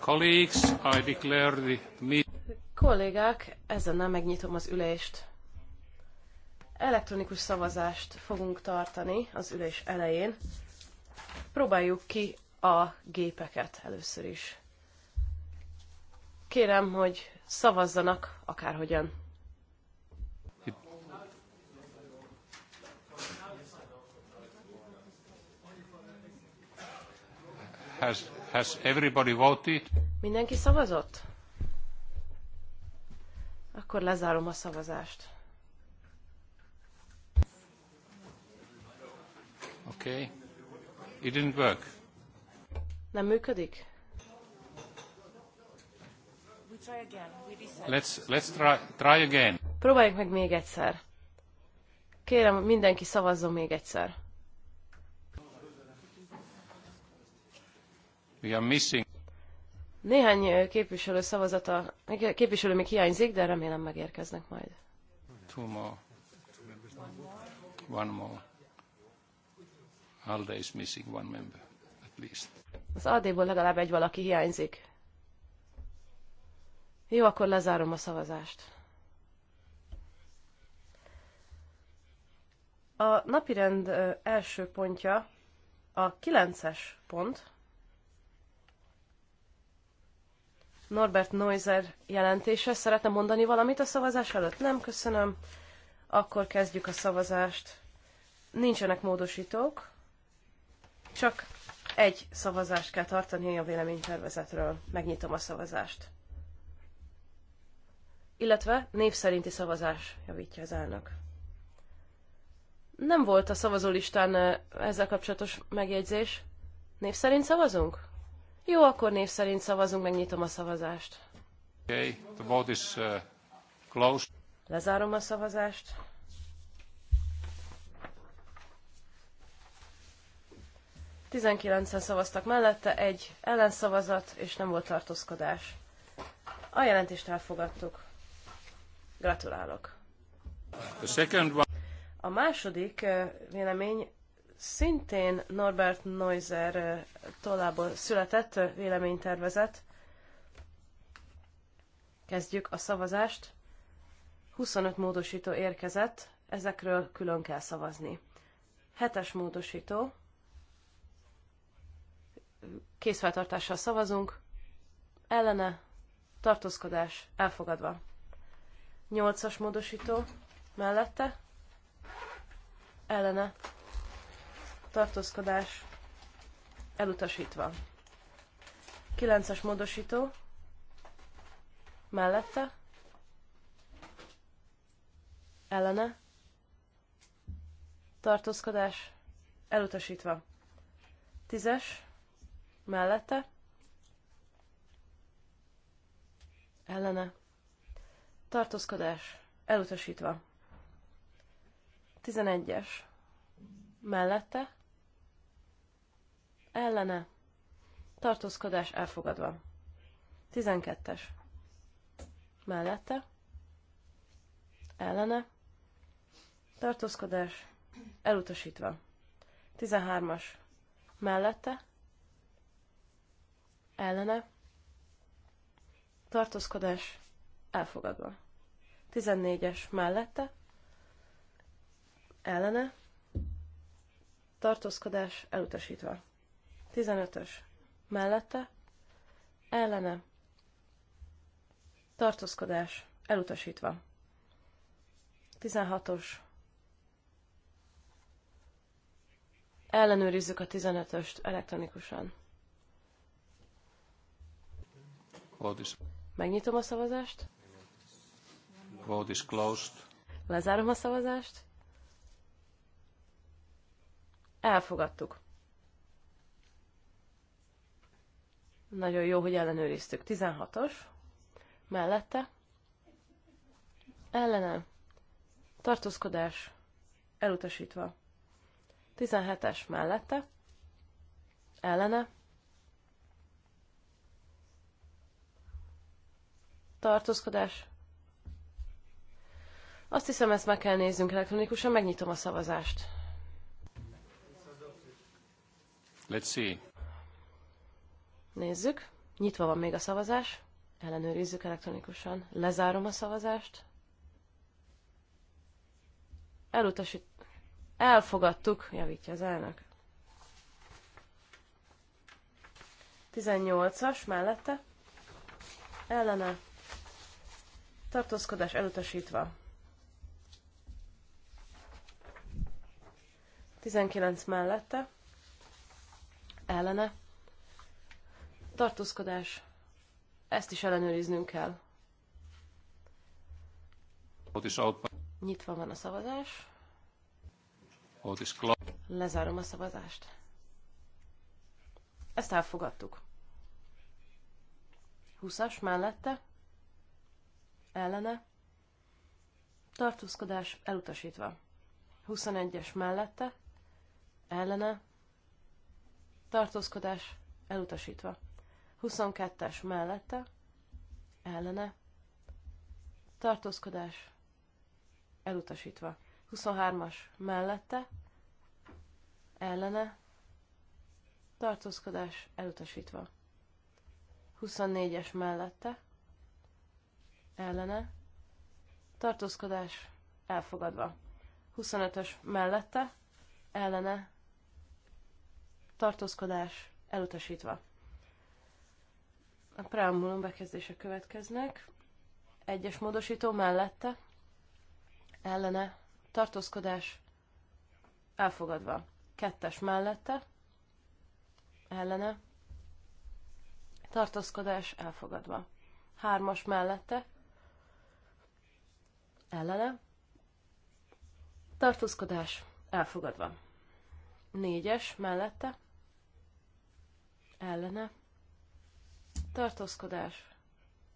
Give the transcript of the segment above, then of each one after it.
Colleagues, I declare the meeting. Kollégák, ezennel megnyitom az ülést. Elektronikus szavazást fogunk tartani az ülés elején. Próbáljuk ki a gépeket először is. Kérem, hogy szavazzanak akárhogyan. Has, has everybody voted? Mindenki szavazott? Akkor lezárom a szavazást. Okay. It didn't work. Nem működik? Let's, let's try, try again. Próbáljuk meg még egyszer. Kérem, mindenki szavazzon még egyszer. We are missing. Néhány képviselő szavazata, képviselő még hiányzik, de remélem megérkeznek majd. Two more. One more. ALDE is missing one member, at least. Az AD-ból legalább egy valaki hiányzik. Jó, akkor lezárom a szavazást. A napirend első pontja a 9-es pont, Norbert Neuser jelentése. Szeretne mondani valamit a szavazás előtt? Nem, köszönöm. Akkor kezdjük a szavazást. Nincsenek módosítók, csak egy szavazást kell tartani a véleménytervezetről. Megnyitom a szavazást. Illetve név szerinti szavazás, javítja az elnök. Nem volt a szavazólistán eh, ezzel kapcsolatos megjegyzés. Név szerint szavazunk? Jó, akkor név szerint szavazunk, megnyitom a szavazást. Okay, the vote is uh, closed. Lezárom a szavazást. Tizenkilencen szavaztak mellette, egy ellenszavazat, és nem volt tartózkodás. A jelentést elfogadtuk. Gratulálok. A második uh, vélemény szintén Norbert Neuser eh, tollából született eh, véleménytervezet. Kezdjük a szavazást. 25 módosító érkezett, ezekről külön kell szavazni. Hetes módosító. Készfeltartással szavazunk. Ellene. Tartózkodás. Elfogadva. Nyolcas módosító. Mellette. Ellene tartózkodás elutasítva. 9-es módosító mellette ellene tartózkodás elutasítva. 10-es mellette ellene tartózkodás elutasítva. 11-es mellette ellene, tartózkodás elfogadva. 12-es, mellette, ellene, tartózkodás elutasítva. 13-as, mellette, ellene, tartózkodás elfogadva. 14-es mellette, ellene, tartózkodás elutasítva. 15-ös mellette, ellene, tartózkodás, elutasítva. 16-os, ellenőrizzük a 15-öst elektronikusan. Megnyitom a szavazást. Vote is closed. Lezárom a szavazást. Elfogadtuk. Nagyon jó, hogy ellenőriztük. 16-os. Mellette. Ellenem. Tartózkodás. Elutasítva. 17-es mellette. Ellene. Tartózkodás. Azt hiszem, ezt meg kell néznünk elektronikusan. Megnyitom a szavazást. Let's see nézzük. Nyitva van még a szavazás. Ellenőrizzük elektronikusan. Lezárom a szavazást. Elutasít... Elfogadtuk, javítja az elnök. 18-as mellette. Ellene. Tartózkodás elutasítva. 19 mellette. Ellene Tartózkodás. Ezt is ellenőriznünk kell. Ott is Nyitva van a szavazás. Ott is klap. Lezárom a szavazást. Ezt elfogadtuk. 20-as mellette. Ellene. Tartózkodás elutasítva. 21-es mellette. Ellene. Tartózkodás elutasítva. 22-es mellette, ellene, tartózkodás, elutasítva. 23-as mellette, ellene, tartózkodás, elutasítva. 24-es mellette, ellene, tartózkodás, elfogadva. 25-ös mellette, ellene, tartózkodás, elutasítva. A preambulum bekezdése következnek. Egyes módosító mellette, ellene, tartózkodás, elfogadva. Kettes mellette, ellene, tartózkodás, elfogadva. Hármas mellette, ellene, tartózkodás, elfogadva. Négyes mellette, ellene, tartózkodás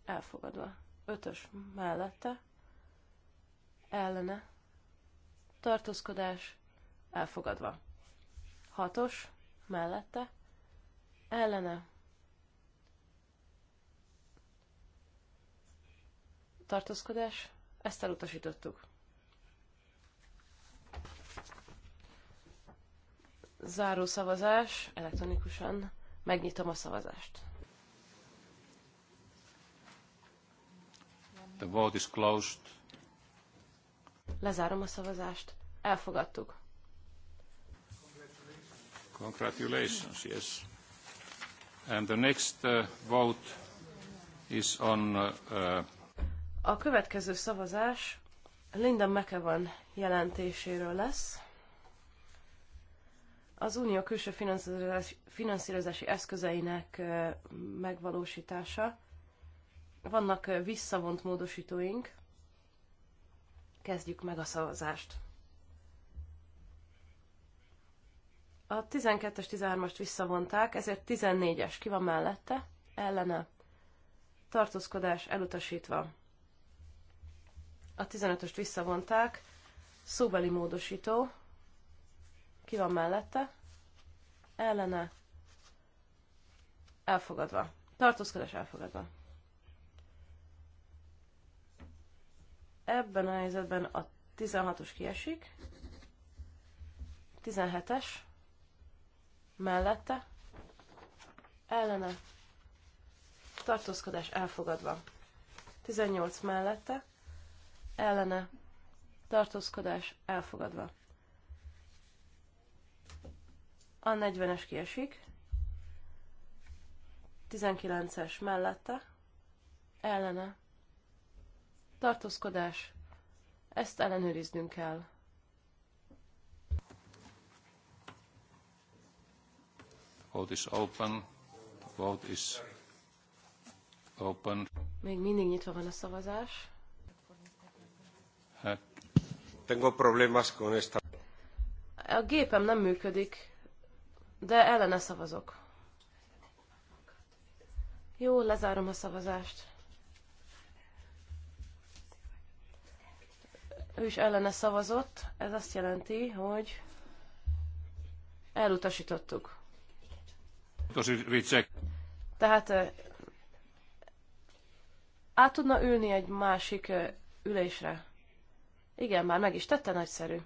elfogadva. Ötös mellette, ellene, tartózkodás elfogadva. Hatos mellette, ellene, tartózkodás, ezt elutasítottuk. Záró szavazás, elektronikusan megnyitom a szavazást. The vote is closed. Lezárom a szavazást. Elfogadtuk. Congratulations, yes. And the next uh, vote is on... Uh, uh a következő szavazás Linda McEwan jelentéséről lesz. Az unió külső finanszírozási eszközeinek uh, megvalósítása. Vannak visszavont módosítóink. Kezdjük meg a szavazást. A 12-es, 13-ast visszavonták, ezért 14-es ki van mellette, ellene. Tartózkodás elutasítva. A 15-öst visszavonták, szóbeli módosító, ki van mellette, ellene, elfogadva. Tartózkodás elfogadva. Ebben a helyzetben a 16-os kiesik, 17-es, mellette, ellene, tartózkodás elfogadva. 18 mellette, ellene, tartózkodás elfogadva. A 40-es kiesik, 19-es mellette, ellene, tartózkodás, ezt ellenőriznünk kell. Vote is open. Vote is open. Még mindig nyitva van a szavazás. Hát. Tengo problemas con esta. A gépem nem működik, de ellene szavazok. Jó, lezárom a szavazást. Ő is ellene szavazott, ez azt jelenti, hogy elutasítottuk. Tehát át tudna ülni egy másik ülésre. Igen, már meg is tette, nagyszerű.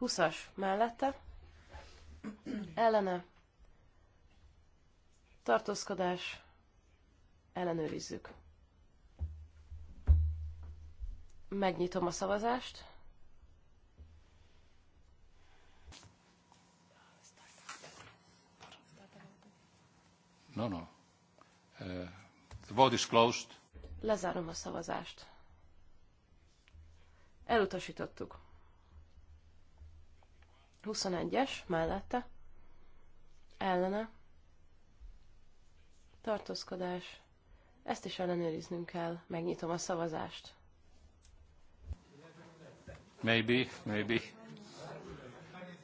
20-as mellette. Ellene. Tartózkodás. Ellenőrizzük. Megnyitom a szavazást. No, no. Uh, the vote is closed. Lezárom a szavazást. Elutasítottuk. 21-es, mellette. Ellene. Tartózkodás. Ezt is ellenőriznünk kell. Megnyitom a szavazást. Maybe, maybe.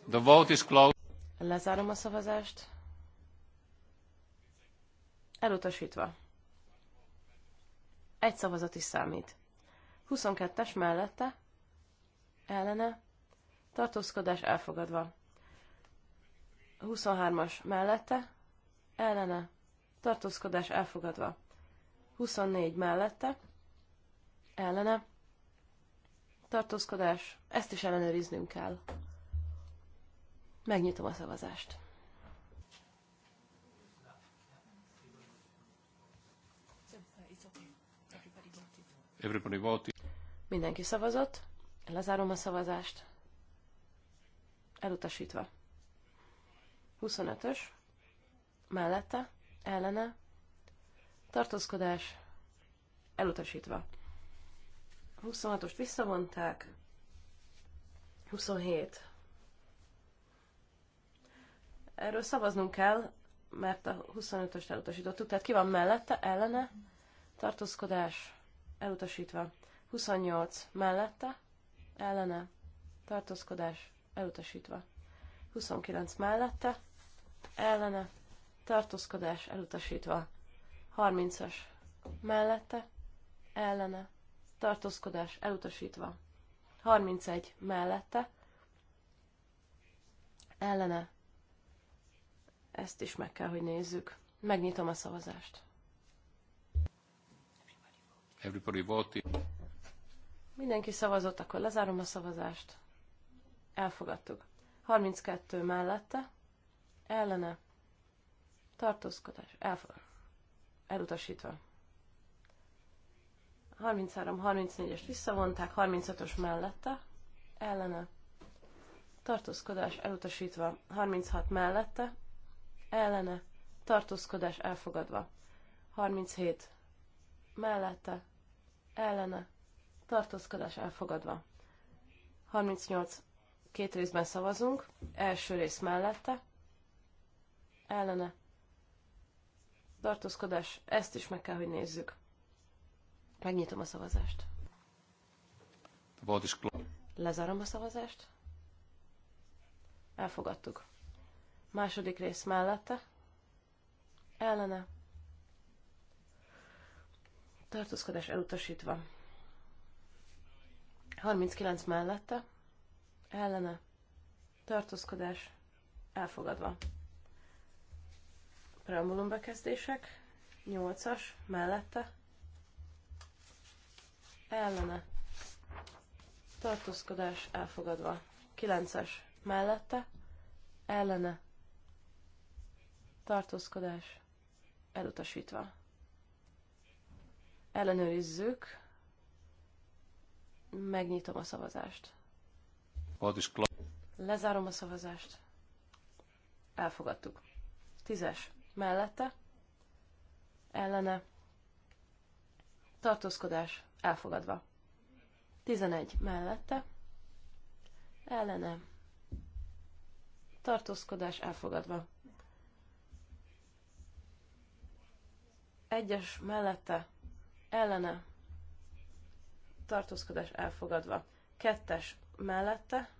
The vote is closed. Lezárom a szavazást. Elutasítva. Egy szavazat is számít. 22-es mellette, ellene, tartózkodás elfogadva. 23-as mellette, ellene, tartózkodás elfogadva. 24 mellette, ellene, tartózkodás, ezt is ellenőriznünk kell. Megnyitom a szavazást. Mindenki szavazott. Lezárom a szavazást. Elutasítva. 25-ös. Mellette. Ellene. Tartózkodás. Elutasítva. 26-ost visszavonták. 27. Erről szavaznunk kell, mert a 25-öst elutasítottuk. Tehát ki van mellette, ellene, tartózkodás, elutasítva. 28 mellette, ellene, tartózkodás, elutasítva. 29 mellette, ellene, tartózkodás, elutasítva. 30-as mellette, ellene, tartózkodás elutasítva. 31 mellette, ellene. Ezt is meg kell, hogy nézzük. Megnyitom a szavazást. Everybody voted. Mindenki szavazott, akkor lezárom a szavazást. Elfogadtuk. 32 mellette, ellene, tartózkodás, elfogadtuk. elutasítva. 33-34-est visszavonták, 35-ös mellette, ellene. Tartózkodás elutasítva, 36 mellette, ellene. Tartózkodás elfogadva, 37 mellette, ellene. Tartózkodás elfogadva, 38 két részben szavazunk, első rész mellette, ellene. Tartózkodás, ezt is meg kell, hogy nézzük. Megnyitom a szavazást. Lezárom a szavazást. Elfogadtuk. Második rész mellette. Ellene. Tartózkodás elutasítva. 39 mellette. Ellene. Tartózkodás elfogadva. Preambulum bekezdések. 8-as mellette ellene tartózkodás elfogadva. 9-es mellette ellene tartózkodás elutasítva. Ellenőrizzük, megnyitom a szavazást. Lezárom a szavazást. Elfogadtuk. Tízes. Mellette. Ellene. Tartózkodás elfogadva. 11 mellette, ellene, tartózkodás elfogadva. Egyes mellette, ellene, tartózkodás elfogadva. Kettes mellette,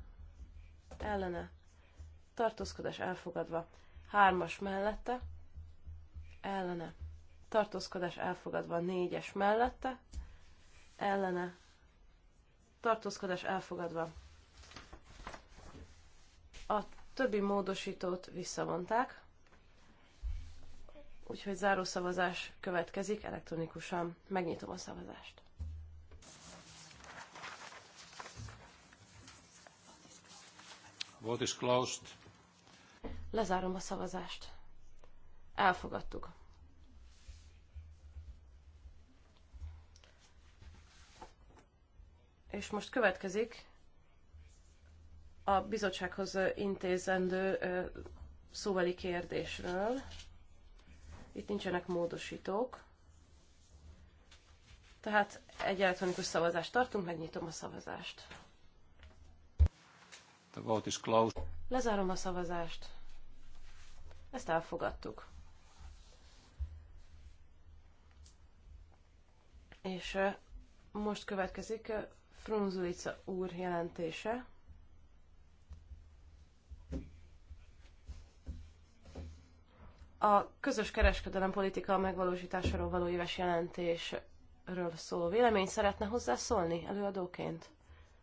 ellene, tartózkodás elfogadva. Hármas mellette, ellene, tartózkodás elfogadva. Négyes mellette, ellene tartózkodás elfogadva. A többi módosítót visszavonták, úgyhogy zárószavazás következik elektronikusan. Megnyitom a szavazást. What is closed. Lezárom a szavazást. Elfogadtuk. És most következik a bizottsághoz intézendő szóveli kérdésről. Itt nincsenek módosítók. Tehát egy elektronikus szavazást tartunk, megnyitom a szavazást. The vote is closed. Lezárom a szavazást. Ezt elfogadtuk. És most következik Frunzulica úr jelentése. A közös kereskedelem politika megvalósításáról való éves jelentésről szóló vélemény szeretne hozzászólni előadóként?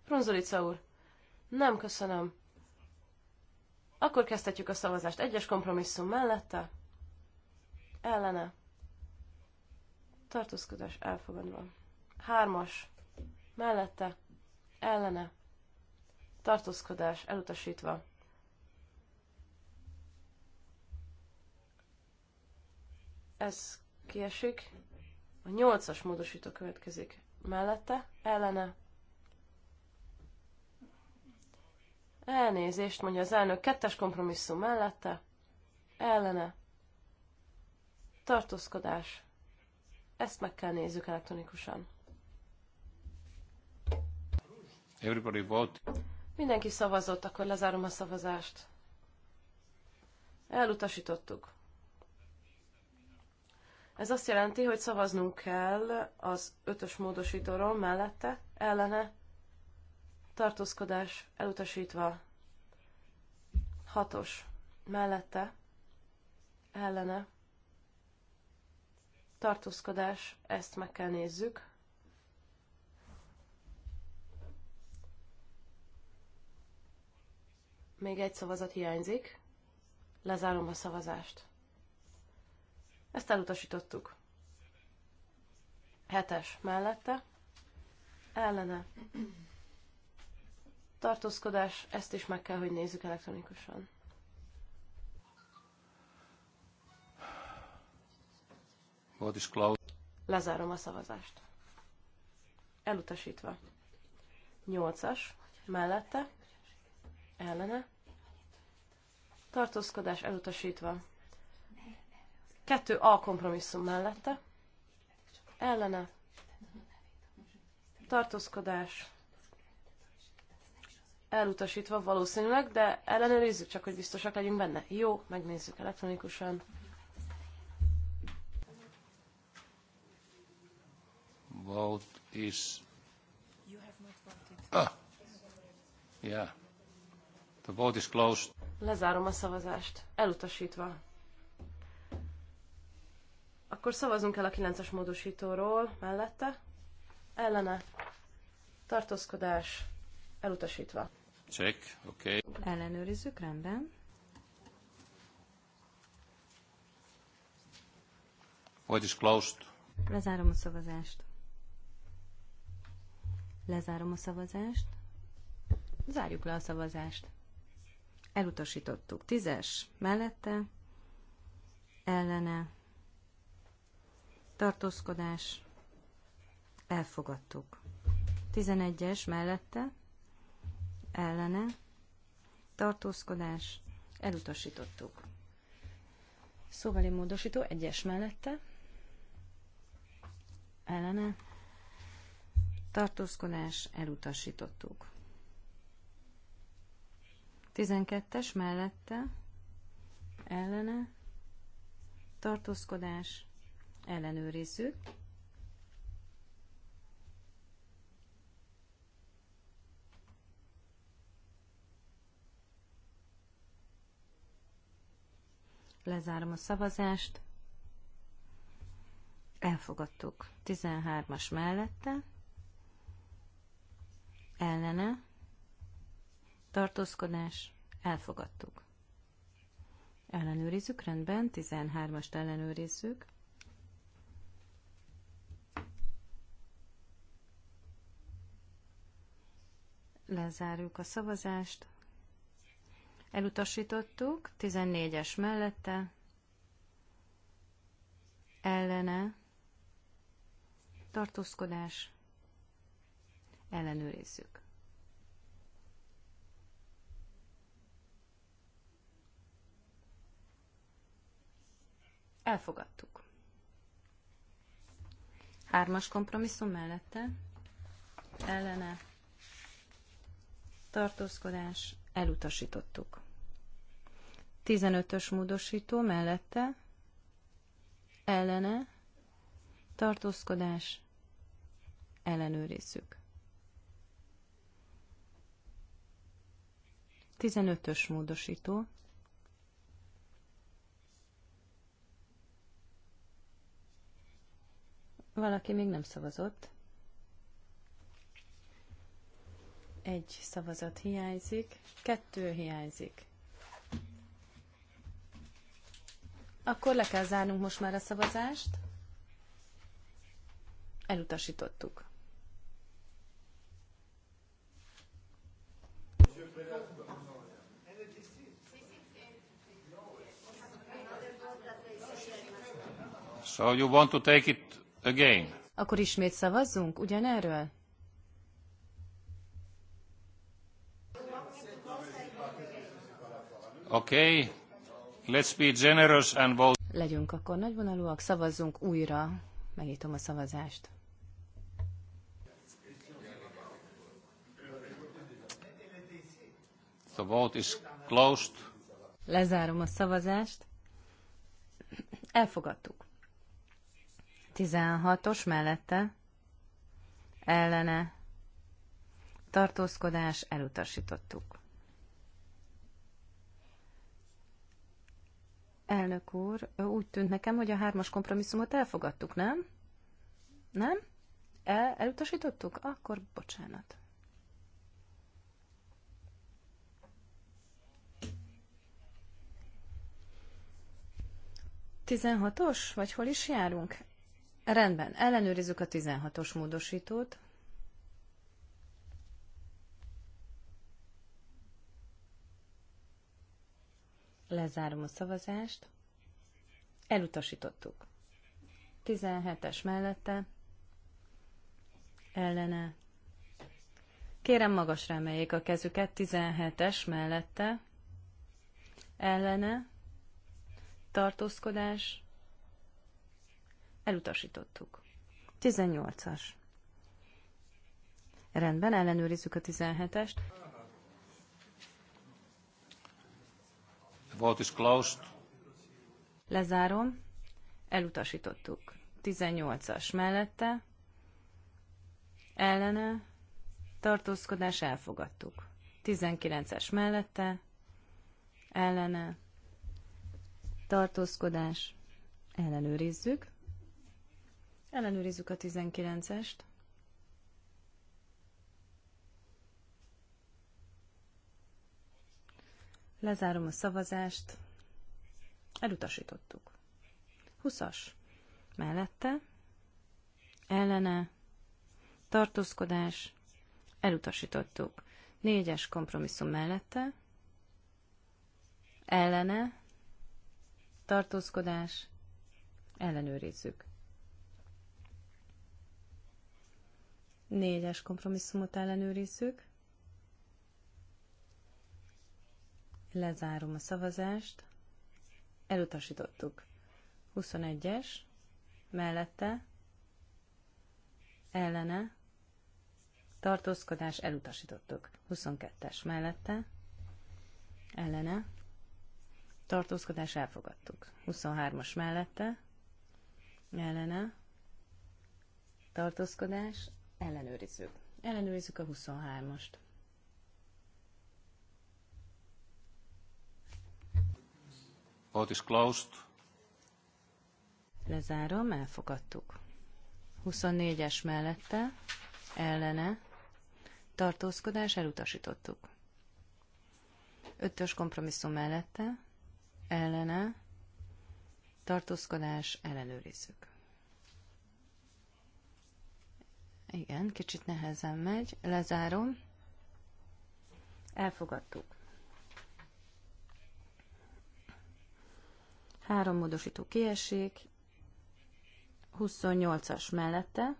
Frunzulica úr, nem köszönöm. Akkor kezdhetjük a szavazást. Egyes kompromisszum mellette? Ellene. Tartózkodás elfogadva. Hármas mellette, ellene, tartózkodás elutasítva. Ez kiesik. A nyolcas módosító következik. Mellette, ellene. Elnézést, mondja az elnök. Kettes kompromisszum mellette, ellene. Tartózkodás. Ezt meg kell nézzük elektronikusan. Everybody vote. Mindenki szavazott, akkor lezárom a szavazást. Elutasítottuk. Ez azt jelenti, hogy szavaznunk kell az ötös módosítóról mellette, ellene, tartózkodás elutasítva, hatos mellette, ellene, tartózkodás, ezt meg kell nézzük. Még egy szavazat hiányzik. Lezárom a szavazást. Ezt elutasítottuk. Hetes mellette. Ellene. Tartózkodás, ezt is meg kell, hogy nézzük elektronikusan. What is Cloud? Lezárom a szavazást. Elutasítva. Nyolcas. Mellette ellene, tartózkodás elutasítva. Kettő A kompromisszum mellette, ellene, tartózkodás elutasítva valószínűleg, de ellenőrizzük csak, hogy biztosak legyünk benne. Jó, megnézzük elektronikusan. Vote is... Ah. Yeah vote is closed. Lezárom a szavazást. Elutasítva. Akkor szavazunk el a 9-es módosítóról mellette. Ellene. Tartózkodás. Elutasítva. Check, oké. Okay. Ellenőrizzük, rendben. Vote is closed. Lezárom a szavazást. Lezárom a szavazást. Zárjuk le a szavazást. Elutasítottuk. Tízes mellette, ellene, tartózkodás, elfogadtuk. Tizenegyes mellette, ellene, tartózkodás, elutasítottuk. Szóbeli módosító egyes mellette, ellene, tartózkodás, elutasítottuk. 12-es mellette ellene tartózkodás ellenőrizzük. Lezárom a szavazást. Elfogadtuk 13-as mellette, ellene, tartózkodás, elfogadtuk. Ellenőrizzük, rendben, 13-ast ellenőrizzük. Lezárjuk a szavazást. Elutasítottuk, 14-es mellette, ellene, tartózkodás, ellenőrizzük. Elfogadtuk. Hármas kompromisszum mellette ellene tartózkodás elutasítottuk. 15-ös módosító mellette ellene tartózkodás ellenőrizzük. 15-ös módosító Valaki még nem szavazott. Egy szavazat hiányzik, kettő hiányzik. Akkor le kell zárnunk most már a szavazást. Elutasítottuk. So you want to take it Again. Akkor ismét szavazzunk ugyanerről? Okay. Let's be generous and vote. Legyünk akkor nagyvonalúak, szavazzunk újra. Megítom a szavazást. The vote is closed. Lezárom a szavazást. Elfogadtuk. 16-os mellette ellene tartózkodás elutasítottuk. Elnök úr, úgy tűnt nekem, hogy a hármas kompromisszumot elfogadtuk, nem? Nem? El, elutasítottuk? Akkor bocsánat. Tizenhatos? Vagy hol is járunk? Rendben, ellenőrizzük a 16-os módosítót. Lezárom a szavazást. Elutasítottuk. 17-es mellette. Ellene. Kérem magasra emeljék a kezüket. 17-es mellette. Ellene. Tartózkodás. Elutasítottuk. 18-as. Rendben, ellenőrizzük a 17-est. is closed. Lezárom. Elutasítottuk. 18-as mellette. Ellene. Tartózkodás elfogadtuk. 19-es mellette. Ellene. Tartózkodás. Ellenőrizzük. Ellenőrizzük a 19-est. Lezárom a szavazást. Elutasítottuk. 20-as. Mellette. Ellene. Tartózkodás. Elutasítottuk. 4-es kompromisszum mellette. Ellene. Tartózkodás. Ellenőrizzük. Négyes kompromisszumot ellenőrizzük. Lezárom a szavazást. Elutasítottuk. 21-es, mellette, ellene, tartózkodás, elutasítottuk. 22-es, mellette, ellene, tartózkodás, elfogadtuk. 23-as, mellette, ellene, tartózkodás, Ellenőrizzük. Ellenőrizzük a 23-ast. Ott is closed. Lezárom, elfogadtuk. 24-es mellette, ellene, tartózkodás, elutasítottuk. 5-ös kompromisszum mellette, ellene, tartózkodás, ellenőrizzük. Igen, kicsit nehezen megy. Lezárom. Elfogadtuk. Három módosító kiesik. 28-as mellette.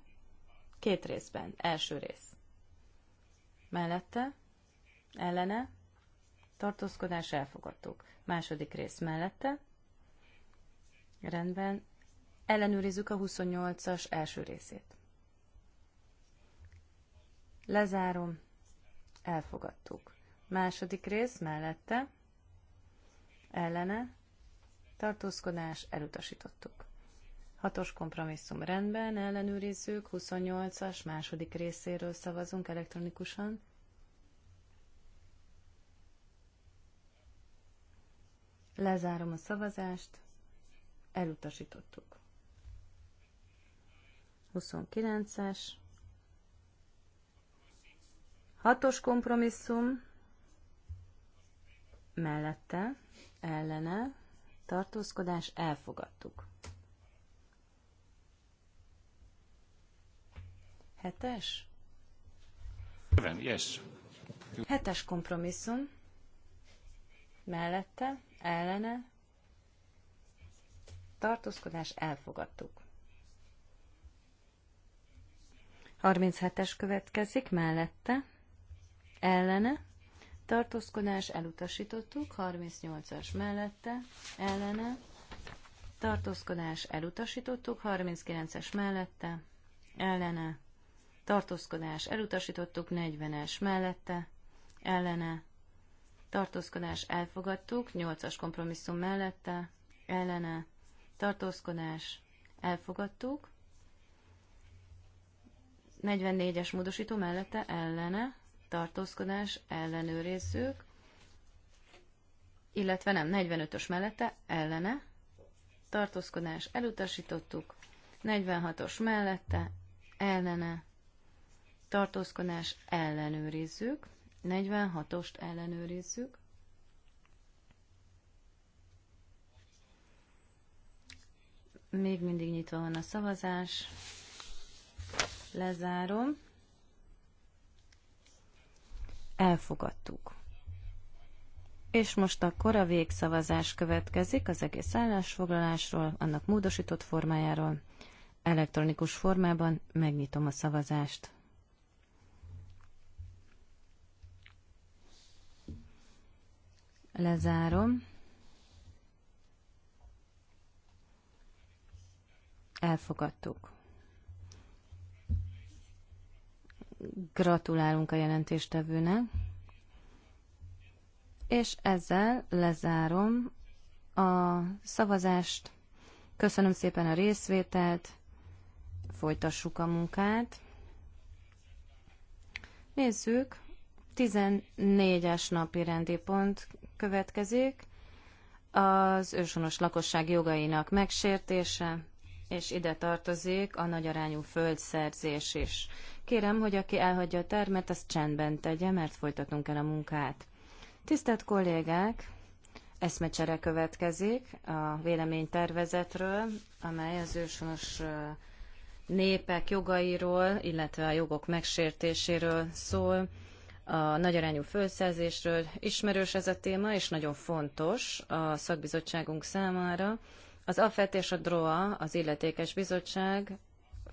Két részben. Első rész. Mellette. Ellene. Tartózkodás elfogadtuk. Második rész mellette. Rendben. Ellenőrizzük a 28-as első részét. Lezárom. Elfogadtuk. Második rész mellette. Ellene. Tartózkodás. Elutasítottuk. Hatos kompromisszum rendben, ellenőrizzük. 28-as második részéről szavazunk elektronikusan. Lezárom a szavazást. Elutasítottuk. 29-es Hatos kompromisszum mellette, ellene, tartózkodás, elfogadtuk. Hetes? Yes. Hetes kompromisszum. Mellette, ellene, tartózkodás, elfogadtuk. 37-es következik, mellette, ellene, tartózkodás elutasítottuk, 38-as mellette, ellene, tartózkodás elutasítottuk, 39-es mellette, ellene, tartózkodás elutasítottuk, 40-es mellette, ellene, tartózkodás elfogadtuk, 8-as kompromisszum mellette, ellene, tartózkodás elfogadtuk, 44-es módosító mellette, ellene, tartózkodás, ellenőrizzük, illetve nem, 45-ös mellette, ellene, tartózkodás, elutasítottuk, 46-os mellette, ellene, tartózkodás, ellenőrizzük, 46-ost ellenőrizzük, még mindig nyitva van a szavazás, lezárom elfogadtuk. És most akkor a végszavazás következik az egész állásfoglalásról, annak módosított formájáról. Elektronikus formában megnyitom a szavazást. Lezárom. Elfogadtuk. Gratulálunk a jelentéstevőnek. És ezzel lezárom a szavazást. Köszönöm szépen a részvételt, folytassuk a munkát. Nézzük, 14-es napi rendi pont következik, az őshonos lakosság jogainak megsértése és ide tartozik a nagyarányú földszerzés is. Kérem, hogy aki elhagyja a termet, azt csendben tegye, mert folytatnunk kell a munkát. Tisztelt kollégák, eszmecsere következik a véleménytervezetről, amely az ősonos népek jogairól, illetve a jogok megsértéséről szól. A nagyarányú földszerzésről ismerős ez a téma, és nagyon fontos a szakbizottságunk számára, az AFET és a DROA, az illetékes bizottság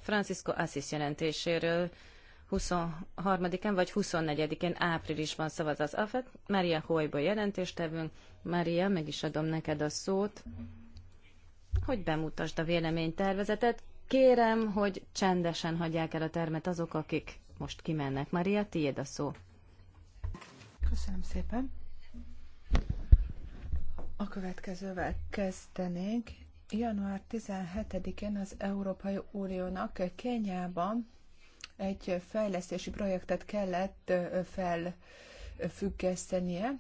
Francisco Assis jelentéséről 23-án vagy 24-én áprilisban szavaz az AFET. Maria Hoyba jelentéstevünk. Maria, meg is adom neked a szót, hogy bemutasd a véleménytervezetet. Kérem, hogy csendesen hagyják el a termet azok, akik most kimennek. Maria, tiéd a szó. Köszönöm szépen. A következővel kezdenénk. Január 17-én az Európai Uniónak Kenyában egy fejlesztési projektet kellett felfüggesztenie,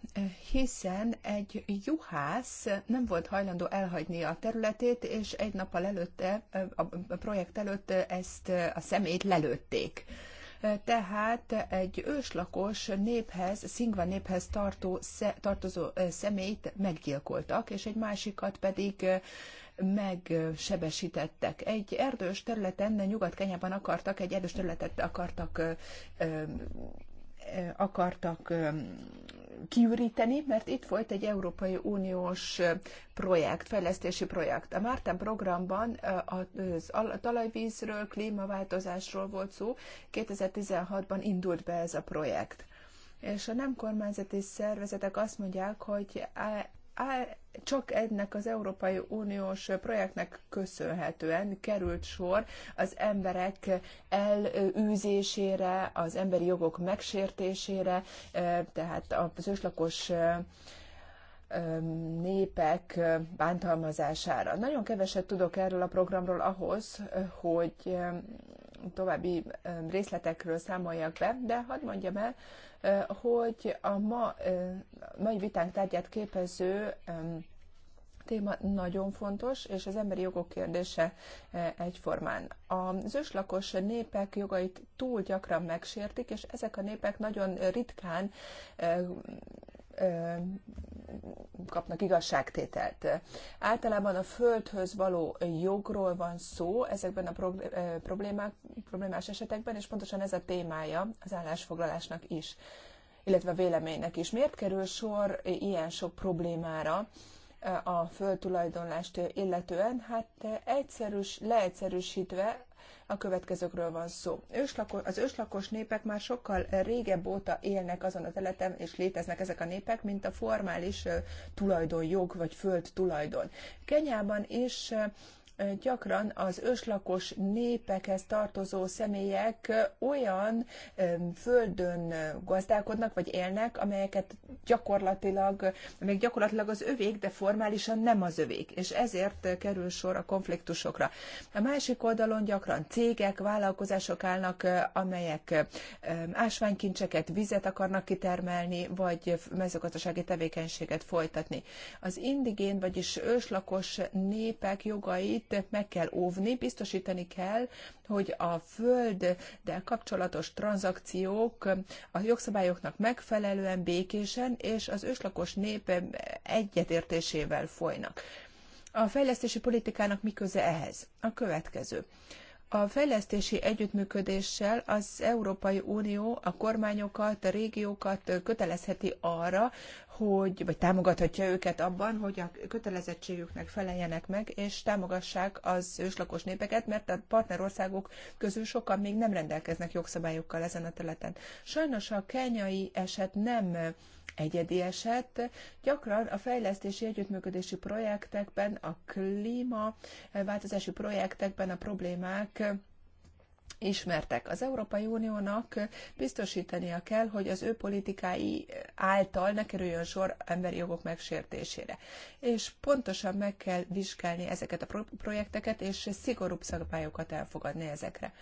hiszen egy juhász nem volt hajlandó elhagyni a területét, és egy nappal előtte, a projekt előtt ezt a szemét lelőtték. Tehát egy őslakos néphez, szingva néphez tartó, tartozó személyt meggyilkoltak, és egy másikat pedig megsebesítettek. Egy erdős területen, Nyugat-Kenyában akartak, egy erdős területet akartak akartak kiüríteni, mert itt volt egy Európai Uniós projekt, fejlesztési projekt. A Márten programban a talajvízről, klímaváltozásról volt szó, 2016-ban indult be ez a projekt. És a nem kormányzati szervezetek azt mondják, hogy csak ennek az Európai Uniós projektnek köszönhetően került sor az emberek elűzésére, az emberi jogok megsértésére, tehát az őslakos népek bántalmazására. Nagyon keveset tudok erről a programról ahhoz, hogy további részletekről számoljak be, de hadd mondjam el, hogy a ma, mai vitánk tárgyát képező téma nagyon fontos, és az emberi jogok kérdése egyformán. Az őslakos népek jogait túl gyakran megsértik, és ezek a népek nagyon ritkán kapnak igazságtételt. Általában a földhöz való jogról van szó ezekben a problémák, problémás esetekben, és pontosan ez a témája az állásfoglalásnak is, illetve a véleménynek is. Miért kerül sor ilyen sok problémára? a földtulajdonlást illetően, hát egyszerűs, leegyszerűsítve a következőkről van szó. Őslakos, az őslakos népek már sokkal régebb óta élnek azon a területen, és léteznek ezek a népek, mint a formális tulajdonjog vagy föld tulajdon. Kenyában is gyakran az őslakos népekhez tartozó személyek olyan földön gazdálkodnak, vagy élnek, amelyeket gyakorlatilag, még gyakorlatilag az övék, de formálisan nem az övék, és ezért kerül sor a konfliktusokra. A másik oldalon gyakran cégek, vállalkozások állnak, amelyek ásványkincseket, vizet akarnak kitermelni, vagy mezőgazdasági tevékenységet folytatni. Az indigén, vagyis őslakos népek jogait itt meg kell óvni, biztosítani kell, hogy a földdel kapcsolatos tranzakciók a jogszabályoknak megfelelően, békésen és az őslakos nép egyetértésével folynak. A fejlesztési politikának mi köze ehhez? A következő. A fejlesztési együttműködéssel az Európai Unió a kormányokat, a régiókat kötelezheti arra, hogy, vagy támogathatja őket abban, hogy a kötelezettségüknek feleljenek meg, és támogassák az őslakos népeket, mert a partnerországok közül sokan még nem rendelkeznek jogszabályokkal ezen a területen. Sajnos a kenyai eset nem egyedi eset. Gyakran a fejlesztési együttműködési projektekben, a klímaváltozási projektekben a problémák ismertek. Az Európai Uniónak biztosítania kell, hogy az ő politikái által ne kerüljön sor emberi jogok megsértésére. És pontosan meg kell vizsgálni ezeket a projekteket, és szigorúbb szabályokat elfogadni ezekre.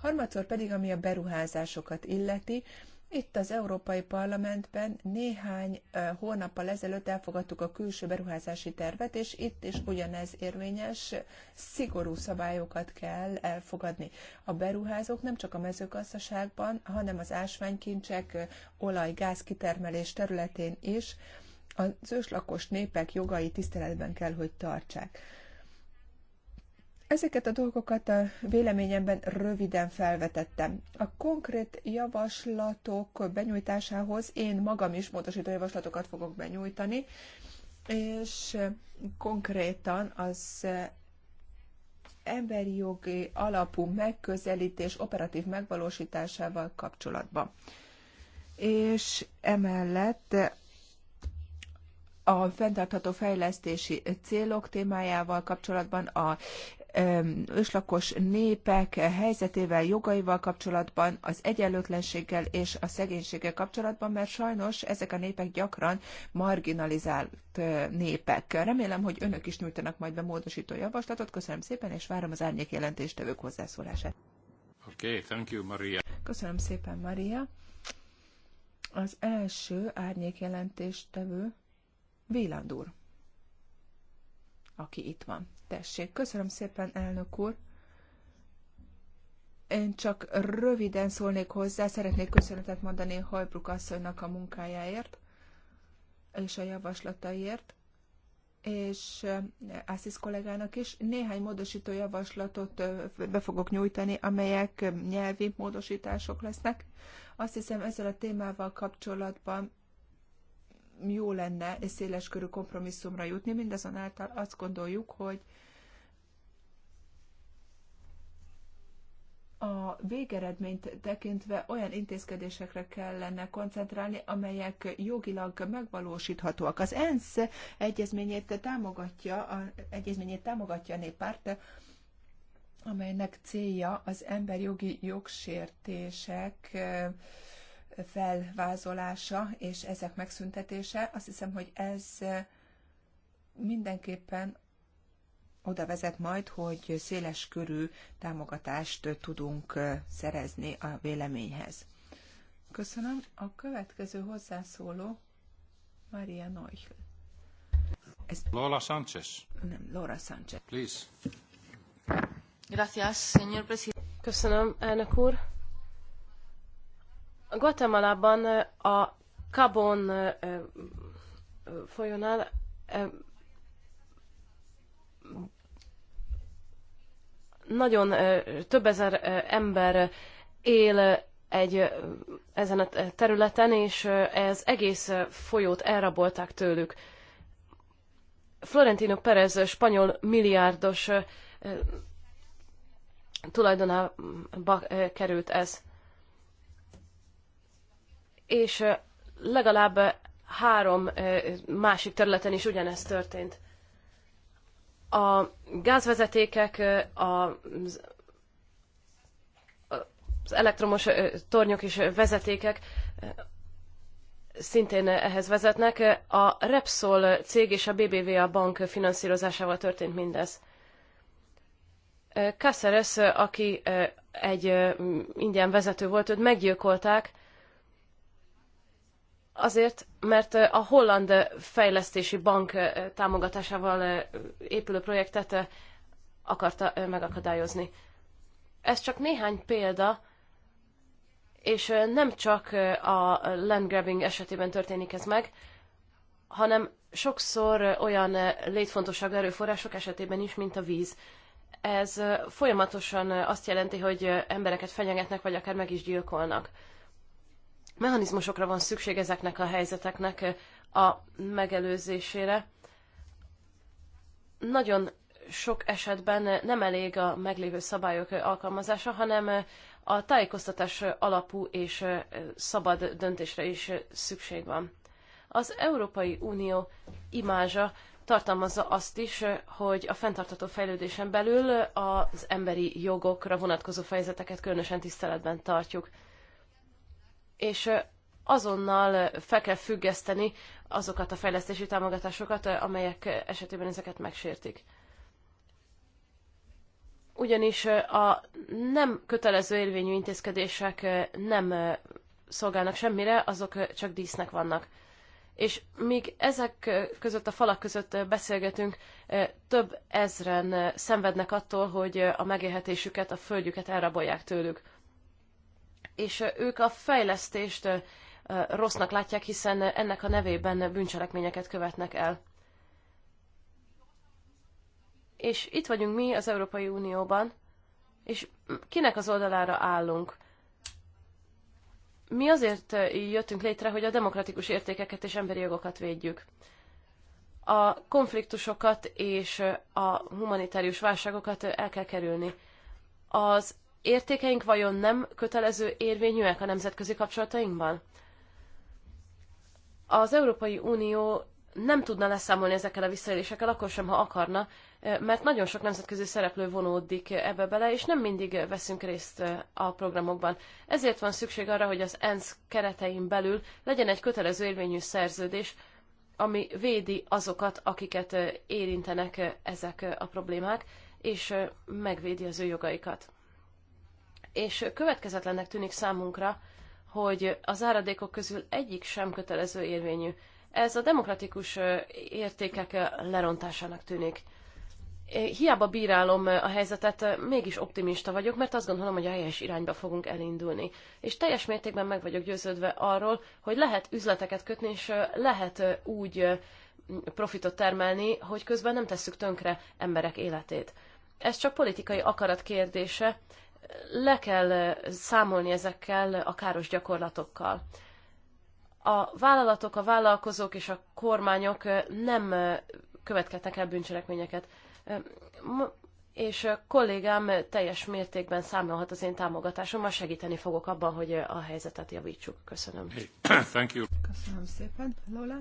Harmadszor pedig, ami a beruházásokat illeti, itt az Európai Parlamentben néhány hónappal ezelőtt elfogadtuk a külső beruházási tervet, és itt is ugyanez érvényes, szigorú szabályokat kell elfogadni. A beruházók nem csak a mezőgazdaságban, hanem az ásványkincsek, olaj, gáz kitermelés területén is az őslakos népek jogai tiszteletben kell, hogy tartsák. Ezeket a dolgokat a véleményemben röviden felvetettem. A konkrét javaslatok benyújtásához én magam is módosító javaslatokat fogok benyújtani, és konkrétan az emberi jogi alapú megközelítés operatív megvalósításával kapcsolatban. És emellett a fenntartható fejlesztési célok témájával kapcsolatban, a őslakos népek helyzetével, jogaival kapcsolatban, az egyenlőtlenséggel és a szegénységgel kapcsolatban, mert sajnos ezek a népek gyakran marginalizált népek. Remélem, hogy önök is nyújtanak majd be módosító javaslatot. Köszönöm szépen, és várom az árnyék jelentéstevők hozzászólását. Oké, okay, thank you, Maria. Köszönöm szépen, Maria. Az első árnyék jelentéstevő Véland aki itt van. Tessék, köszönöm szépen, elnök úr. Én csak röviden szólnék hozzá, szeretnék köszönetet mondani Hajbruk asszonynak a munkájáért és a javaslataiért, és eh, Assis kollégának is. Néhány módosító javaslatot eh, be fogok nyújtani, amelyek eh, nyelvi módosítások lesznek. Azt hiszem ezzel a témával kapcsolatban jó lenne széleskörű kompromisszumra jutni, mindazonáltal azt gondoljuk, hogy a végeredményt tekintve olyan intézkedésekre kellene koncentrálni, amelyek jogilag megvalósíthatóak. Az ENSZ egyezményét támogatja, a, egyezményét támogatja a néppárt, amelynek célja az emberjogi jogsértések eh, felvázolása és ezek megszüntetése, azt hiszem, hogy ez mindenképpen oda vezet majd, hogy széles körű támogatást tudunk szerezni a véleményhez. Köszönöm. A következő hozzászóló Maria Neuchl. Ez... Laura Sánchez. Nem, Laura Sánchez. Please. Gracias, señor presidente. Köszönöm, elnök úr. A Guatemalában a Cabon folyónál nagyon több ezer ember él egy ezen a területen, és ez egész folyót elrabolták tőlük. Florentino Perez spanyol milliárdos tulajdonába került ez és legalább három másik területen is ugyanez történt. A gázvezetékek, az, elektromos tornyok és vezetékek szintén ehhez vezetnek. A Repsol cég és a BBVA bank finanszírozásával történt mindez. Kasseres, aki egy ingyen vezető volt, őt meggyilkolták, Azért, mert a Holland Fejlesztési Bank támogatásával épülő projektet akarta megakadályozni. Ez csak néhány példa, és nem csak a landgrabbing esetében történik ez meg, hanem sokszor olyan létfontosság erőforrások esetében is, mint a víz. Ez folyamatosan azt jelenti, hogy embereket fenyegetnek, vagy akár meg is gyilkolnak. Mechanizmusokra van szükség ezeknek a helyzeteknek eh, a megelőzésére. Nagyon sok esetben eh, nem elég a meglévő szabályok eh, alkalmazása, hanem a tájékoztatás alapú és szabad döntésre is szükség van. Az Európai Unió imázsa tartalmazza azt is, hogy a fenntartató fejlődésen belül az emberi jogokra vonatkozó fejezeteket különösen tiszteletben tartjuk és azonnal fel kell függeszteni azokat a fejlesztési támogatásokat, amelyek esetében ezeket megsértik. Ugyanis a nem kötelező érvényű intézkedések nem szolgálnak semmire, azok csak dísznek vannak. És míg ezek között, a falak között beszélgetünk, több ezren szenvednek attól, hogy a megélhetésüket, a földjüket elrabolják tőlük és ők a fejlesztést rossznak látják, hiszen ennek a nevében bűncselekményeket követnek el. És itt vagyunk mi az Európai Unióban, és kinek az oldalára állunk? Mi azért jöttünk létre, hogy a demokratikus értékeket és emberi jogokat védjük. A konfliktusokat és a humanitárius válságokat el kell kerülni. Az értékeink vajon nem kötelező érvényűek a nemzetközi kapcsolatainkban? Az Európai Unió nem tudna leszámolni ezekkel a visszaélésekkel, akkor sem, ha akarna, mert nagyon sok nemzetközi szereplő vonódik ebbe bele, és nem mindig veszünk részt a programokban. Ezért van szükség arra, hogy az ENSZ keretein belül legyen egy kötelező érvényű szerződés, ami védi azokat, akiket érintenek ezek a problémák, és megvédi az ő jogaikat és következetlennek tűnik számunkra, hogy az áradékok közül egyik sem kötelező érvényű. Ez a demokratikus értékek lerontásának tűnik. Hiába bírálom a helyzetet, mégis optimista vagyok, mert azt gondolom, hogy a helyes irányba fogunk elindulni. És teljes mértékben meg vagyok győződve arról, hogy lehet üzleteket kötni, és lehet úgy profitot termelni, hogy közben nem tesszük tönkre emberek életét. Ez csak politikai akarat kérdése, le kell számolni ezekkel a káros gyakorlatokkal. A vállalatok, a vállalkozók és a kormányok nem követkednek el bűncselekményeket. És kollégám teljes mértékben számolhat az én támogatásommal, segíteni fogok abban, hogy a helyzetet javítsuk. Köszönöm. thank you. Köszönöm szépen, Lola.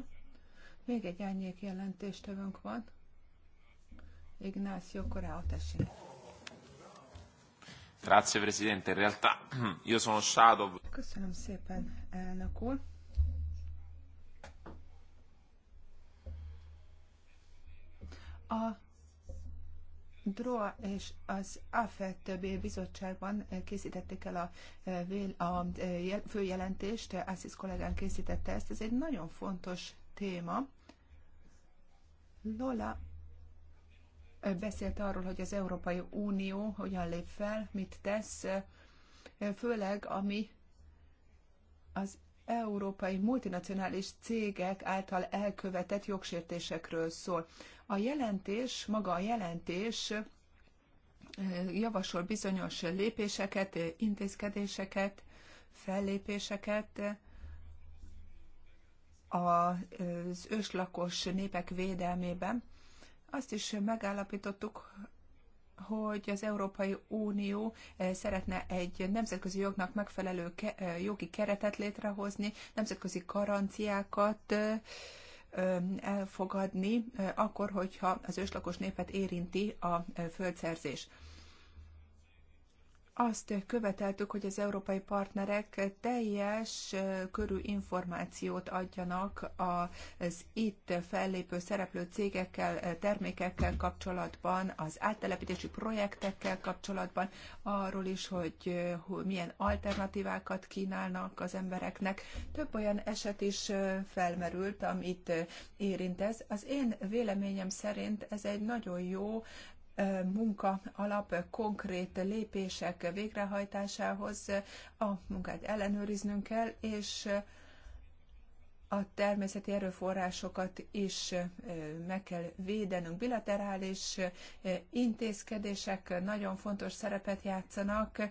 Még egy árnyék jelentéstevőnk van. Ignácio Corao, tessék. Grazie Presidente, in realtà io sono shadow. Köszönöm szépen, elnök úr. A DROA és az AFET bizottságban készítették el a, a főjelentést, Assis kollégán készítette ezt, ez egy nagyon fontos téma. Lola beszélt arról, hogy az Európai Unió hogyan lép fel, mit tesz, főleg ami az európai multinacionális cégek által elkövetett jogsértésekről szól. A jelentés, maga a jelentés javasol bizonyos lépéseket, intézkedéseket, fellépéseket az őslakos népek védelmében, azt is megállapítottuk, hogy az Európai Unió eh, szeretne egy nemzetközi jognak megfelelő eh, jogi keretet létrehozni, nemzetközi garanciákat eh, elfogadni, akkor, hogyha az őslakos népet érinti a földszerzés azt követeltük, hogy az európai partnerek teljes körű információt adjanak az itt fellépő szereplő cégekkel, termékekkel kapcsolatban, az áttelepítési projektekkel kapcsolatban, arról is, hogy milyen alternatívákat kínálnak az embereknek. Több olyan eset is felmerült, amit érintez. Az én véleményem szerint ez egy nagyon jó munka alap konkrét lépések végrehajtásához a munkát ellenőriznünk kell, és a természeti erőforrásokat is meg kell védenünk. Bilaterális intézkedések nagyon fontos szerepet játszanak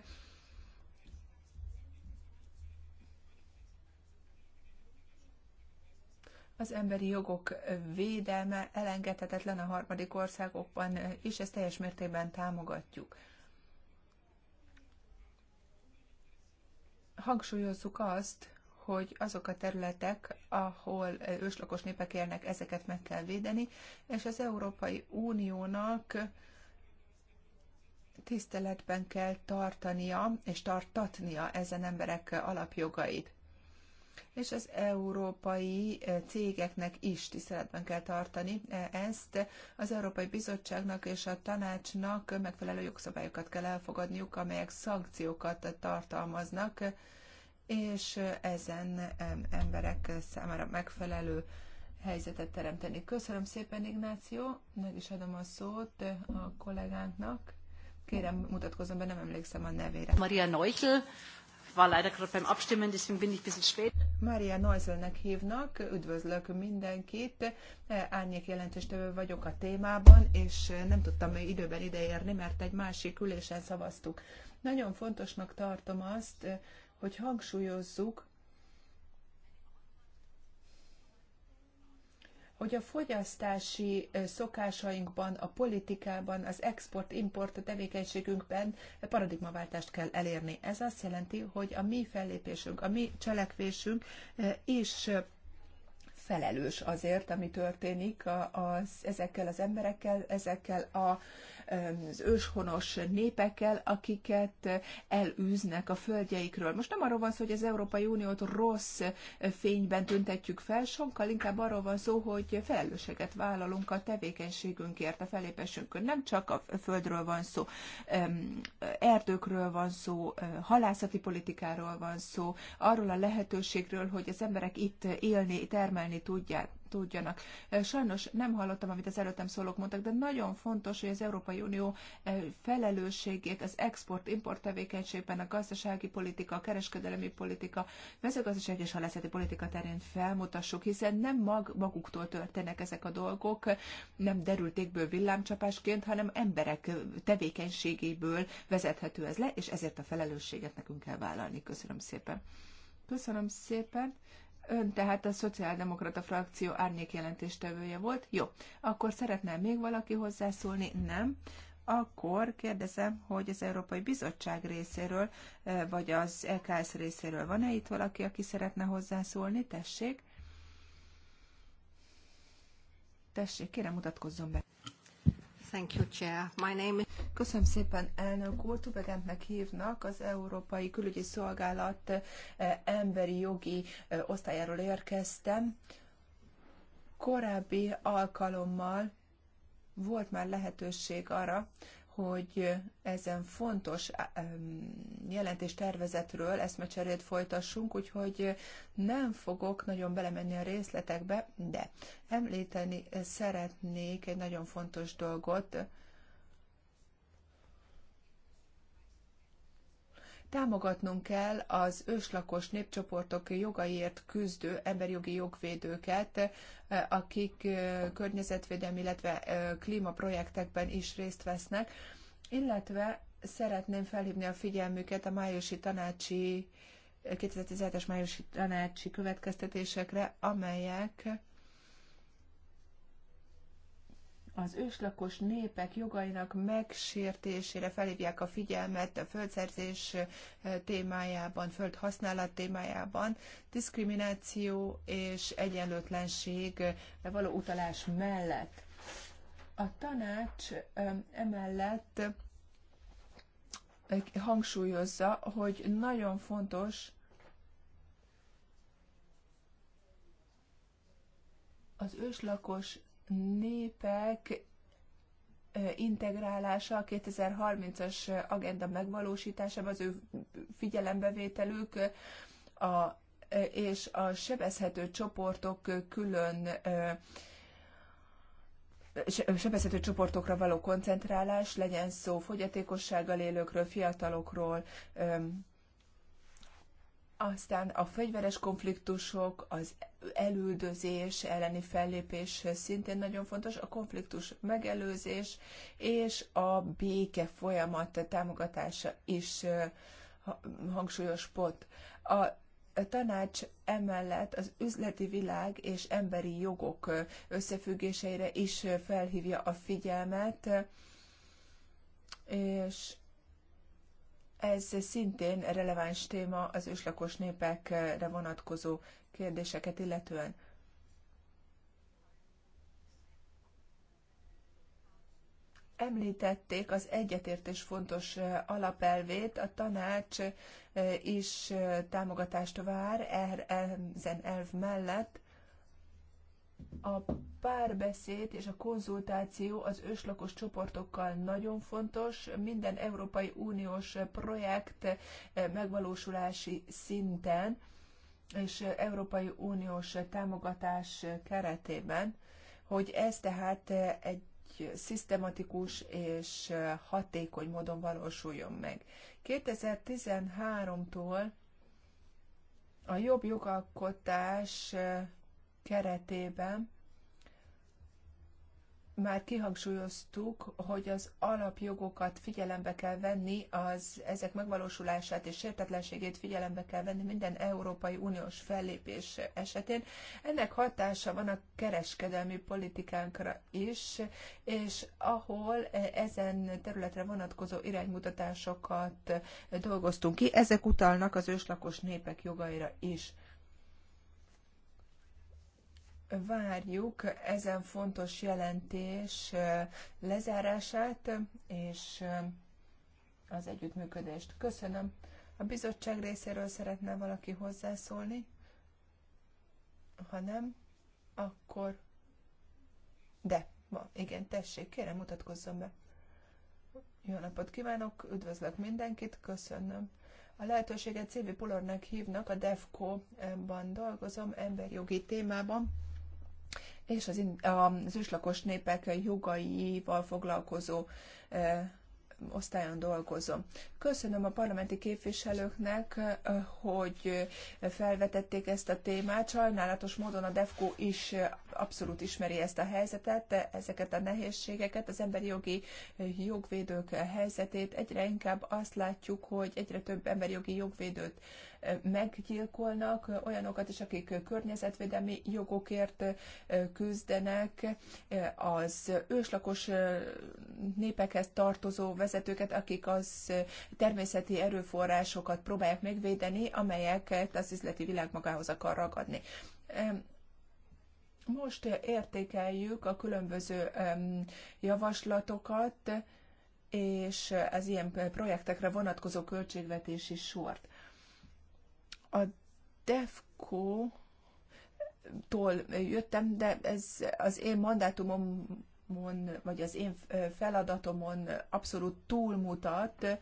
Az emberi jogok védelme elengedhetetlen a harmadik országokban, és ezt teljes mértékben támogatjuk. Hangsúlyozzuk azt, hogy azok a területek, ahol őslakos népek élnek, ezeket meg kell védeni, és az Európai Uniónak tiszteletben kell tartania és tartatnia ezen emberek alapjogait és az európai eh, cégeknek is tiszteletben kell tartani eh, ezt. Az Európai Bizottságnak és a tanácsnak megfelelő jogszabályokat kell elfogadniuk, amelyek szankciókat tartalmaznak, és ezen emberek számára megfelelő helyzetet teremteni. Köszönöm szépen, Ignáció, meg is adom a szót eh, a kollégánknak. Kérem, mutatkozom be, nem emlékszem a nevére. Maria Neuchel war leider gerade beim Abstimmen, deswegen bin ich ein bisschen spät. Mária Noiselnek hívnak, üdvözlök mindenkit, e, árnyék jelentéstevő vagyok a témában, és nem tudtam időben ideérni, mert egy másik ülésen szavaztuk. Nagyon fontosnak tartom azt, hogy hangsúlyozzuk, hogy a fogyasztási szokásainkban, a politikában, az export-import tevékenységünkben paradigmaváltást kell elérni. Ez azt jelenti, hogy a mi fellépésünk, a mi cselekvésünk is felelős azért, ami történik az, ezekkel az emberekkel, ezekkel a az őshonos népekkel, akiket elűznek a földjeikről. Most nem arról van szó, hogy az Európai Uniót rossz fényben tüntetjük fel, sokkal inkább arról van szó, hogy felelősséget vállalunk a tevékenységünkért, a felépésünkön. Nem csak a földről van szó, erdőkről van szó, halászati politikáról van szó, arról a lehetőségről, hogy az emberek itt élni, termelni tudják tudjanak. Sajnos nem hallottam, amit az előttem szólók mondtak, de nagyon fontos, hogy az Európai Unió felelősségét az export-import tevékenységben, a gazdasági politika, a kereskedelemi politika, mezőgazdasági és halászati politika terén felmutassuk, hiszen nem mag, maguktól történnek ezek a dolgok, nem derültékből villámcsapásként, hanem emberek tevékenységéből vezethető ez le, és ezért a felelősséget nekünk kell vállalni. Köszönöm szépen. Köszönöm szépen. Ön tehát a Szociáldemokrata frakció árnyék jelentéstevője volt. Jó, akkor szeretne még valaki hozzászólni? Nem. Akkor kérdezem, hogy az Európai Bizottság részéről, e, vagy az EKS részéről van-e itt valaki, aki szeretne hozzászólni? Tessék. Tessék, kérem mutatkozzon be. Thank you, Chair. My name is... Köszönöm szépen, elnök úr. Tubegentnek hívnak, az Európai Külügyi Szolgálat eh, emberi jogi eh, osztályáról érkeztem. Korábbi alkalommal volt már lehetőség arra, hogy ezen fontos jelentés eh, jelentéstervezetről eszmecserét folytassunk, úgyhogy nem fogok nagyon belemenni a részletekbe, de említeni szeretnék egy nagyon fontos dolgot, Támogatnunk kell az őslakos népcsoportok jogaiért küzdő emberjogi jogvédőket, eh, akik eh, környezetvédelmi, illetve eh, klímaprojektekben is részt vesznek, illetve szeretném felhívni a figyelmüket a májusi tanácsi 2017-es májusi tanácsi következtetésekre, amelyek az őslakos népek jogainak megsértésére felhívják a figyelmet a földszerzés témájában, földhasználat témájában, diszkrimináció és egyenlőtlenség való utalás mellett. A tanács emellett hangsúlyozza, hogy nagyon fontos, az őslakos népek integrálása, a 2030-as agenda megvalósításában, az ő figyelembevételük a, és a sebezhető csoportok külön sebezhető csoportokra való koncentrálás, legyen szó fogyatékossággal élőkről, fiatalokról, aztán a fegyveres konfliktusok, az elüldözés elleni fellépés szintén nagyon fontos, a konfliktus megelőzés és a béke folyamat támogatása is hangsúlyos pot. A tanács emellett az üzleti világ és emberi jogok összefüggéseire is felhívja a figyelmet, és ez szintén releváns téma az őslakos népekre vonatkozó kérdéseket illetően. Említették az egyetértés fontos alapelvét, a tanács is támogatást vár e- ezen elv mellett, a párbeszéd és a konzultáció az őslakos csoportokkal nagyon fontos. Minden Európai Uniós projekt eh, megvalósulási szinten és Európai Uniós támogatás keretében, hogy ez tehát eh, egy szisztematikus és eh, hatékony módon valósuljon meg. 2013-tól a jobb jogalkotás keretében már kihangsúlyoztuk, hogy az alapjogokat figyelembe kell venni, az ezek megvalósulását és sértetlenségét figyelembe kell venni minden Európai Uniós fellépés esetén. Ennek hatása van a kereskedelmi politikánkra is, és ahol ezen területre vonatkozó iránymutatásokat dolgoztunk ki, ezek utalnak az őslakos népek jogaira is várjuk ezen fontos jelentés lezárását és az együttműködést. Köszönöm. A bizottság részéről szeretne valaki hozzászólni? Ha nem, akkor... De, ma, igen, tessék, kérem, mutatkozzon be. Jó napot kívánok, üdvözlök mindenkit, köszönöm. A lehetőséget Szilvi Pulornak hívnak, a DEFCO-ban dolgozom, emberjogi témában és az, az őslakos népek jogaival foglalkozó osztályon dolgozom. Köszönöm a parlamenti képviselőknek, hogy felvetették ezt a témát. Sajnálatos módon a DEFCO is abszolút ismeri ezt a helyzetet, ezeket a nehézségeket, az emberi jogi jogvédők helyzetét. Egyre inkább azt látjuk, hogy egyre több emberi jogi jogvédőt meggyilkolnak, olyanokat is, akik környezetvédelmi jogokért küzdenek, az őslakos népekhez tartozó vezetőket, akik az természeti erőforrásokat próbálják megvédeni, amelyeket az üzleti világ magához akar ragadni. Most értékeljük a különböző javaslatokat és az ilyen projektekre vonatkozó költségvetési sort. A DEFCO tól jöttem, de ez az én mandátumom mon vagy az én feladatomon abszolút túlmutat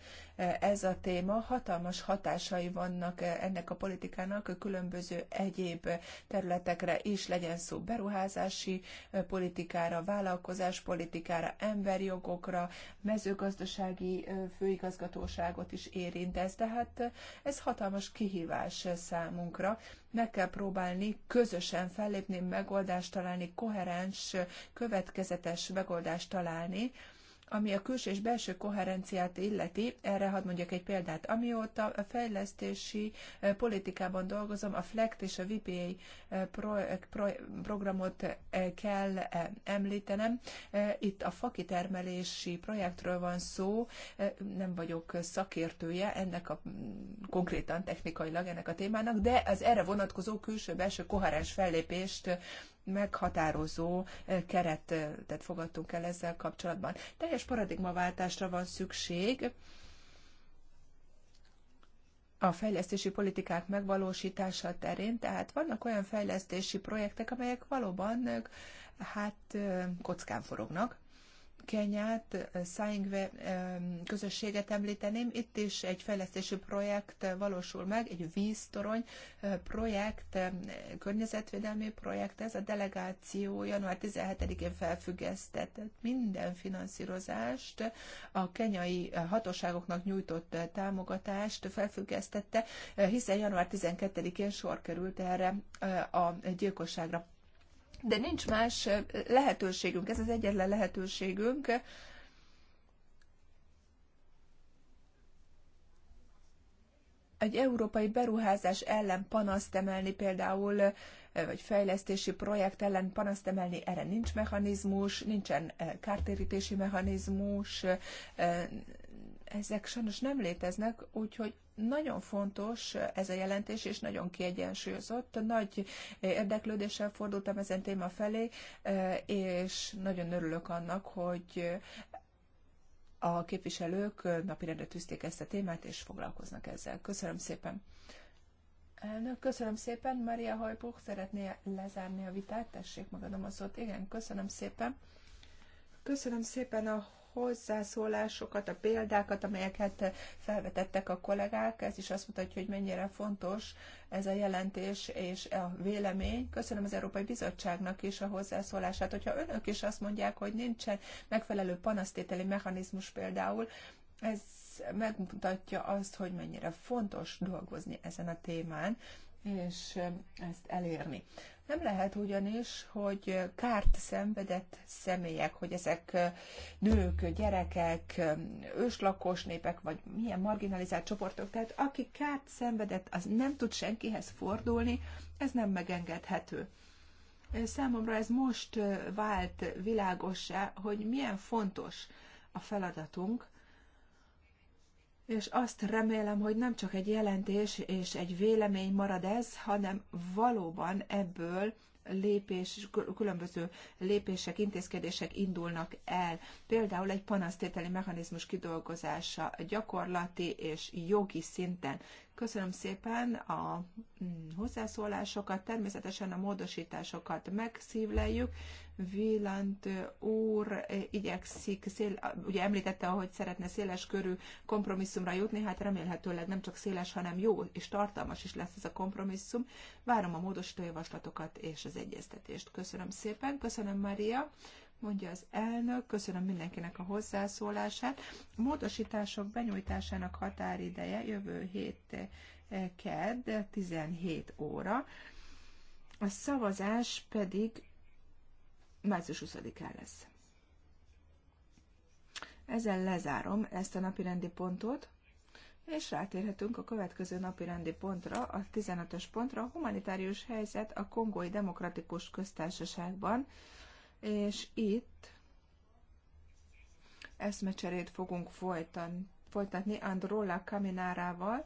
ez a téma. Hatalmas hatásai vannak ennek a politikának a különböző egyéb területekre is, legyen szó beruházási politikára, vállalkozás politikára, emberjogokra, mezőgazdasági főigazgatóságot is érint ez. Tehát ez hatalmas kihívás számunkra, meg kell próbálni közösen fellépni, megoldást találni, koherens, következetes megoldást találni ami a külső és belső koherenciát illeti, erre hadd mondjak egy példát. Amióta a fejlesztési politikában dolgozom, a FLECT és a VPA pro, pro, programot kell említenem. Itt a fakitermelési projektről van szó, nem vagyok szakértője ennek a konkrétan technikailag ennek a témának, de az erre vonatkozó külső-belső koherens fellépést meghatározó eh, keretet fogadtunk el ezzel kapcsolatban. Teljes paradigmaváltásra van szükség a fejlesztési politikák megvalósítása terén, tehát vannak olyan fejlesztési projektek, amelyek valóban eh, hát eh, kockán forognak. Kenyát, Száingve közösséget említeném. Itt is egy fejlesztési projekt valósul meg, egy víztorony eh, projekt, környezetvédelmi projekt. Ez a delegáció január 17-én felfüggesztett minden finanszírozást, a kenyai eh, hatóságoknak nyújtott eh, támogatást felfüggesztette, hiszen január 12-én sor került erre a gyilkosságra de nincs más lehetőségünk, ez az egyetlen lehetőségünk, egy európai beruházás ellen panaszt emelni például, vagy fejlesztési projekt ellen panaszt emelni, erre nincs mechanizmus, nincsen kártérítési mechanizmus, ezek sajnos nem léteznek, úgyhogy nagyon fontos ez a jelentés, és nagyon kiegyensúlyozott. Nagy érdeklődéssel fordultam ezen téma felé, és nagyon örülök annak, hogy a képviselők napirendre tűzték ezt a témát, és foglalkoznak ezzel. Köszönöm szépen. Elnök, köszönöm szépen. Maria Hajbuch szeretné lezárni a vitát. Tessék, magadom a szót. Igen, köszönöm szépen. Köszönöm szépen a hozzászólásokat, a példákat, amelyeket felvetettek a kollégák. Ez is azt mutatja, hogy mennyire fontos ez a jelentés és a vélemény. Köszönöm az Európai Bizottságnak is a hozzászólását. Hogyha önök is azt mondják, hogy nincsen megfelelő panasztételi mechanizmus például, ez megmutatja azt, hogy mennyire fontos dolgozni ezen a témán, és ezt elérni. Nem lehet ugyanis, hogy kárt szenvedett személyek, hogy ezek nők, gyerekek, őslakos népek, vagy milyen marginalizált csoportok, tehát aki kárt szenvedett, az nem tud senkihez fordulni, ez nem megengedhető. Számomra ez most vált világosá, hogy milyen fontos a feladatunk, és azt remélem, hogy nem csak egy jelentés és egy vélemény marad ez, hanem valóban ebből lépés, különböző lépések, intézkedések indulnak el. Például egy panasztételi mechanizmus kidolgozása gyakorlati és jogi szinten. Köszönöm szépen a mm, hozzászólásokat, természetesen a módosításokat megszívleljük. Villant úr igyekszik, szél, ugye említette, hogy szeretne széles körű kompromisszumra jutni, hát remélhetőleg nem csak széles, hanem jó és tartalmas is lesz ez a kompromisszum. Várom a módosítójavaslatokat javaslatokat és az egyeztetést. Köszönöm szépen, köszönöm Maria mondja az elnök. Köszönöm mindenkinek a hozzászólását. A módosítások benyújtásának határideje jövő hét eh, kedd 17 óra. A szavazás pedig március 20-án lesz. Ezzel lezárom ezt a napirendi pontot, és rátérhetünk a következő napirendi pontra, a 15-ös pontra, a humanitárius helyzet a Kongói Demokratikus Köztársaságban, és itt eszmecserét fogunk folytatni Androla Kaminárával,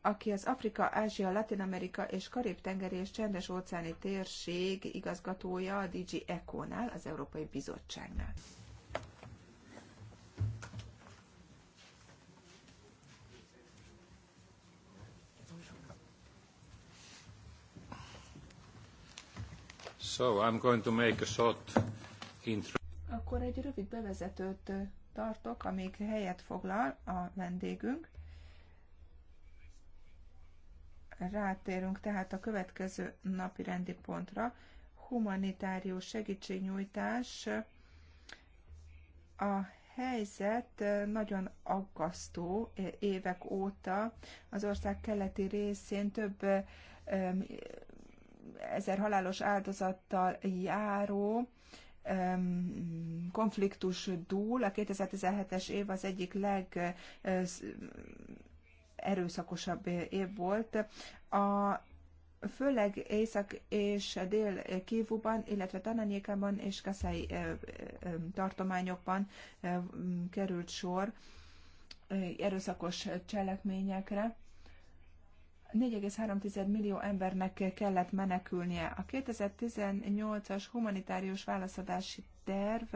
aki az Afrika, Ázsia, Latin Amerika és Karib-tengeri és Csendes-óceáni térség igazgatója a DG ECO-nál, az Európai Bizottságnál. So I'm going to make a short intro. Akkor egy rövid bevezetőt tartok, amíg helyet foglal a vendégünk. Rátérünk tehát a következő napi rendi pontra. Humanitárius segítségnyújtás. A helyzet nagyon aggasztó évek óta. Az ország keleti részén több ezer halálos áldozattal járó konfliktus dúl. A 2017-es év az egyik leg erőszakosabb év volt. A főleg Észak és Dél Kívúban, illetve Tananyékában és Kaszai tartományokban került sor erőszakos cselekményekre. 4,3 millió embernek kellett menekülnie. A 2018-as humanitárius válaszadási terv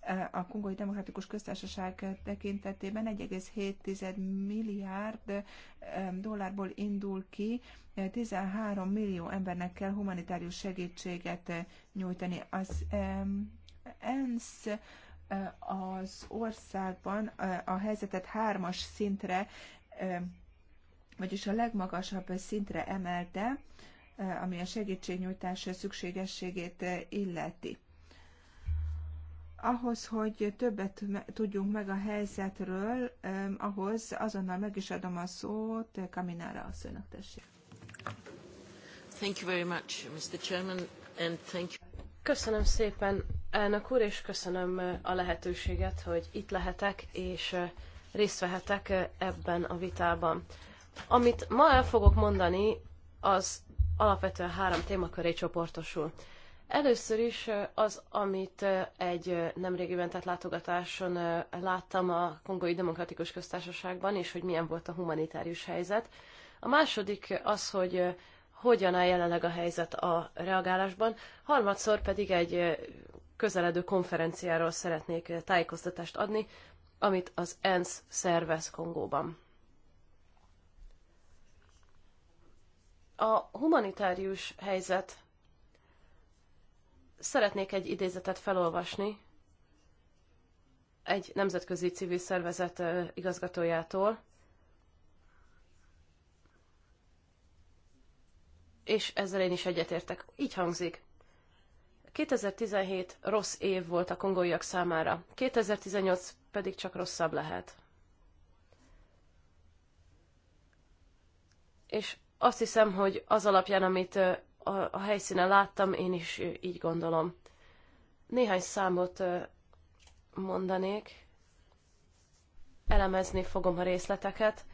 eh, a Kongói Demokratikus Köztársaság tekintetében 1,7 milliárd eh, dollárból indul ki, 13 millió embernek kell humanitárius segítséget eh, nyújtani. Az ENSZ az országban a helyzetet hármas szintre vagyis a legmagasabb szintre emelte, eh, ami a segítségnyújtás szükségességét eh, illeti. Ahhoz, hogy többet tudjunk meg a helyzetről, eh, ahhoz azonnal meg is adom a szót Kaminára szőnök tessék. Thank you very much, Mr. Chairman, and thank you. Köszönöm szépen, elnök úr, és köszönöm a lehetőséget, hogy itt lehetek, és részt vehetek ebben a vitában. Amit ma el fogok mondani, az alapvetően három témaköré csoportosul. Először is az, amit egy nemrégiben tett látogatáson láttam a Kongói Demokratikus Köztársaságban, és hogy milyen volt a humanitárius helyzet. A második az, hogy hogyan áll jelenleg a helyzet a reagálásban, harmadszor pedig egy közeledő konferenciáról szeretnék tájékoztatást adni, amit az ENSZ szervez Kongóban. A humanitárius helyzet. Szeretnék egy idézetet felolvasni egy nemzetközi civil szervezet igazgatójától. És ezzel én is egyetértek. Így hangzik. 2017 rossz év volt a kongóiak számára, 2018 pedig csak rosszabb lehet. És azt hiszem, hogy az alapján, amit a helyszínen láttam, én is így gondolom. Néhány számot mondanék. Elemezni fogom a részleteket.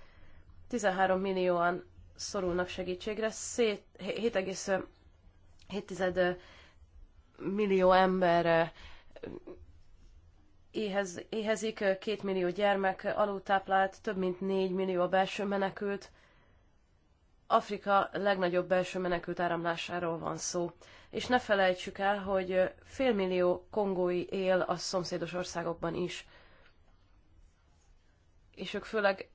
13 millióan szorulnak segítségre, 7,7 millió ember éhez, éhezik, 2 millió gyermek alultáplált, több mint 4 millió a belső menekült, Afrika legnagyobb belső menekült áramlásáról van szó. És ne felejtsük el, hogy félmillió kongói él a szomszédos országokban is. És ők főleg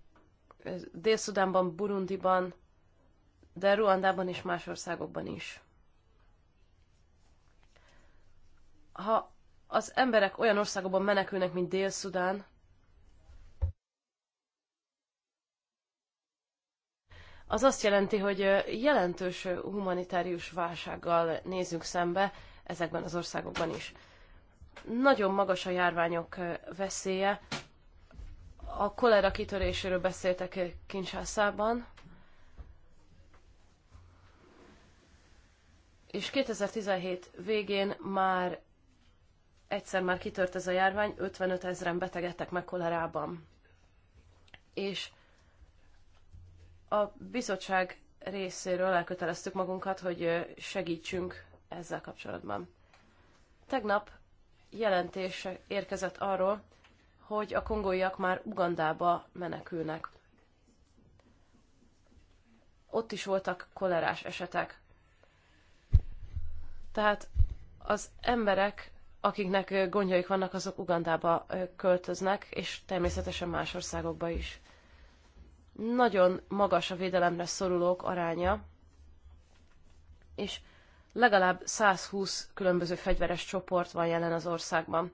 Dél-Szudánban, Burundiban, de Ruandában és más országokban is. Ha az emberek olyan országokban menekülnek, mint Dél-Szudán, az azt jelenti, hogy jelentős humanitárius válsággal nézünk szembe ezekben az országokban is. Nagyon magas a járványok veszélye. A kolera kitöréséről beszéltek Kinshasa-ban, és 2017 végén már egyszer már kitört ez a járvány, 55 ezeren betegedtek meg kolerában. És a bizottság részéről elköteleztük magunkat, hogy segítsünk ezzel kapcsolatban. Tegnap jelentés érkezett arról, hogy a kongóiak már Ugandába menekülnek. Ott is voltak kolerás esetek. Tehát az emberek, akiknek gondjaik vannak, azok Ugandába költöznek, és természetesen más országokba is nagyon magas a védelemre szorulók aránya, és legalább 120 különböző fegyveres csoport van jelen az országban.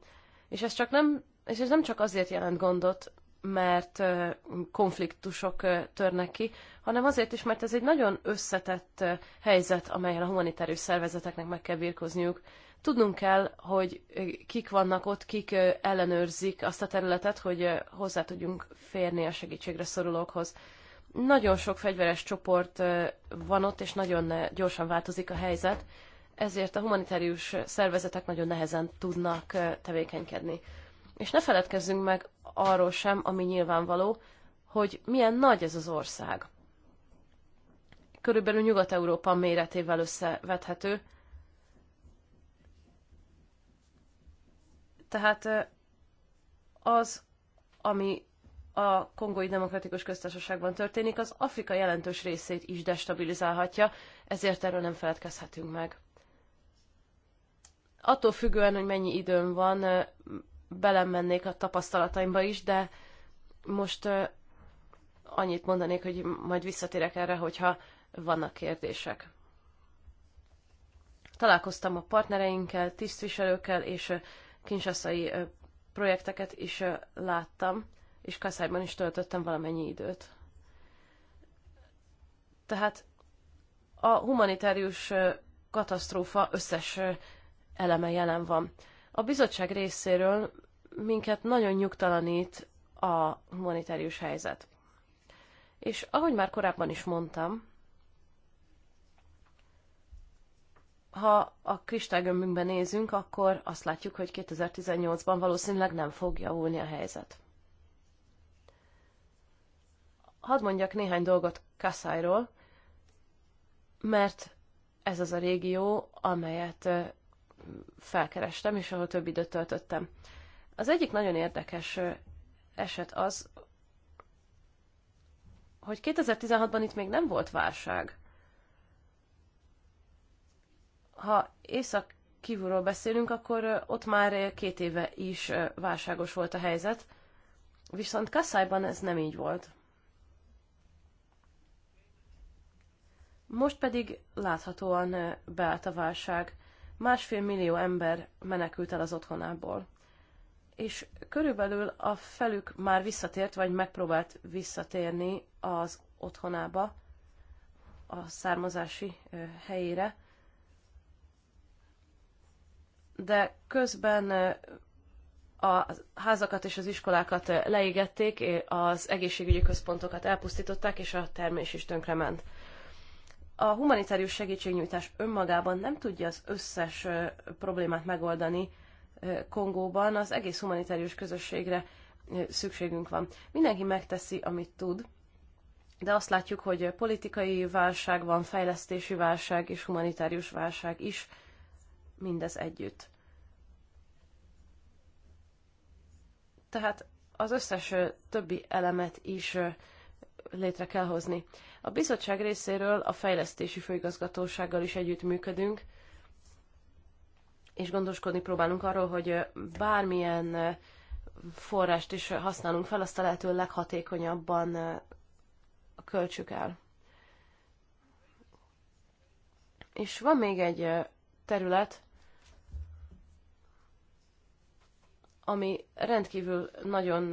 És ez, csak nem, és ez nem csak azért jelent gondot, mert konfliktusok törnek ki, hanem azért is, mert ez egy nagyon összetett helyzet, amelyen a humanitárius szervezeteknek meg kell birkozniuk. Tudnunk kell, hogy kik vannak ott, kik ellenőrzik azt a területet, hogy hozzá tudjunk férni a segítségre szorulókhoz. Nagyon sok fegyveres csoport van ott, és nagyon gyorsan változik a helyzet, ezért a humanitárius szervezetek nagyon nehezen tudnak tevékenykedni. És ne feledkezzünk meg arról sem, ami nyilvánvaló, hogy milyen nagy ez az ország. Körülbelül Nyugat-Európa méretével összevethető, Tehát az, ami a Kongói Demokratikus Köztársaságban történik, az Afrika jelentős részét is destabilizálhatja, ezért erről nem feledkezhetünk meg. Attól függően, hogy mennyi időm van, belemennék a tapasztalataimba is, de most annyit mondanék, hogy majd visszatérek erre, hogyha vannak kérdések. Találkoztam a partnereinkkel, tisztviselőkkel és kinsaszai projekteket is láttam, és Kaszályban is töltöttem valamennyi időt. Tehát a humanitárius katasztrófa összes eleme jelen van. A bizottság részéről minket nagyon nyugtalanít a humanitárius helyzet. És ahogy már korábban is mondtam, ha a kristálygömbünkben nézünk, akkor azt látjuk, hogy 2018-ban valószínűleg nem fog javulni a helyzet. Hadd mondjak néhány dolgot Kassájról, mert ez az a régió, amelyet felkerestem, és ahol több időt töltöttem. Az egyik nagyon érdekes eset az, hogy 2016-ban itt még nem volt válság. Ha észak kívülről beszélünk, akkor ott már két éve is válságos volt a helyzet, viszont Kasszájban ez nem így volt. Most pedig láthatóan beállt a válság. Másfél millió ember menekült el az otthonából. És körülbelül a felük már visszatért, vagy megpróbált visszatérni az otthonába, a származási helyére, de közben a házakat és az iskolákat leégették, az egészségügyi központokat elpusztították, és a termés is tönkrement. A humanitárius segítségnyújtás önmagában nem tudja az összes problémát megoldani Kongóban, az egész humanitárius közösségre szükségünk van. Mindenki megteszi, amit tud, de azt látjuk, hogy politikai válság van, fejlesztési válság és humanitárius válság is, mindez együtt. tehát az összes többi elemet is létre kell hozni. A bizottság részéről a fejlesztési főigazgatósággal is együttműködünk, és gondoskodni próbálunk arról, hogy bármilyen forrást is használunk fel, azt a lehető leghatékonyabban költsük el. És van még egy terület, ami rendkívül nagyon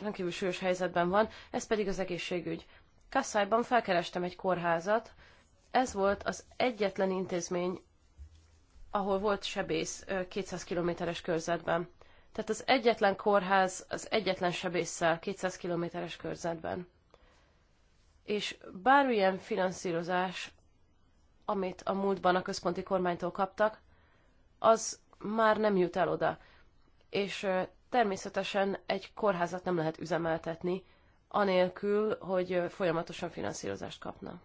rendkívül súlyos helyzetben van, ez pedig az egészségügy. Kasszájban felkerestem egy kórházat, ez volt az egyetlen intézmény, ahol volt sebész 200 kilométeres körzetben. Tehát az egyetlen kórház az egyetlen sebésszel 200 kilométeres körzetben. És bármilyen finanszírozás, amit a múltban a központi kormánytól kaptak, az már nem jut el oda és természetesen egy kórházat nem lehet üzemeltetni, anélkül, hogy folyamatosan finanszírozást kapna.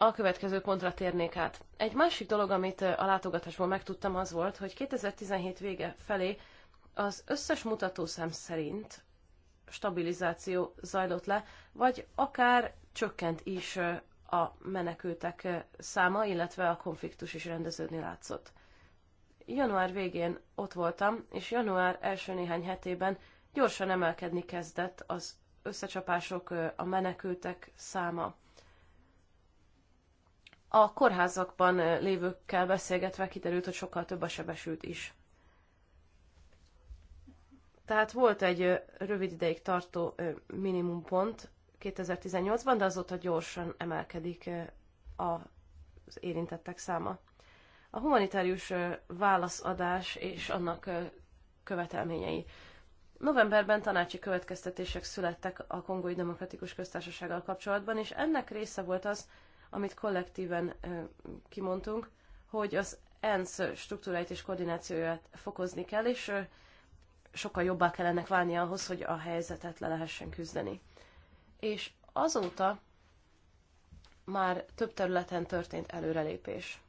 A következő pontra térnék át. Egy másik dolog, amit a látogatásból megtudtam, az volt, hogy 2017 vége felé az összes mutatószám szerint stabilizáció zajlott le, vagy akár csökkent is a menekültek száma, illetve a konfliktus is rendeződni látszott. Január végén ott voltam, és január első néhány hetében gyorsan emelkedni kezdett az összecsapások, a menekültek száma. A kórházakban lévőkkel beszélgetve kiderült, hogy sokkal több a sebesült is. Tehát volt egy rövid ideig tartó minimumpont 2018-ban, de azóta gyorsan emelkedik az érintettek száma. A humanitárius válaszadás és annak követelményei. Novemberben tanácsi következtetések születtek a Kongói Demokratikus Köztársasággal kapcsolatban, és ennek része volt az, amit kollektíven kimondtunk, hogy az ENSZ struktúráit és koordinációját fokozni kell, és sokkal jobbá ennek válni ahhoz, hogy a helyzetet le lehessen küzdeni. És azóta már több területen történt előrelépés.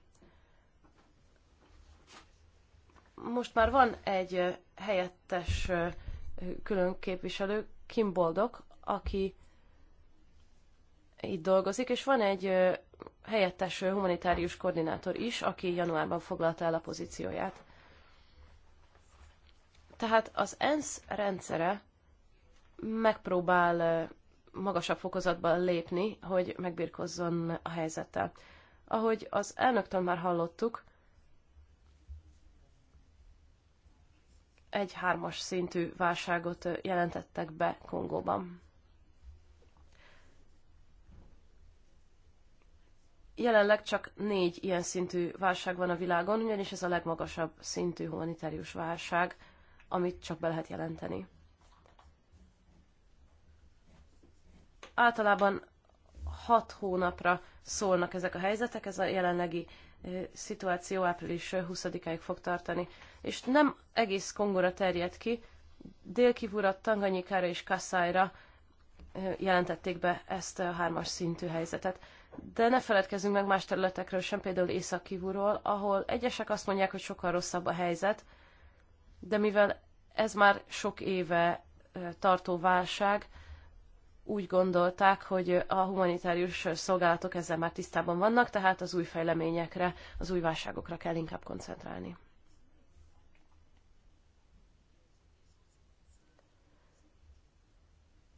Most már van egy helyettes külön képviselő, Kim Boldog, aki itt dolgozik, és van egy helyettes humanitárius koordinátor is, aki januárban foglalta el a pozícióját. Tehát az ENSZ rendszere megpróbál magasabb fokozatban lépni, hogy megbirkozzon a helyzettel. Ahogy az elnöktől már hallottuk, egy hármas szintű válságot jelentettek be Kongóban. Jelenleg csak négy ilyen szintű válság van a világon, ugyanis ez a legmagasabb szintű humanitárius válság amit csak be lehet jelenteni. Általában hat hónapra szólnak ezek a helyzetek, ez a jelenlegi szituáció április 20-áig fog tartani. És nem egész Kongora terjed ki, Délkivura, Tanganyikára és Kassájra jelentették be ezt a hármas szintű helyzetet. De ne feledkezzünk meg más területekről sem, például észak ahol egyesek azt mondják, hogy sokkal rosszabb a helyzet, de mivel ez már sok éve tartó válság, úgy gondolták, hogy a humanitárius szolgálatok ezzel már tisztában vannak, tehát az új fejleményekre, az új válságokra kell inkább koncentrálni.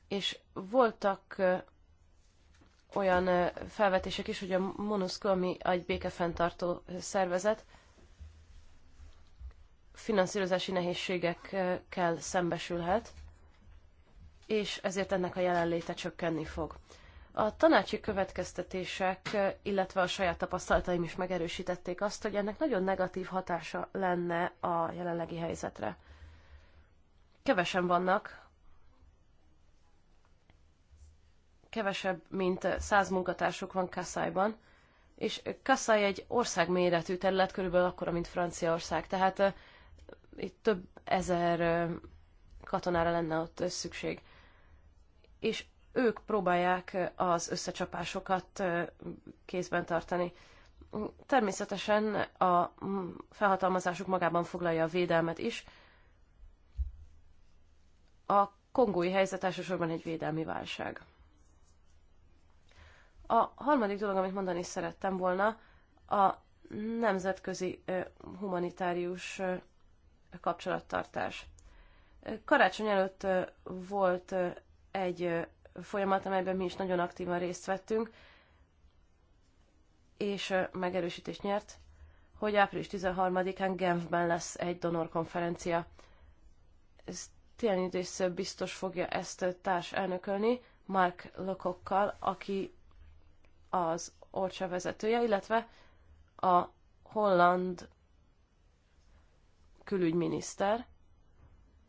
És voltak olyan felvetések is, hogy a MONUSCO, ami egy békefenntartó szervezet, finanszírozási nehézségekkel szembesülhet, és ezért ennek a jelenléte csökkenni fog. A tanácsi következtetések, illetve a saját tapasztalataim is megerősítették azt, hogy ennek nagyon negatív hatása lenne a jelenlegi helyzetre. Kevesen vannak, kevesebb, mint 100 munkatársuk van Kassai-ban, és Kassai egy ország méretű terület, körülbelül akkora, mint Franciaország. Tehát itt több ezer katonára lenne ott szükség. És ők próbálják az összecsapásokat kézben tartani. Természetesen a felhatalmazásuk magában foglalja a védelmet is. A kongói helyzet elsősorban egy védelmi válság. A harmadik dolog, amit mondani szerettem volna, a nemzetközi humanitárius kapcsolattartás. Karácsony előtt volt egy folyamat, amelyben mi is nagyon aktívan részt vettünk, és megerősítést nyert, hogy április 13-án Genfben lesz egy donorkonferencia. Stianidis biztos fogja ezt társ elnökölni, Mark Lokokkal, aki az Orcsa vezetője, illetve a holland külügyminiszter,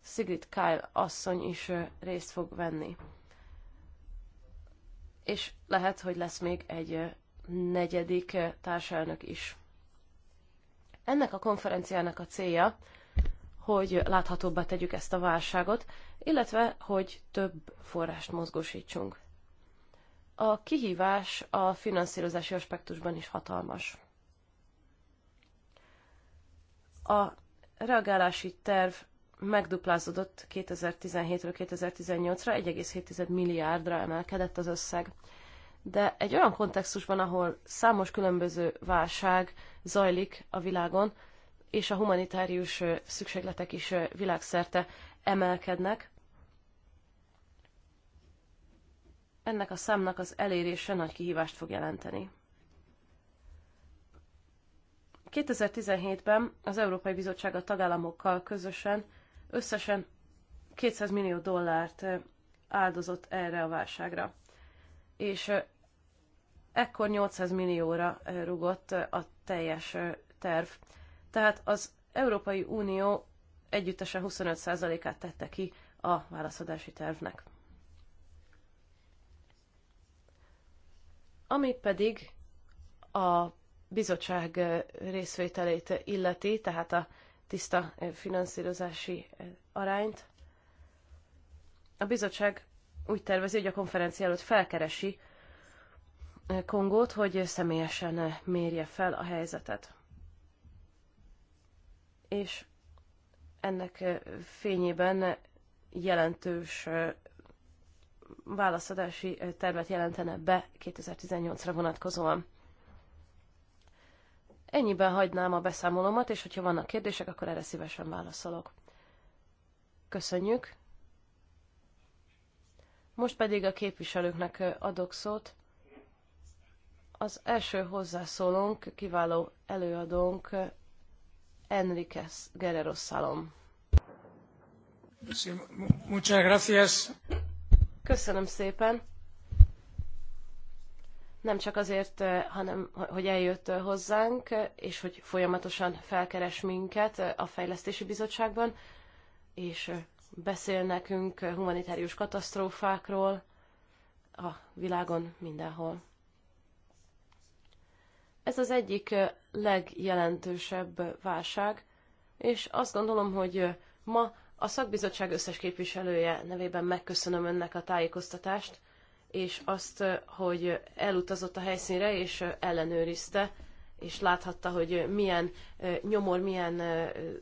Sigrid Kyle asszony is részt fog venni. És lehet, hogy lesz még egy negyedik társelnök is. Ennek a konferenciának a célja, hogy láthatóbbá tegyük ezt a válságot, illetve hogy több forrást mozgósítsunk. A kihívás a finanszírozási aspektusban is hatalmas. A reagálási terv megduplázódott 2017-ről 2018-ra, 1,7 milliárdra emelkedett az összeg. De egy olyan kontextusban, ahol számos különböző válság zajlik a világon, és a humanitárius szükségletek is világszerte emelkednek, ennek a számnak az elérése nagy kihívást fog jelenteni. 2017-ben az Európai Bizottság a tagállamokkal közösen összesen 200 millió dollárt áldozott erre a válságra. És ekkor 800 millióra rugott a teljes terv. Tehát az Európai Unió együttesen 25%-át tette ki a válaszadási tervnek. Ami pedig a bizottság részvételét illeti, tehát a tiszta finanszírozási arányt. A bizottság úgy tervezi, hogy a konferencia előtt felkeresi Kongót, hogy személyesen mérje fel a helyzetet. És ennek fényében jelentős válaszadási tervet jelentene be 2018-ra vonatkozóan. Ennyiben hagynám a beszámolomat és hogyha vannak kérdések, akkor erre szívesen válaszolok. Köszönjük! Most pedig a képviselőknek adok szót. Az első hozzászólónk, kiváló előadónk Enrique Guerrero Salom. Köszönöm szépen nem csak azért, hanem hogy eljött hozzánk, és hogy folyamatosan felkeres minket a Fejlesztési Bizottságban, és beszél nekünk humanitárius katasztrófákról a világon mindenhol. Ez az egyik legjelentősebb válság, és azt gondolom, hogy ma a szakbizottság összes képviselője nevében megköszönöm önnek a tájékoztatást, és azt, hogy elutazott a helyszínre, és ellenőrizte, és láthatta, hogy milyen nyomor, milyen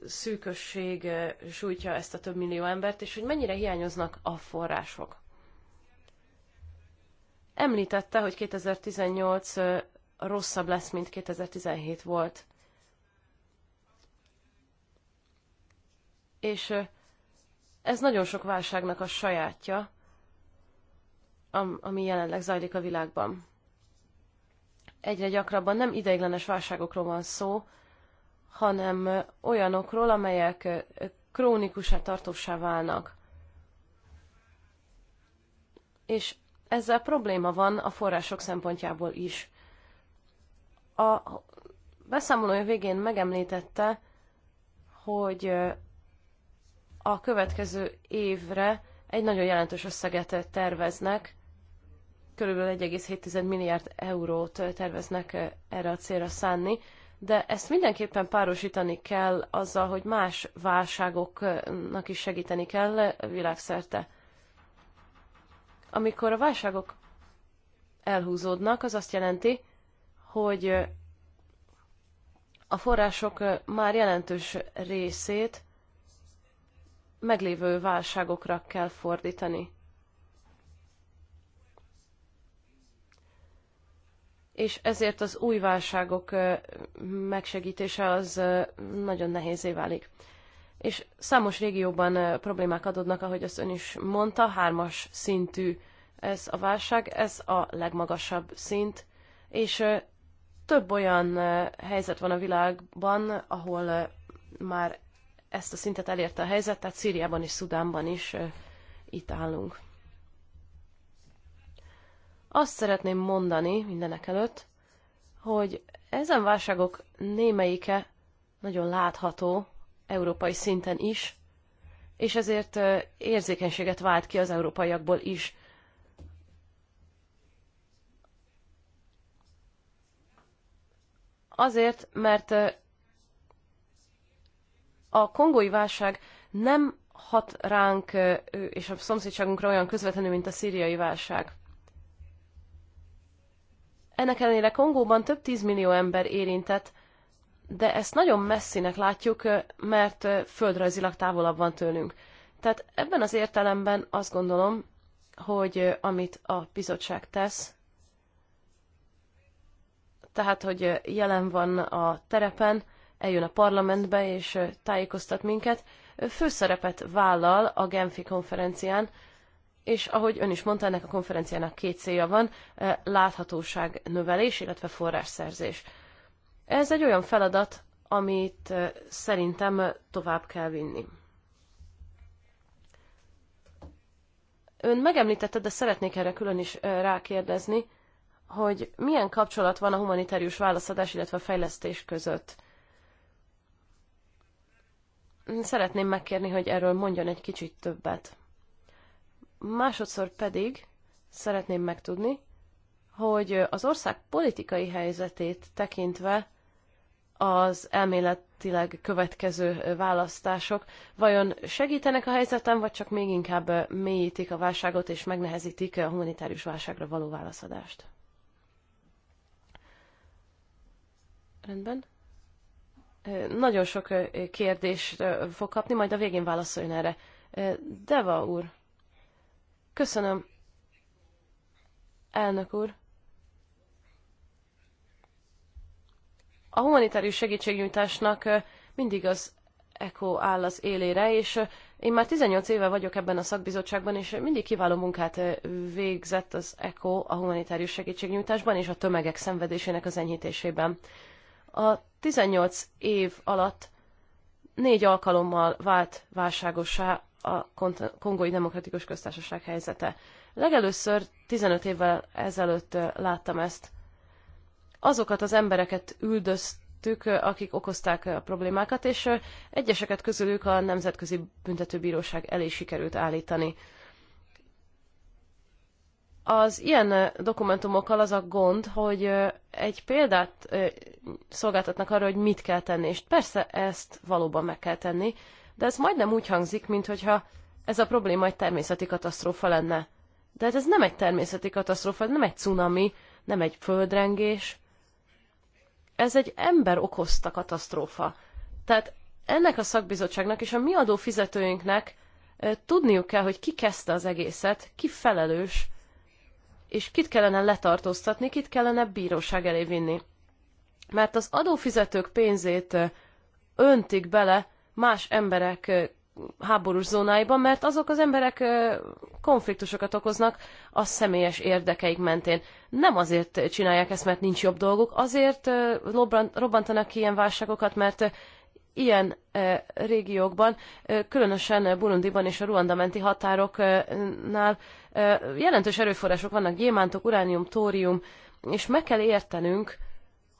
szűkösség sújtja ezt a több millió embert, és hogy mennyire hiányoznak a források. Említette, hogy 2018 rosszabb lesz, mint 2017 volt. És ez nagyon sok válságnak a sajátja, ami jelenleg zajlik a világban. Egyre gyakrabban nem ideiglenes válságokról van szó, hanem olyanokról, amelyek krónikusá tartósá válnak. És ezzel probléma van a források szempontjából is. A beszámolója végén megemlítette, hogy a következő évre egy nagyon jelentős összeget terveznek körülbelül 1,7 milliárd eurót terveznek eh, erre a célra szánni, de ezt mindenképpen párosítani kell azzal, hogy más válságoknak is segíteni kell világszerte. Amikor a válságok elhúzódnak, az azt jelenti, hogy eh, a források eh, már jelentős részét meglévő válságokra kell fordítani. és ezért az új válságok megsegítése az nagyon nehézé válik. És számos régióban problémák adódnak, ahogy azt ön is mondta, hármas szintű ez a válság, ez a legmagasabb szint, és több olyan helyzet van a világban, ahol már ezt a szintet elérte a helyzet, tehát Szíriában és Szudánban is itt állunk. Azt szeretném mondani mindenek előtt, hogy ezen válságok némelyike nagyon látható európai szinten is, és ezért érzékenységet vált ki az európaiakból is. Azért, mert a kongói válság nem hat ránk és a szomszédságunkra olyan közvetlenül, mint a szíriai válság. Ennek ellenére Kongóban több tízmillió ember érintett, de ezt nagyon messzinek látjuk, mert földrajzilag távolabb van tőlünk. Tehát ebben az értelemben azt gondolom, hogy amit a bizottság tesz, tehát, hogy jelen van a terepen, eljön a parlamentbe és tájékoztat minket, főszerepet vállal a Genfi konferencián, és ahogy ön is mondta, ennek a konferenciának két célja van, láthatóság növelés, illetve forrásszerzés. Ez egy olyan feladat, amit szerintem tovább kell vinni. Ön megemlítette, de szeretnék erre külön is rákérdezni, hogy milyen kapcsolat van a humanitárius válaszadás, illetve a fejlesztés között. Szeretném megkérni, hogy erről mondjon egy kicsit többet. Másodszor pedig szeretném megtudni, hogy az ország politikai helyzetét tekintve az elméletileg következő választások vajon segítenek a helyzetem, vagy csak még inkább mélyítik a válságot és megnehezítik a humanitárius válságra való válaszadást? Rendben. Nagyon sok kérdést fog kapni, majd a végén válaszoljon erre. Deva úr. Köszönöm. Elnök úr. A humanitárius segítségnyújtásnak mindig az ECO áll az élére, és én már 18 éve vagyok ebben a szakbizottságban, és mindig kiváló munkát végzett az ECO a humanitárius segítségnyújtásban és a tömegek szenvedésének az enyhítésében. A 18 év alatt négy alkalommal vált válságosá a Kongói Demokratikus Köztársaság helyzete. Legelőször 15 évvel ezelőtt láttam ezt. Azokat az embereket üldöztük, akik okozták a problémákat, és egyeseket közülük a Nemzetközi Büntetőbíróság elé sikerült állítani. Az ilyen dokumentumokkal az a gond, hogy egy példát szolgáltatnak arra, hogy mit kell tenni, és persze ezt valóban meg kell tenni, de ez majdnem úgy hangzik, mintha ez a probléma egy természeti katasztrófa lenne. De hát ez nem egy természeti katasztrófa, nem egy cunami, nem egy földrengés. Ez egy ember okozta katasztrófa. Tehát ennek a szakbizottságnak és a mi adófizetőinknek tudniuk kell, hogy ki kezdte az egészet, ki felelős, és kit kellene letartóztatni, kit kellene bíróság elé vinni. Mert az adófizetők pénzét öntik bele más emberek háborús zónáiban, mert azok az emberek konfliktusokat okoznak a személyes érdekeik mentén. Nem azért csinálják ezt, mert nincs jobb dolguk, azért robbantanak ki ilyen válságokat, mert ilyen régiókban, különösen Burundiban és a Ruanda menti határoknál jelentős erőforrások vannak, gyémántok, uránium, tórium, és meg kell értenünk,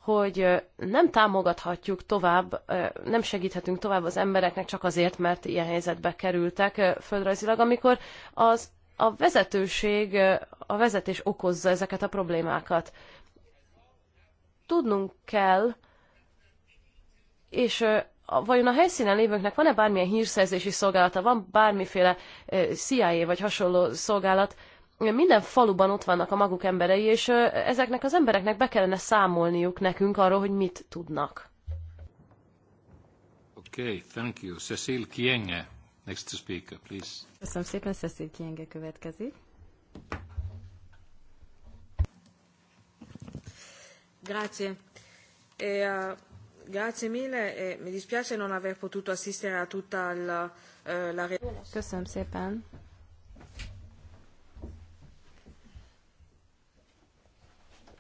hogy nem támogathatjuk tovább, nem segíthetünk tovább az embereknek csak azért, mert ilyen helyzetbe kerültek földrajzilag, amikor az a vezetőség, a vezetés okozza ezeket a problémákat. Tudnunk kell, és vajon a helyszínen lévőknek van-e bármilyen hírszerzési szolgálata, van bármiféle CIA vagy hasonló szolgálat, minden faluban ott vannak a maguk emberei, és ezeknek az embereknek be kellene számolniuk nekünk arról, hogy mit tudnak. Okay, thank you. Cecil Kienge, next speaker, please. Köszönöm szépen, Cecil Kienge következik. Grazie. E, uh, grazie mille, e mi dispiace non aver potuto assistere a tutta e, la, uh, la... Köszönöm szépen.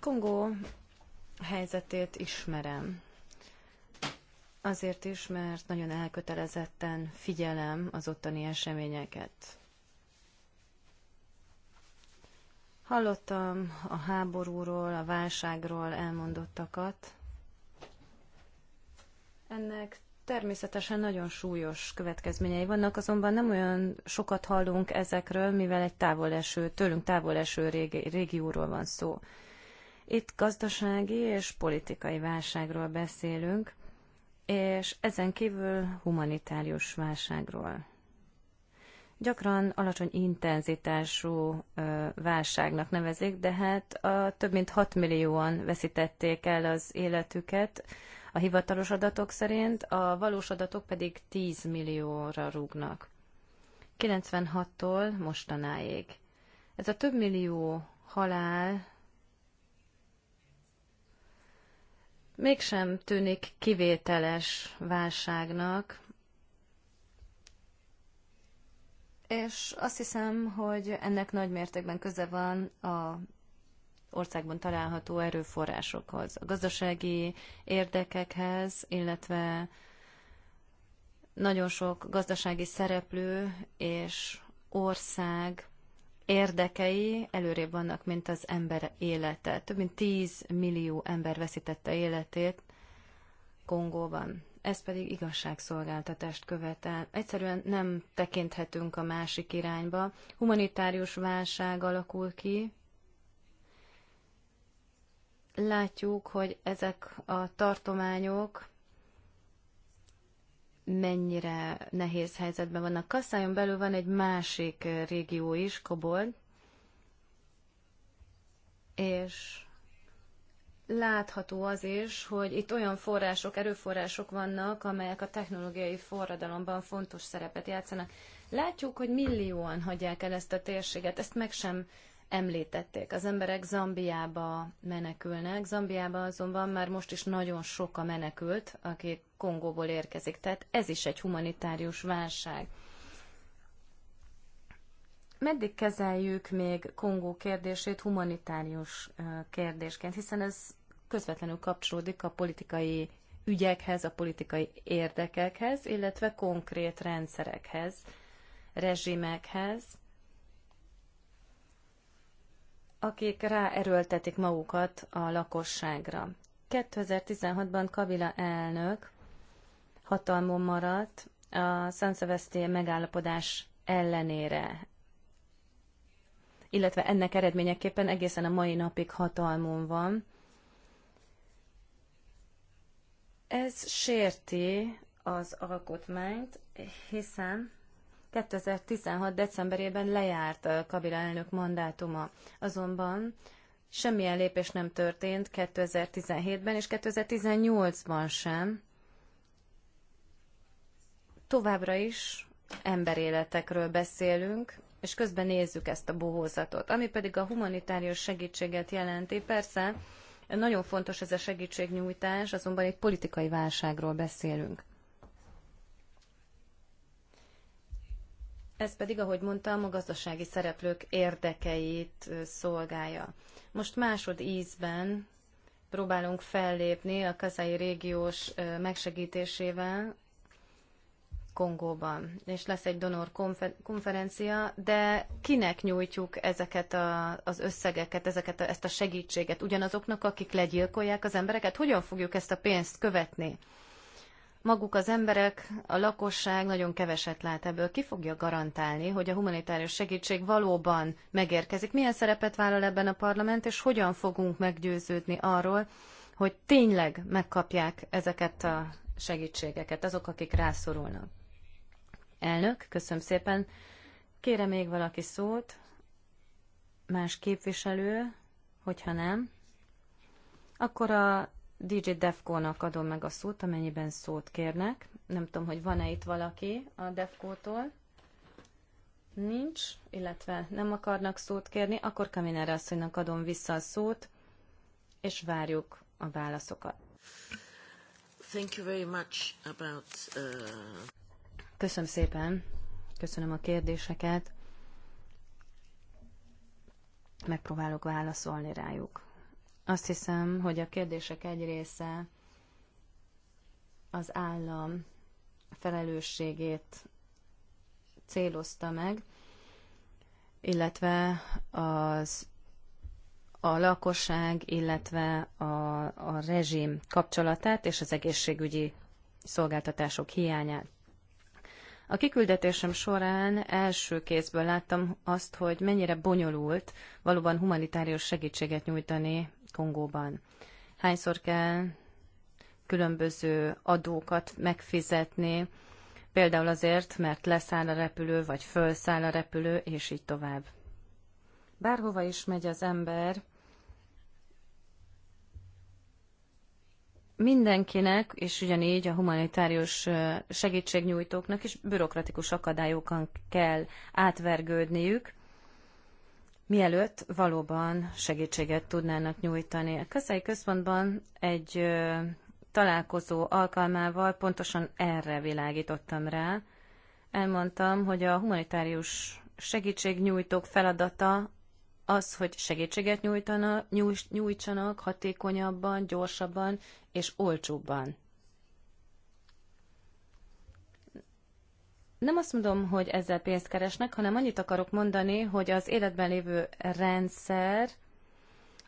Kongó helyzetét ismerem. Azért is, mert nagyon elkötelezetten figyelem az ottani eseményeket. Hallottam a háborúról, a válságról elmondottakat. Ennek természetesen nagyon súlyos következményei vannak, azonban nem olyan sokat hallunk ezekről, mivel egy eső, tőlünk eső régi, régióról van szó. Itt gazdasági és politikai válságról beszélünk, és ezen kívül humanitárius válságról. Gyakran alacsony intenzitású válságnak nevezik, de hát a több mint 6 millióan veszítették el az életüket, a hivatalos adatok szerint, a valós adatok pedig 10 millióra rúgnak. 96-tól mostanáig. Ez a több millió halál mégsem tűnik kivételes válságnak, és azt hiszem, hogy ennek nagy mértékben köze van a országban található erőforrásokhoz, a gazdasági érdekekhez, illetve nagyon sok gazdasági szereplő és ország érdekei előrébb vannak, mint az ember élete. Több mint 10 millió ember veszítette életét Kongóban. Ez pedig igazságszolgáltatást követel. Egyszerűen nem tekinthetünk a másik irányba. Humanitárius válság alakul ki. Látjuk, hogy ezek a tartományok mennyire nehéz helyzetben vannak. Kasszájon belül van egy másik régió is, Kobold, és látható az is, hogy itt olyan források, erőforrások vannak, amelyek a technológiai forradalomban fontos szerepet játszanak. Látjuk, hogy millióan hagyják el ezt a térséget, ezt meg sem említették. Az emberek Zambiába menekülnek, Zambiába azonban már most is nagyon sok a menekült, aki Kongóból érkezik. Tehát ez is egy humanitárius válság. Meddig kezeljük még Kongó kérdését humanitárius kérdésként, hiszen ez közvetlenül kapcsolódik a politikai ügyekhez, a politikai érdekekhez, illetve konkrét rendszerekhez, rezsimekhez akik ráerőltetik magukat a lakosságra. 2016-ban Kabila elnök hatalmon maradt a San Sebastian megállapodás ellenére, illetve ennek eredményeképpen egészen a mai napig hatalmon van. Ez sérti az alkotmányt, hiszen 2016. decemberében lejárt a Kabila elnök mandátuma. Azonban semmilyen lépés nem történt 2017-ben és 2018-ban sem. Továbbra is emberéletekről beszélünk, és közben nézzük ezt a bohózatot. Ami pedig a humanitárius segítséget jelenti, persze nagyon fontos ez a segítségnyújtás, azonban egy politikai válságról beszélünk. ez pedig, ahogy mondtam, a gazdasági szereplők érdekeit szolgálja. Most másod ízben próbálunk fellépni a kazai régiós megsegítésével Kongóban. És lesz egy donor konferencia, de kinek nyújtjuk ezeket a, az összegeket, ezeket a, ezt a segítséget? Ugyanazoknak, akik legyilkolják az embereket? Hogyan fogjuk ezt a pénzt követni? maguk az emberek, a lakosság nagyon keveset lát ebből. Ki fogja garantálni, hogy a humanitárius segítség valóban megérkezik? Milyen szerepet vállal ebben a parlament, és hogyan fogunk meggyőződni arról, hogy tényleg megkapják ezeket a segítségeket, azok, akik rászorulnak? Elnök, köszönöm szépen. Kérem még valaki szót? Más képviselő, hogyha nem, akkor a DJ Defco-nak adom meg a szót, amennyiben szót kérnek. Nem tudom, hogy van-e itt valaki a Defco-tól. Nincs, illetve nem akarnak szót kérni, akkor Kaminere asszonynak adom vissza a szót, és várjuk a válaszokat. Thank you very much about, uh... Köszönöm szépen, köszönöm a kérdéseket. Megpróbálok válaszolni rájuk. Azt hiszem, hogy a kérdések egy része az állam felelősségét célozta meg, illetve az a lakosság, illetve a, a rezsim kapcsolatát és az egészségügyi szolgáltatások hiányát. A kiküldetésem során első kézből láttam azt, hogy mennyire bonyolult valóban humanitárius segítséget nyújtani Kongóban. Hányszor kell különböző adókat megfizetni, például azért, mert leszáll a repülő, vagy fölszáll a repülő, és így tovább. Bárhova is megy az ember, mindenkinek, és ugyanígy a humanitárius segítségnyújtóknak is bürokratikus akadályokon kell átvergődniük, mielőtt valóban segítséget tudnának nyújtani. A Kaszai Központban egy találkozó alkalmával pontosan erre világítottam rá. Elmondtam, hogy a humanitárius segítségnyújtók feladata az, hogy segítséget nyújtanak, nyújtsanak hatékonyabban, gyorsabban és olcsóbban. nem azt mondom, hogy ezzel pénzt keresnek, hanem annyit akarok mondani, hogy az életben lévő rendszer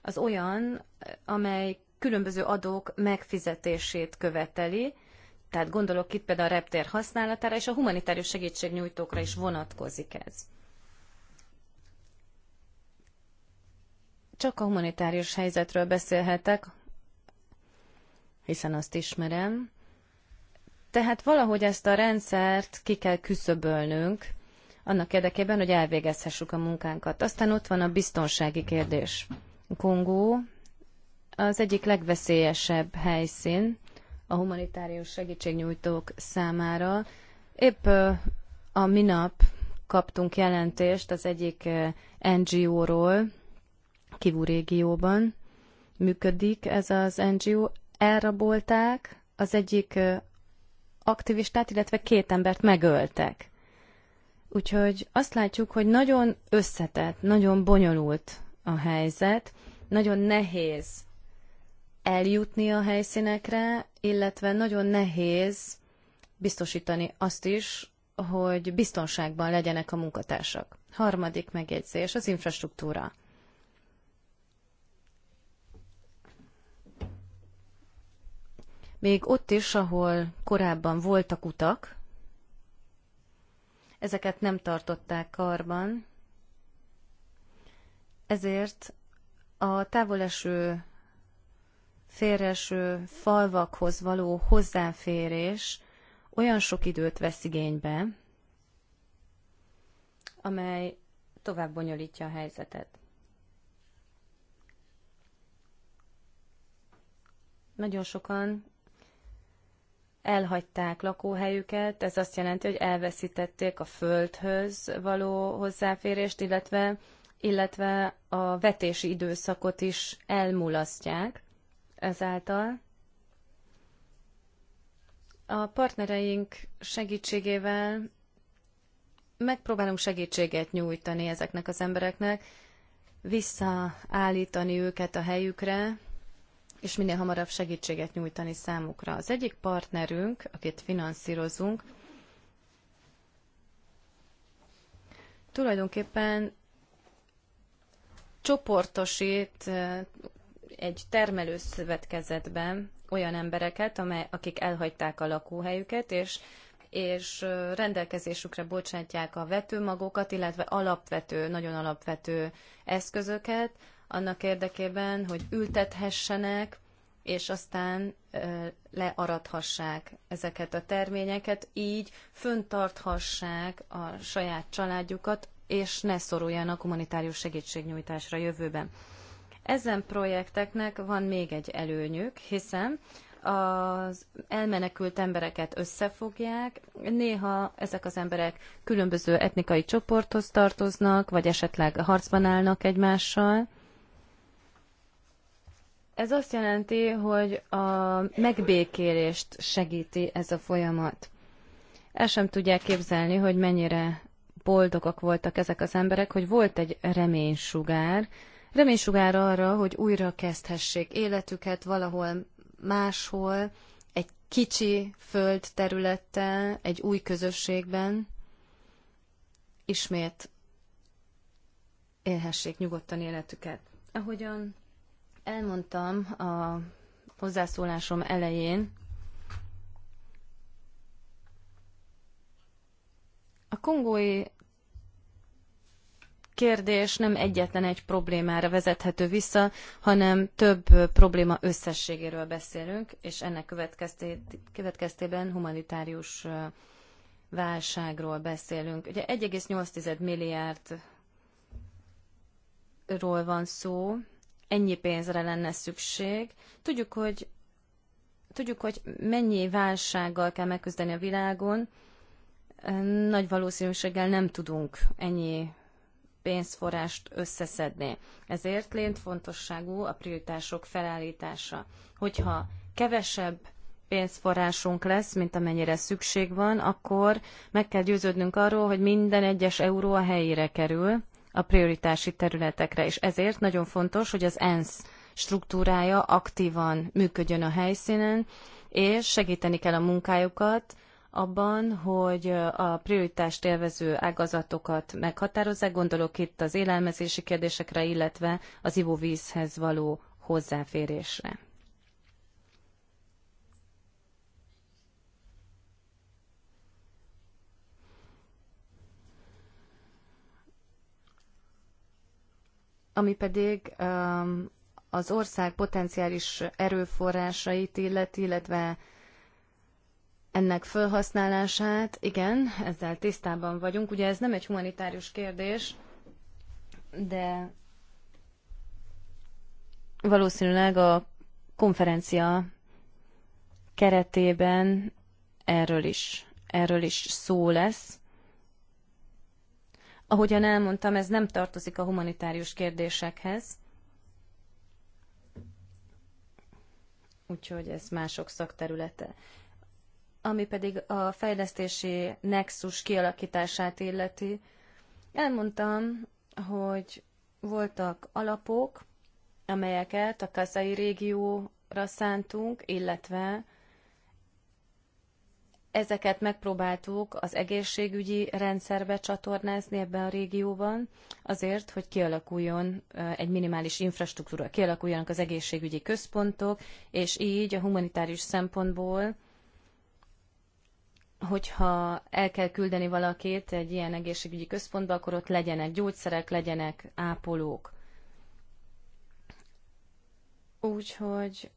az olyan, amely különböző adók megfizetését követeli, tehát gondolok itt például a reptér használatára, és a humanitárius segítségnyújtókra is vonatkozik ez. Csak a humanitárius helyzetről beszélhetek, hiszen azt ismerem. Tehát valahogy ezt a rendszert ki kell küszöbölnünk, annak érdekében, hogy elvégezhessük a munkánkat. Aztán ott van a biztonsági kérdés. Kongó az egyik legveszélyesebb helyszín a humanitárius segítségnyújtók számára. Épp a minap kaptunk jelentést az egyik NGO-ról, Kivu régióban működik ez az NGO. Elrabolták az egyik aktivistát, illetve két embert megöltek. Úgyhogy azt látjuk, hogy nagyon összetett, nagyon bonyolult a helyzet, nagyon nehéz eljutni a helyszínekre, illetve nagyon nehéz biztosítani azt is, hogy biztonságban legyenek a munkatársak. Harmadik megjegyzés, az infrastruktúra. még ott is, ahol korábban voltak utak, ezeket nem tartották karban, ezért a távoleső, félreső falvakhoz való hozzáférés olyan sok időt vesz igénybe, amely tovább bonyolítja a helyzetet. Nagyon sokan elhagyták lakóhelyüket, ez azt jelenti, hogy elveszítették a földhöz való hozzáférést, illetve, illetve a vetési időszakot is elmulasztják ezáltal. A partnereink segítségével megpróbálunk segítséget nyújtani ezeknek az embereknek, visszaállítani őket a helyükre, és minél hamarabb segítséget nyújtani számukra. Az egyik partnerünk, akit finanszírozunk, tulajdonképpen csoportosít egy termelőszövetkezetben olyan embereket, amely, akik elhagyták a lakóhelyüket, és, és rendelkezésükre bocsátják a vetőmagokat, illetve alapvető, nagyon alapvető eszközöket, annak érdekében, hogy ültethessenek, és aztán learathassák ezeket a terményeket, így föntarthassák a saját családjukat, és ne szoruljanak humanitárius segítségnyújtásra jövőben. Ezen projekteknek van még egy előnyük, hiszen az elmenekült embereket összefogják. Néha ezek az emberek különböző etnikai csoporthoz tartoznak, vagy esetleg harcban állnak egymással. Ez azt jelenti, hogy a megbékélést segíti ez a folyamat. El sem tudják képzelni, hogy mennyire boldogak voltak ezek az emberek, hogy volt egy reménysugár, reménysugár arra, hogy újra kezdhessék életüket valahol máshol, egy kicsi föld területtel, egy új közösségben, ismét élhessék nyugodtan életüket. Ahogyan Elmondtam a hozzászólásom elején, a kongói kérdés nem egyetlen egy problémára vezethető vissza, hanem több probléma összességéről beszélünk, és ennek következtében humanitárius válságról beszélünk. Ugye 1,8 ról van szó, ennyi pénzre lenne szükség. Tudjuk, hogy tudjuk, hogy mennyi válsággal kell megküzdeni a világon, nagy valószínűséggel nem tudunk ennyi pénzforrást összeszedni. Ezért fontosságú a prioritások felállítása. Hogyha kevesebb pénzforrásunk lesz, mint amennyire szükség van, akkor meg kell győződnünk arról, hogy minden egyes euró a helyére kerül, a prioritási területekre, és ezért nagyon fontos, hogy az ENSZ struktúrája aktívan működjön a helyszínen, és segíteni kell a munkájukat abban, hogy a prioritást élvező ágazatokat meghatározzák, gondolok itt az élelmezési kérdésekre, illetve az ivóvízhez való hozzáférésre. ami pedig um, az ország potenciális erőforrásait illeti, illetve ennek felhasználását, igen, ezzel tisztában vagyunk. Ugye ez nem egy humanitárius kérdés, de valószínűleg a konferencia keretében erről is, erről is szó lesz. Ahogyan elmondtam, ez nem tartozik a humanitárius kérdésekhez. Úgyhogy ez mások szakterülete. Ami pedig a fejlesztési nexus kialakítását illeti, elmondtam, hogy voltak alapok, amelyeket a kazai régióra szántunk, illetve Ezeket megpróbáltuk az egészségügyi rendszerbe csatornázni ebben a régióban, azért, hogy kialakuljon egy minimális infrastruktúra, kialakuljanak az egészségügyi központok, és így a humanitárius szempontból, hogyha el kell küldeni valakit egy ilyen egészségügyi központba, akkor ott legyenek gyógyszerek, legyenek ápolók. Úgyhogy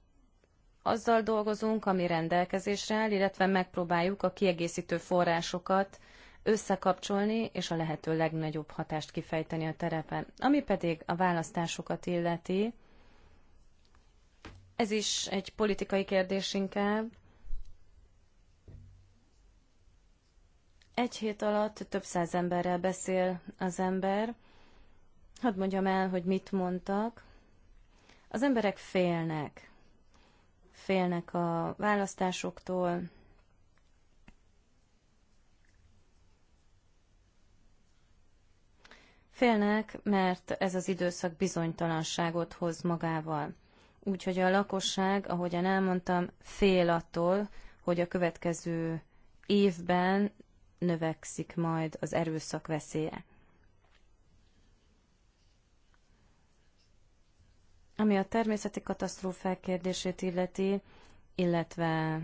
azzal dolgozunk, ami rendelkezésre áll, illetve megpróbáljuk a kiegészítő forrásokat összekapcsolni és a lehető legnagyobb hatást kifejteni a terepen. Ami pedig a választásokat illeti, ez is egy politikai kérdés inkább. Egy hét alatt több száz emberrel beszél az ember. Hadd mondjam el, hogy mit mondtak. Az emberek félnek félnek a választásoktól, Félnek, mert ez az időszak bizonytalanságot hoz magával. Úgyhogy a lakosság, ahogyan elmondtam, fél attól, hogy a következő évben növekszik majd az erőszak veszélye. Ami a természeti katasztrófák kérdését illeti, illetve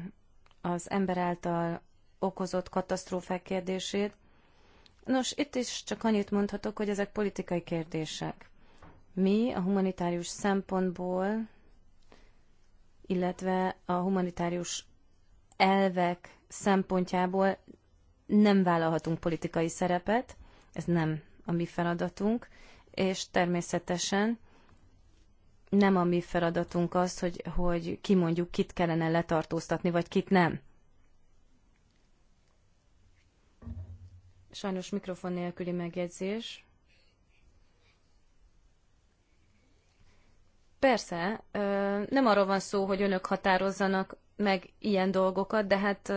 az ember által okozott katasztrófák kérdését, nos, itt is csak annyit mondhatok, hogy ezek politikai kérdések. Mi a humanitárius szempontból, illetve a humanitárius elvek szempontjából nem vállalhatunk politikai szerepet, ez nem a mi feladatunk, és természetesen nem a mi feladatunk az, hogy, hogy kimondjuk, kit kellene letartóztatni, vagy kit nem. Sajnos mikrofon nélküli megjegyzés. Persze, nem arról van szó, hogy önök határozzanak meg ilyen dolgokat, de hát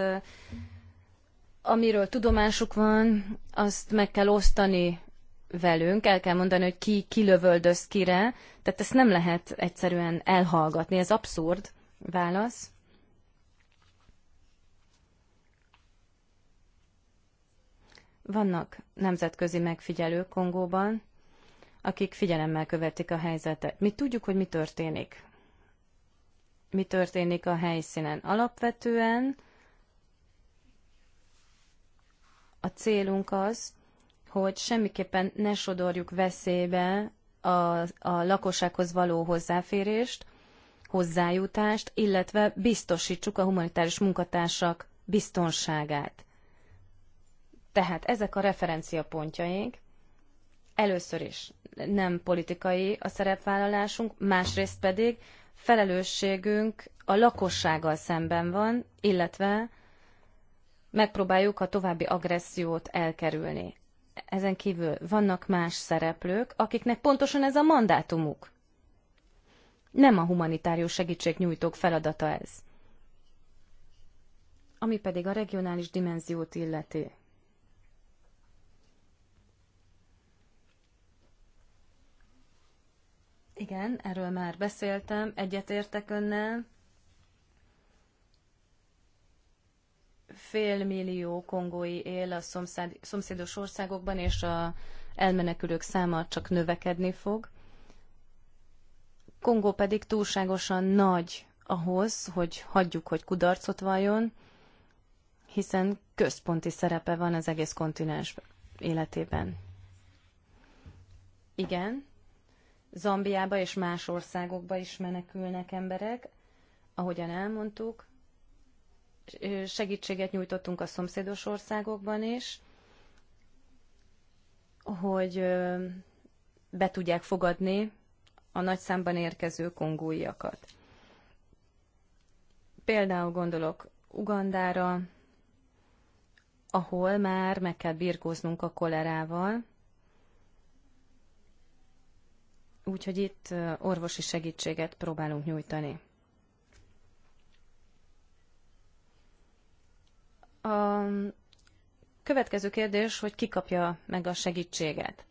amiről tudomásuk van, azt meg kell osztani velünk, el kell mondani, hogy ki kilövöldöz kire, tehát ezt nem lehet egyszerűen elhallgatni, ez abszurd válasz. Vannak nemzetközi megfigyelők Kongóban, akik figyelemmel követik a helyzetet. Mi tudjuk, hogy mi történik. Mi történik a helyszínen. Alapvetően a célunk az, hogy semmiképpen ne sodorjuk veszélybe a, a lakossághoz való hozzáférést, hozzájutást, illetve biztosítsuk a humanitárius munkatársak biztonságát. Tehát ezek a referenciapontjaink. Először is nem politikai a szerepvállalásunk, másrészt pedig felelősségünk a lakossággal szemben van, illetve megpróbáljuk a további agressziót elkerülni ezen kívül vannak más szereplők, akiknek pontosan ez a mandátumuk. Nem a humanitárius segítségnyújtók feladata ez. Ami pedig a regionális dimenziót illeti. Igen, erről már beszéltem, egyetértek önnel. félmillió kongói él a szomszád, szomszédos országokban, és a elmenekülők száma csak növekedni fog. Kongó pedig túlságosan nagy ahhoz, hogy hagyjuk, hogy kudarcot valljon, hiszen központi szerepe van az egész kontinens életében. Igen, Zambiába és más országokba is menekülnek emberek, ahogyan elmondtuk, segítséget nyújtottunk a szomszédos országokban is, hogy be tudják fogadni a nagy számban érkező kongóiakat. Például gondolok Ugandára, ahol már meg kell birkóznunk a kolerával, úgyhogy itt orvosi segítséget próbálunk nyújtani. A következő kérdés, hogy ki kapja meg a segítséget.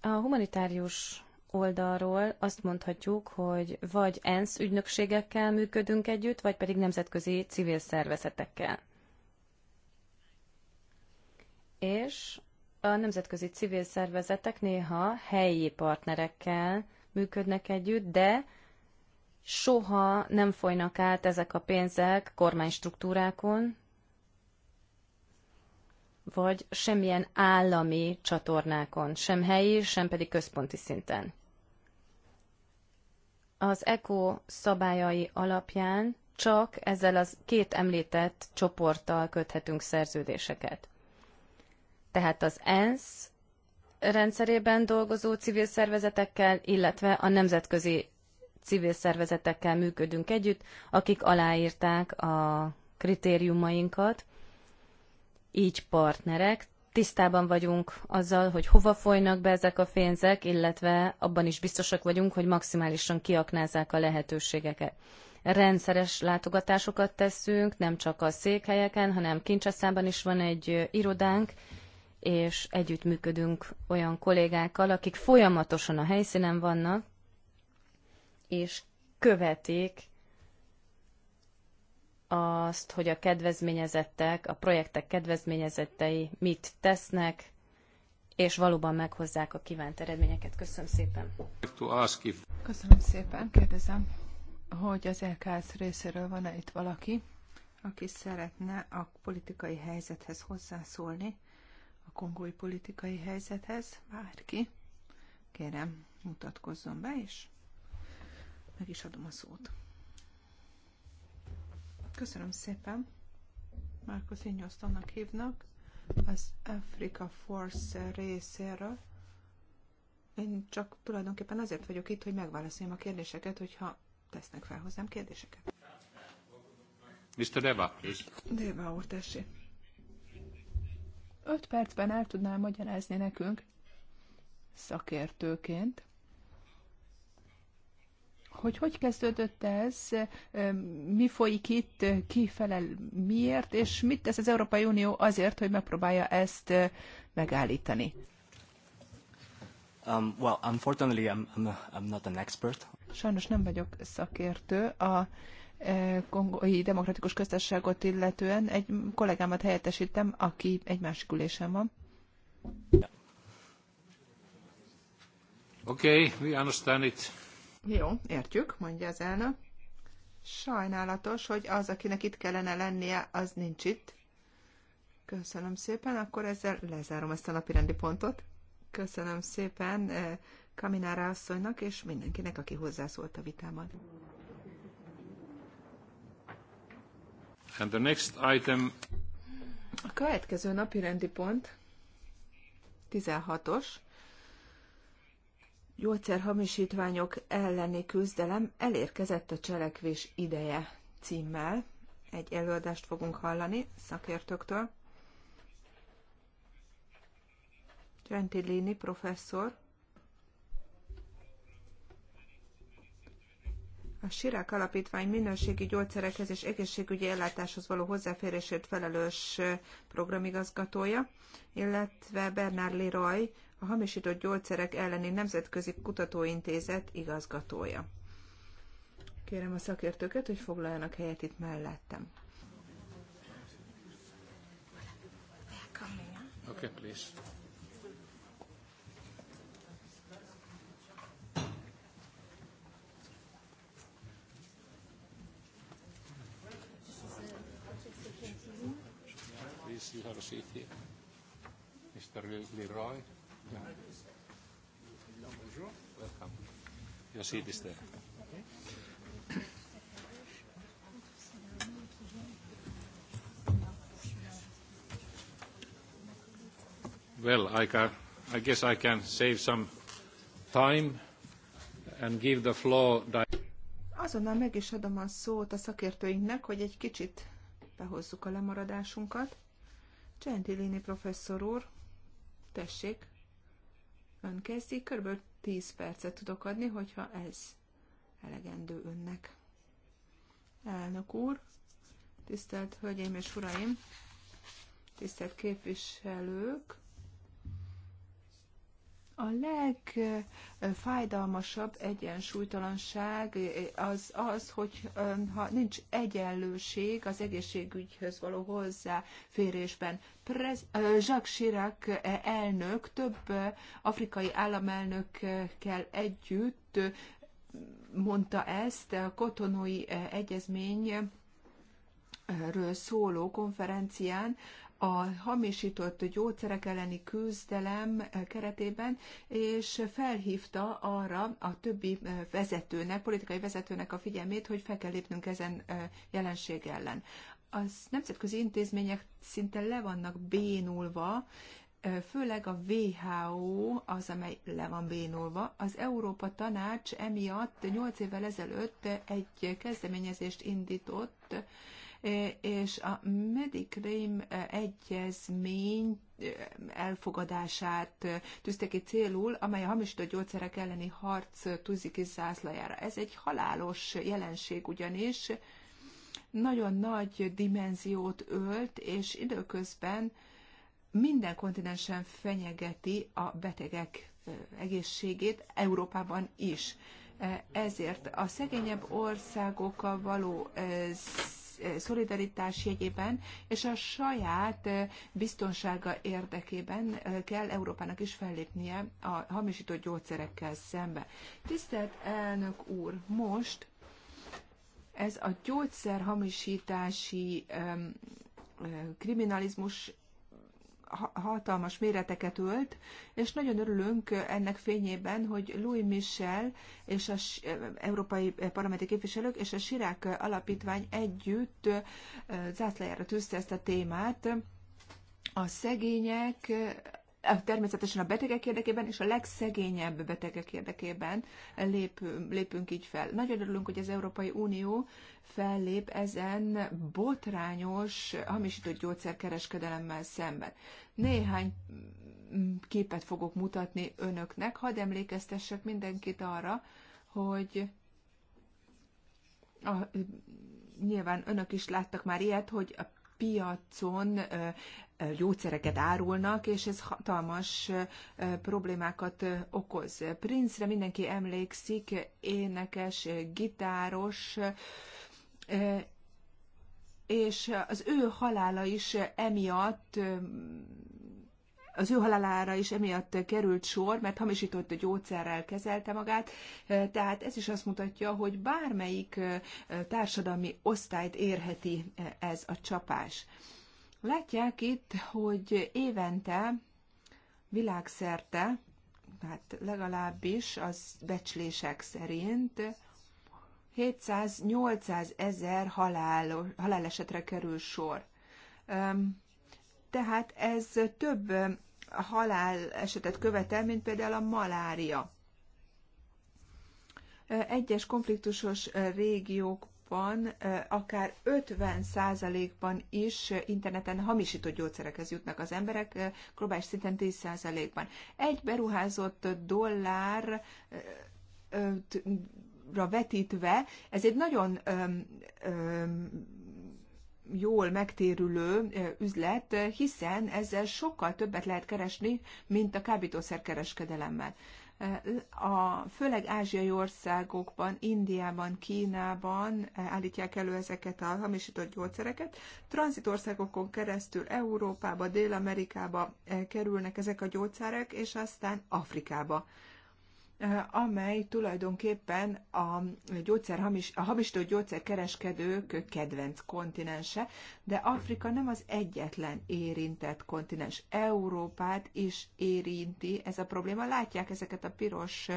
A humanitárius oldalról azt mondhatjuk, hogy vagy ENSZ ügynökségekkel működünk együtt, vagy pedig nemzetközi civil szervezetekkel. És a nemzetközi civil szervezetek néha helyi partnerekkel működnek együtt, de soha nem folynak át ezek a pénzek kormánystruktúrákon, vagy semmilyen állami csatornákon, sem helyi, sem pedig központi szinten. Az ECO szabályai alapján csak ezzel az két említett csoporttal köthetünk szerződéseket. Tehát az ENSZ rendszerében dolgozó civil szervezetekkel, illetve a nemzetközi civil szervezetekkel működünk együtt, akik aláírták a kritériumainkat, így partnerek. Tisztában vagyunk azzal, hogy hova folynak be ezek a pénzek, illetve abban is biztosak vagyunk, hogy maximálisan kiaknázzák a lehetőségeket rendszeres látogatásokat teszünk, nem csak a székhelyeken, hanem kincseszában is van egy irodánk, és együttműködünk olyan kollégákkal, akik folyamatosan a helyszínen vannak, és követik azt, hogy a kedvezményezettek, a projektek kedvezményezettei mit tesznek, és valóban meghozzák a kívánt eredményeket. Köszönöm szépen. Köszönöm szépen. Kérdezem, hogy az LKS részéről van-e itt valaki, aki szeretne a politikai helyzethez hozzászólni, a kongói politikai helyzethez, bárki. Kérem, mutatkozzon be is. És... Meg is adom a szót. Köszönöm szépen. Márkusz Inyosztonnak hívnak az Africa Force részéről. Én csak tulajdonképpen azért vagyok itt, hogy megválaszoljam a kérdéseket, hogyha tesznek fel hozzám kérdéseket. Mr. Deva, please. Deva úr, tessék. Öt percben el tudnál magyarázni nekünk, szakértőként, hogy hogy kezdődött ez, mi folyik itt, ki felel miért, és mit tesz az Európai Unió azért, hogy megpróbálja ezt megállítani? Um, well, unfortunately, I'm, I'm, I'm not an expert. Sajnos nem vagyok szakértő a kongói demokratikus köztársaságot illetően. Egy kollégámat helyettesítem, aki egy másik ülésen van. Okay, we understand it. Jó, értjük, mondja az elnök. Sajnálatos, hogy az, akinek itt kellene lennie, az nincs itt. Köszönöm szépen, akkor ezzel lezárom ezt a napi rendi pontot. Köszönöm szépen eh, Kaminára asszonynak és mindenkinek, aki hozzászólt a vitában. And the next item... A következő napi rendi pont 16-os gyógyszerhamisítványok elleni küzdelem elérkezett a cselekvés ideje címmel. Egy előadást fogunk hallani szakértőktől. Gentilini professzor, A Sirák Alapítvány minőségi gyógyszerekhez és egészségügyi ellátáshoz való hozzáférésért felelős programigazgatója, illetve Bernard Leroy, a hamisított gyógyszerek elleni Nemzetközi Kutatóintézet igazgatója. Kérem a szakértőket, hogy foglaljanak helyet itt mellettem. Okay, please. Please, you have a seat here. Mr. Leroy. Your seat Well, I, can, I guess I can save some time and give the floor. Azonnal meg is adom a szót a szakértőinknek, hogy egy kicsit behozzuk a lemaradásunkat. Gentilini professzor úr, tessék ön kezdi, kb. 10 percet tudok adni, hogyha ez elegendő önnek. Elnök úr, tisztelt Hölgyeim és Uraim, tisztelt képviselők, a legfájdalmasabb egyensúlytalanság az az, hogy ha nincs egyenlőség az egészségügyhöz való hozzáférésben. Prez, Jacques Chirac elnök több afrikai államelnökkel együtt mondta ezt a kotonói egyezmény szóló konferencián, a hamisított gyógyszerek elleni küzdelem keretében, és felhívta arra a többi eh, vezetőnek, politikai vezetőnek a figyelmét, hogy fel kell lépnünk ezen eh, jelenség ellen. Az nemzetközi intézmények szinte le vannak bénulva, eh, főleg a WHO az, amely le van bénulva. Az Európa Tanács emiatt 8 évvel ezelőtt egy kezdeményezést indított, E, és a Mediclaim e, egyezmény e, elfogadását tűzte ki célul, amely a hamisított gyógyszerek elleni harc tűzik is zászlajára. Ez egy halálos jelenség ugyanis, nagyon nagy dimenziót ölt, és időközben minden kontinensen fenyegeti a betegek egészségét, Európában is. Ezért a szegényebb országokkal való szolidaritás jegyében és a saját biztonsága érdekében kell Európának is fellépnie a hamisított gyógyszerekkel szembe. Tisztelt elnök úr, most ez a gyógyszerhamisítási kriminalizmus hatalmas méreteket ölt, és nagyon örülünk ennek fényében, hogy Louis Michel és az európai parlamenti képviselők és a Sirák Alapítvány együtt zászlajára tűzte ezt a témát. A szegények, természetesen a betegek érdekében és a legszegényebb betegek érdekében lép, lépünk így fel. Nagyon örülünk, hogy az Európai Unió fellép ezen botrányos, hamisított gyógyszerkereskedelemmel szemben. Néhány képet fogok mutatni önöknek, hadd emlékeztessek mindenkit arra, hogy a, nyilván önök is láttak már ilyet, hogy a piacon gyógyszereket árulnak, és ez hatalmas problémákat okoz. Prince-re mindenki emlékszik, énekes, gitáros, és az ő halála is emiatt az ő halálára is emiatt került sor, mert hamisított gyógyszerrel kezelte magát, tehát ez is azt mutatja, hogy bármelyik társadalmi osztályt érheti ez a csapás. Látják itt, hogy évente világszerte, hát legalábbis az becslések szerint 700-800 ezer halál, halálesetre kerül sor. Tehát ez több esetet követel, mint például a malária. Egyes konfliktusos régiókban akár 50%-ban is interneten hamisított gyógyszerekhez jutnak az emberek, globális szinten 10%-ban. Egy beruházott dollár vetítve, ez egy nagyon öm, öm, jól megtérülő üzlet, hiszen ezzel sokkal többet lehet keresni, mint a kábítószerkereskedelemmel. A, főleg ázsiai országokban, Indiában, Kínában állítják elő ezeket a hamisított gyógyszereket. Tranzitországokon keresztül Európába, Dél-Amerikába kerülnek ezek a gyógyszerek, és aztán Afrikába amely tulajdonképpen a, gyógyszer hamis, a hamisított gyógyszerkereskedők kedvenc kontinense, de Afrika nem az egyetlen érintett kontinens. Európát is érinti ez a probléma. Látják ezeket a piros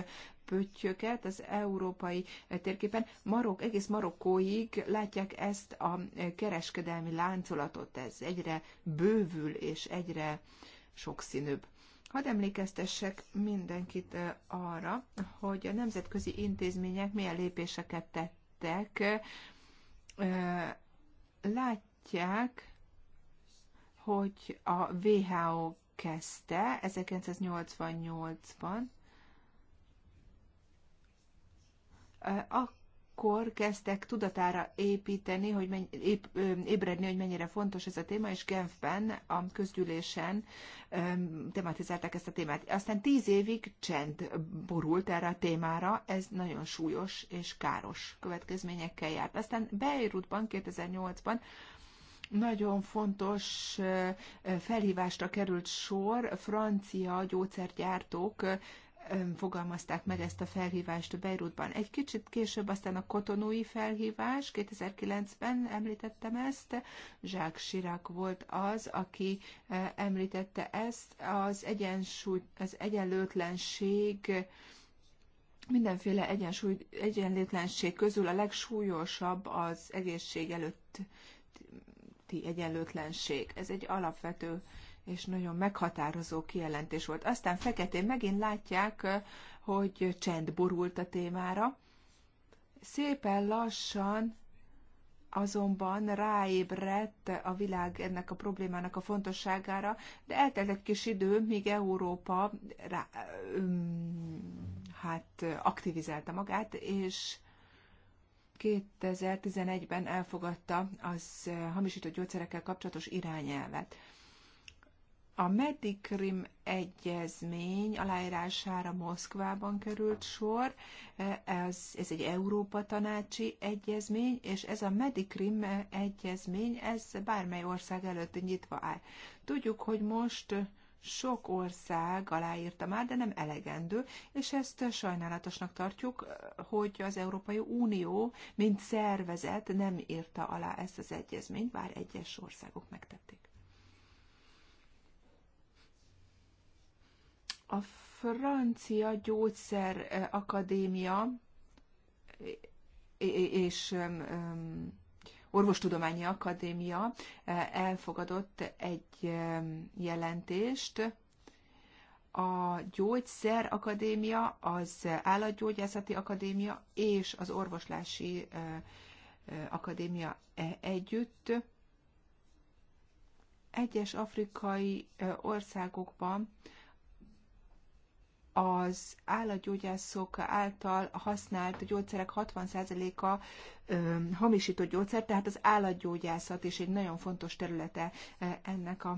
pöttyöket az európai térképen. Marok, egész Marokkóig látják ezt a kereskedelmi láncolatot. Ez egyre bővül és egyre sokszínűbb. Hadd emlékeztessek mindenkit eh, arra, hogy a nemzetközi intézmények milyen lépéseket tettek. Eh, látják, hogy a WHO kezdte 1988-ban, eh, akkor akkor kezdtek tudatára építeni, hogy menny, ép, ébredni, hogy mennyire fontos ez a téma, és Genfben a közgyűlésen ö, tematizálták ezt a témát. Aztán tíz évig csend borult erre a témára, ez nagyon súlyos és káros következményekkel járt. Aztán Beirutban 2008-ban nagyon fontos felhívásra került sor, francia gyógyszergyártók fogalmazták meg ezt a felhívást Beirutban. Egy kicsit később aztán a kotonói felhívás, 2009-ben említettem ezt, Jacques Chirac volt az, aki e, említette ezt, az, egyensúly, az egyenlőtlenség mindenféle egyensúly, egyenlőtlenség közül a legsúlyosabb az egészség előtti egyenlőtlenség. Ez egy alapvető és nagyon meghatározó kijelentés volt. Aztán feketén megint látják, hogy csend borult a témára. Szépen lassan azonban ráébredt a világ ennek a problémának a fontosságára, de eltelt egy kis idő, míg Európa rá, öm, hát aktivizálta magát, és 2011-ben elfogadta az hamisított gyógyszerekkel kapcsolatos irányelvet. A Medikrim egyezmény aláírására Moszkvában került sor, ez, ez egy Európa tanácsi egyezmény, és ez a Medikrim egyezmény, ez bármely ország előtt nyitva áll. Tudjuk, hogy most sok ország aláírta már, de nem elegendő, és ezt sajnálatosnak tartjuk, hogy az Európai Unió, mint szervezet nem írta alá ezt az egyezményt, bár egyes országok megtették. A Francia Gyógyszer eh, Akadémia eh, eh, és Orvostudományi Akadémia elfogadott egy jelentést, a Gyógyszer Akadémia, az Állatgyógyászati Akadémia és az Orvoslási Akadémia együtt egyes afrikai országokban az állatgyógyászok által használt gyógyszerek 60%-a hamisított gyógyszer, tehát az állatgyógyászat is egy nagyon fontos területe ennek a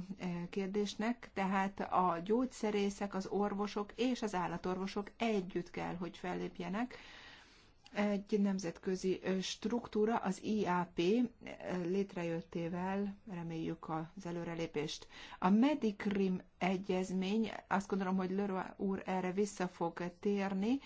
kérdésnek. Tehát a gyógyszerészek, az orvosok és az állatorvosok együtt kell, hogy fellépjenek egy nemzetközi struktúra, az IAP létrejöttével reméljük az előrelépést. A Medikrim egyezmény, azt gondolom, hogy Leroy úr erre vissza fog térni,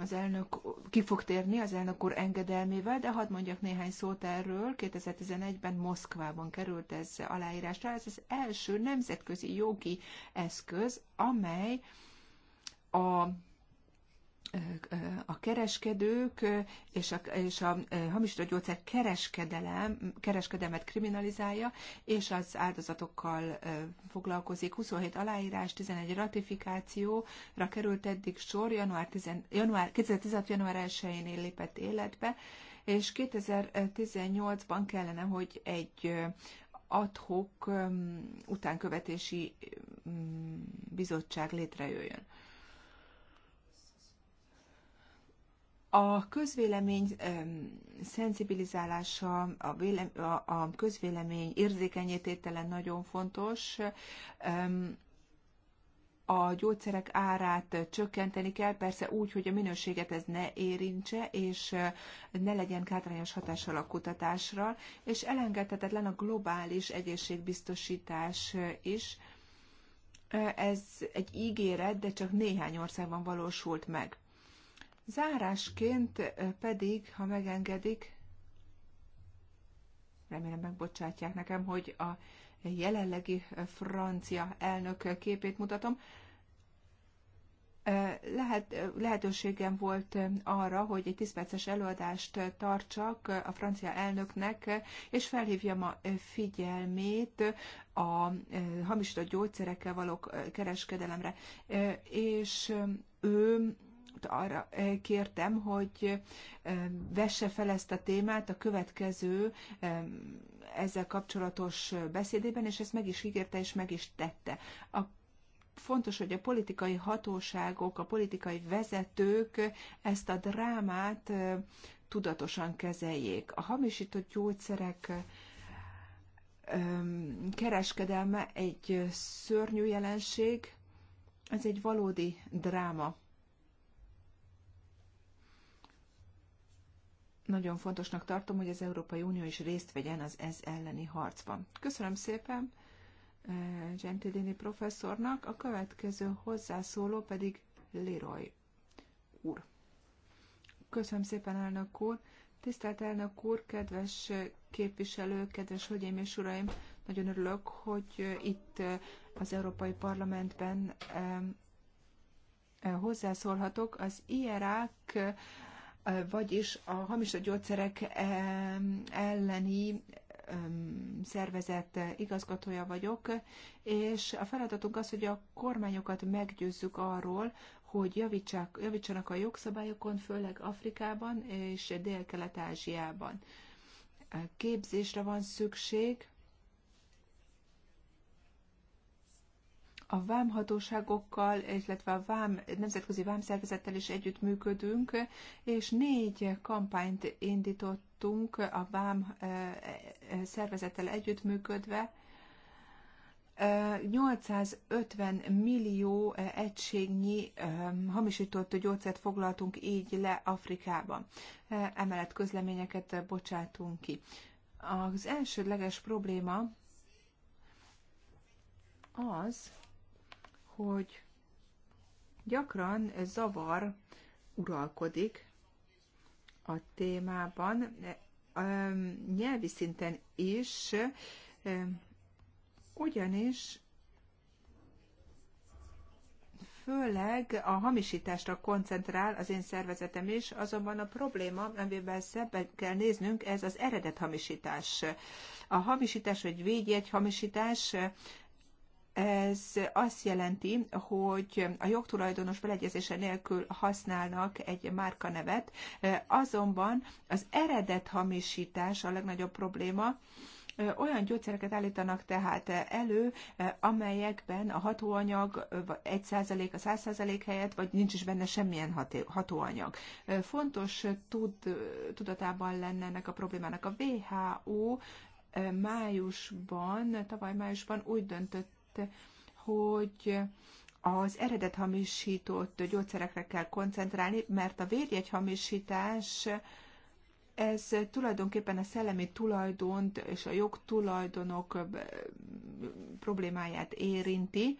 az elnök ki fog térni az elnök úr engedelmével, de hadd mondjak néhány szót erről. 2011-ben Moszkvában került ez aláírásra. Ez az első nemzetközi jogi eszköz, amely a a kereskedők és a, és a hamisított gyógyszer kereskedelem, kereskedelmet kriminalizálja, és az áldozatokkal foglalkozik. 27 aláírás, 11 ratifikációra került eddig sor, január, 10, január 2016. január 1-én lépett életbe, és 2018-ban kellene, hogy egy adhok utánkövetési bizottság létrejöjjön. A közvélemény szenzibilizálása, a, vélem, a, a közvélemény érzékenyététele nagyon fontos. A gyógyszerek árát csökkenteni kell, persze úgy, hogy a minőséget ez ne érintse, és e, ne legyen kátrányos hatással a kutatásra, és elengedhetetlen a globális egészségbiztosítás e, is. E, ez egy ígéret, de csak néhány országban valósult meg Zárásként pedig, ha megengedik, remélem megbocsátják nekem, hogy a jelenlegi francia elnök képét mutatom, lehet, lehetőségem volt arra, hogy egy 10 perces előadást tartsak a francia elnöknek, és felhívjam a figyelmét a hamisított gyógyszerekkel való kereskedelemre. És ő arra kértem, hogy vesse fel ezt a témát a következő ezzel kapcsolatos beszédében, és ezt meg is ígérte, és meg is tette. A fontos, hogy a politikai hatóságok, a politikai vezetők ezt a drámát tudatosan kezeljék. A hamisított gyógyszerek kereskedelme egy szörnyű jelenség, ez egy valódi dráma. nagyon fontosnak tartom, hogy az Európai Unió is részt vegyen az ez elleni harcban. Köszönöm szépen eh, Gentilini professzornak, a következő hozzászóló pedig Leroy úr. Köszönöm szépen, elnök úr! Tisztelt elnök úr, kedves képviselő, kedves hölgyeim és uraim! Nagyon örülök, hogy itt eh, az Európai Parlamentben eh, hozzászólhatok. Az IRÁK vagyis a hamis gyógyszerek elleni szervezet igazgatója vagyok, és a feladatunk az, hogy a kormányokat meggyőzzük arról, hogy javítsák, javítsanak a jogszabályokon, főleg Afrikában és Dél-Kelet-Ázsiában. Képzésre van szükség, a vámhatóságokkal, illetve a vám, nemzetközi vámszervezettel is együttműködünk, és négy kampányt indítottunk a vám e, e, szervezettel együttműködve. 850 e, millió egységnyi hamisított gyógyszert foglaltunk így le Afrikában. Emellett közleményeket bocsátunk ki. Az elsődleges probléma az, hogy gyakran zavar uralkodik a témában, nyelvi szinten is, ugyanis főleg a hamisításra koncentrál az én szervezetem is, azonban a probléma, amiben szebben kell néznünk, ez az eredet hamisítás. A hamisítás, vagy védjegy hamisítás ez azt jelenti, hogy a jogtulajdonos beleegyezése nélkül használnak egy márkanevet, azonban az eredet hamisítás a legnagyobb probléma, olyan gyógyszereket állítanak tehát elő, amelyekben a hatóanyag 1% a 100% helyett, vagy nincs is benne semmilyen hatóanyag. Fontos tud, tudatában lenne ennek a problémának. A WHO májusban, tavaly májusban úgy döntött, hogy az eredet hamisított gyógyszerekre kell koncentrálni, mert a hamisítás, ez tulajdonképpen a szellemi tulajdont és a jogtulajdonok problémáját érinti,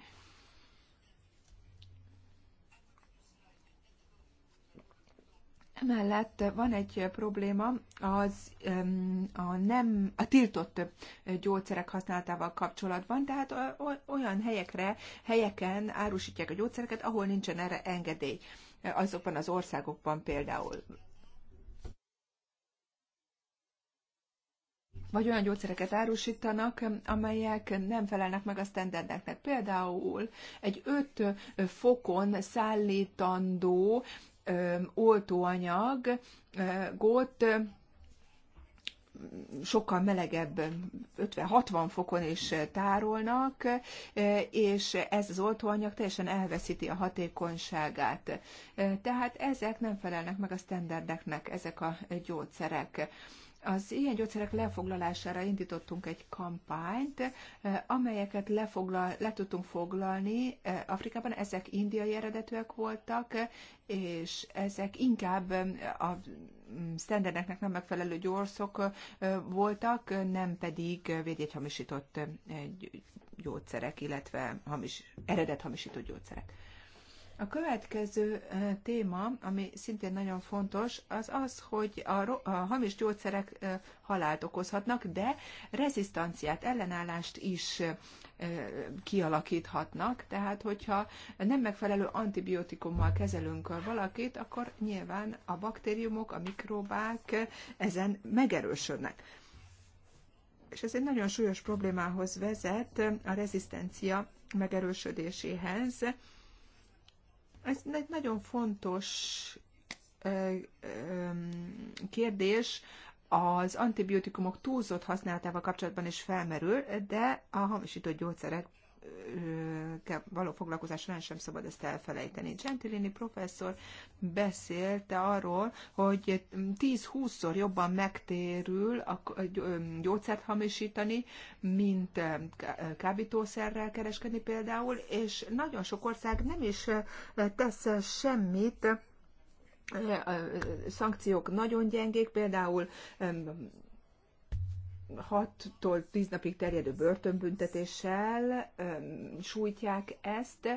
Emellett van egy probléma az a nem a tiltott gyógyszerek használatával kapcsolatban, tehát olyan helyekre, helyeken árusítják a gyógyszereket, ahol nincsen erre engedély, azokban az országokban például. Vagy olyan gyógyszereket árusítanak, amelyek nem felelnek meg a sztenderdeknek. Például egy 5 fokon szállítandó oltóanyag gót, sokkal melegebb, 50-60 fokon is tárolnak, és ez az oltóanyag teljesen elveszíti a hatékonyságát. Tehát ezek nem felelnek meg a sztenderdeknek, ezek a gyógyszerek. Az ilyen gyógyszerek lefoglalására indítottunk egy kampányt, eh, amelyeket lefoglal, le tudtunk foglalni eh, Afrikában. Ezek indiai eredetűek voltak, és ezek inkább eh, a sztenderdeknek nem megfelelő gyorszok voltak, nem pedig hamisított gyógyszerek, illetve hamis, eredet hamisított gyógyszerek. A következő téma, ami szintén nagyon fontos, az az, hogy a, hamis gyógyszerek halált okozhatnak, de rezisztanciát, ellenállást is kialakíthatnak. Tehát, hogyha nem megfelelő antibiotikummal kezelünk valakit, akkor nyilván a baktériumok, a mikróbák ezen megerősödnek. És ez egy nagyon súlyos problémához vezet a rezisztencia megerősödéséhez ez egy nagyon fontos kérdés az antibiotikumok túlzott használatával kapcsolatban is felmerül, de a hamisított gyógyszerek való foglalkozás során sem szabad ezt elfelejteni. Gentilini professzor beszélt arról, hogy 10-20-szor jobban megtérül a gyógyszert hamisítani, mint kábítószerrel kereskedni például, és nagyon sok ország nem is tesz semmit, szankciók nagyon gyengék, például 6-tól 10 napig terjedő börtönbüntetéssel sújtják ezt,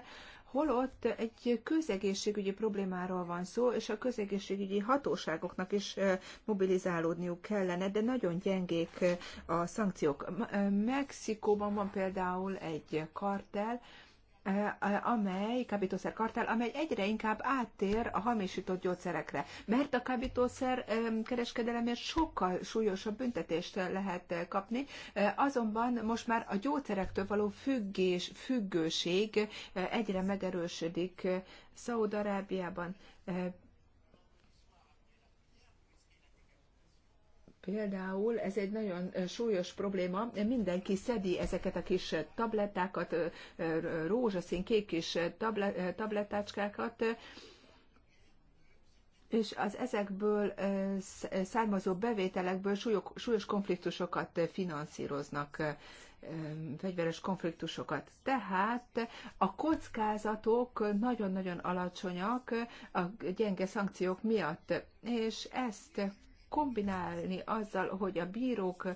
holott egy közegészségügyi problémáról van szó, és a közegészségügyi hatóságoknak is mobilizálódniuk kellene, de nagyon gyengék a szankciók. Mexikóban van például egy kartel, amely kábítószer kartel, amely egyre inkább áttér a hamisított gyógyszerekre, mert a kábítószer kereskedelemért sokkal súlyosabb büntetést lehet kapni, azonban most már a gyógyszerektől való függés, függőség egyre megerősödik Szaúd-Arábiában, Például ez egy nagyon súlyos probléma, mindenki szedi ezeket a kis tablettákat, rózsaszín kék kis tablettácskákat, és az ezekből származó bevételekből súlyos konfliktusokat finanszíroznak, fegyveres konfliktusokat. Tehát a kockázatok nagyon-nagyon alacsonyak a gyenge szankciók miatt, és ezt kombinálni azzal, hogy a bírók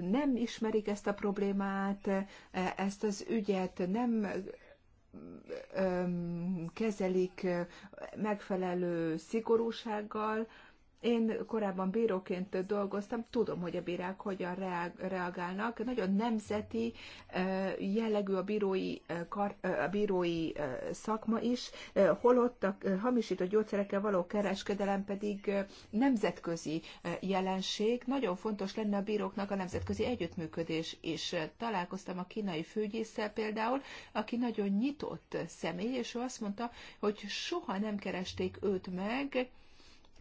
nem ismerik ezt a problémát, ezt az ügyet nem kezelik megfelelő szigorúsággal, én korábban bíróként dolgoztam, tudom, hogy a bírák hogyan reagálnak. Nagyon nemzeti jellegű a bírói, a bírói szakma is, holott a hamisított gyógyszerekkel való kereskedelem pedig nemzetközi jelenség. Nagyon fontos lenne a bíróknak a nemzetközi együttműködés is. Találkoztam a kínai főgyészsel például, aki nagyon nyitott személy, és ő azt mondta, hogy soha nem keresték őt meg,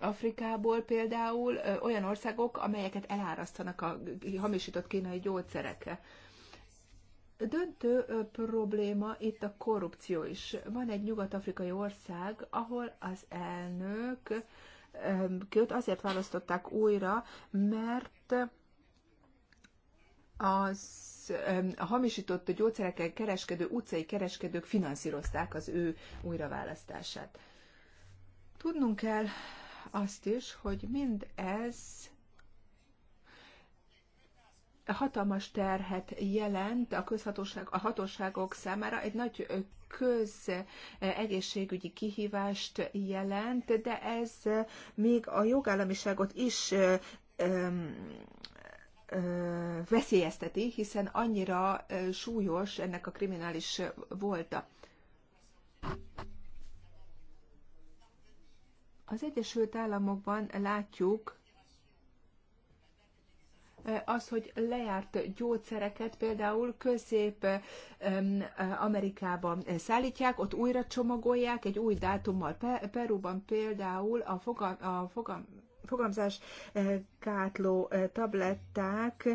Afrikából például olyan országok, amelyeket elárasztanak a hamisított kínai gyógyszerekre. Döntő probléma itt a korrupció is. Van egy nyugat-afrikai ország, ahol az elnök őt azért választották újra, mert az a hamisított gyógyszerekkel kereskedő, utcai kereskedők finanszírozták az ő újraválasztását. Tudnunk kell azt is, hogy mind ez hatalmas terhet jelent a, közhatóság, a hatóságok számára, egy nagy egészségügyi kihívást jelent, de ez még a jogállamiságot is veszélyezteti, hiszen annyira súlyos ennek a kriminális volta. Az Egyesült Államokban látjuk eh, az, hogy lejárt gyógyszereket például közép eh, Amerikában szállítják, ott újra csomagolják egy új dátummal. Perúban például a, fogam, a fogam, fogamzás kátló eh, tabletták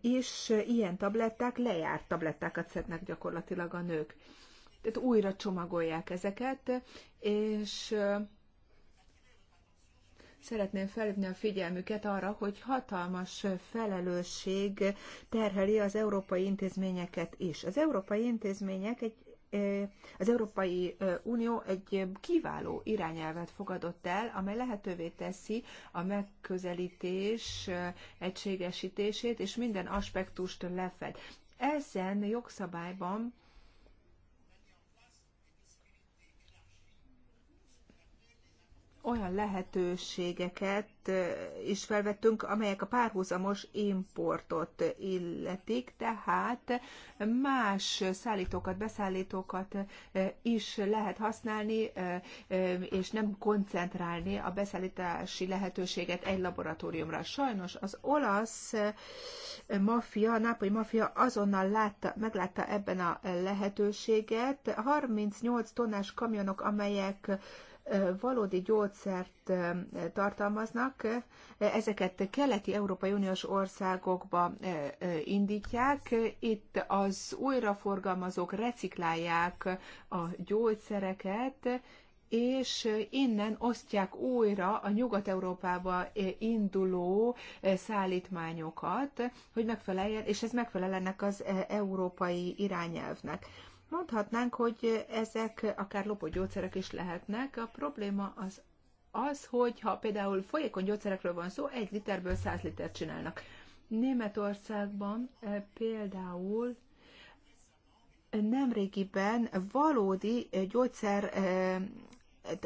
is, ilyen tabletták, lejárt tablettákat szednek gyakorlatilag a nők. Tehát újra csomagolják ezeket, és Szeretném felhívni a figyelmüket arra, hogy hatalmas felelősség terheli az európai intézményeket is. Az európai intézmények egy az Európai Unió egy kiváló irányelvet fogadott el, amely lehetővé teszi a megközelítés egységesítését, és minden aspektust lefed. Ezen jogszabályban olyan lehetőségeket is felvettünk, amelyek a párhuzamos importot illetik, tehát más szállítókat, beszállítókat is lehet használni, és nem koncentrálni a beszállítási lehetőséget egy laboratóriumra. Sajnos az olasz maffia, a nápolyi maffia azonnal látta, meglátta ebben a lehetőséget. 38 tonnás kamionok, amelyek valódi gyógyszert tartalmaznak, ezeket keleti Európai Uniós országokba indítják. Itt az újraforgalmazók reciklálják a gyógyszereket, és innen osztják újra a Nyugat-Európába induló szállítmányokat, hogy megfeleljen, és ez megfelel ennek az európai irányelvnek. Mondhatnánk, hogy ezek akár lopott gyógyszerek is lehetnek. A probléma az az, hogy ha például folyékony gyógyszerekről van szó, egy literből száz litert csinálnak. Németországban eh, például eh, nemrégiben valódi eh, gyógyszer,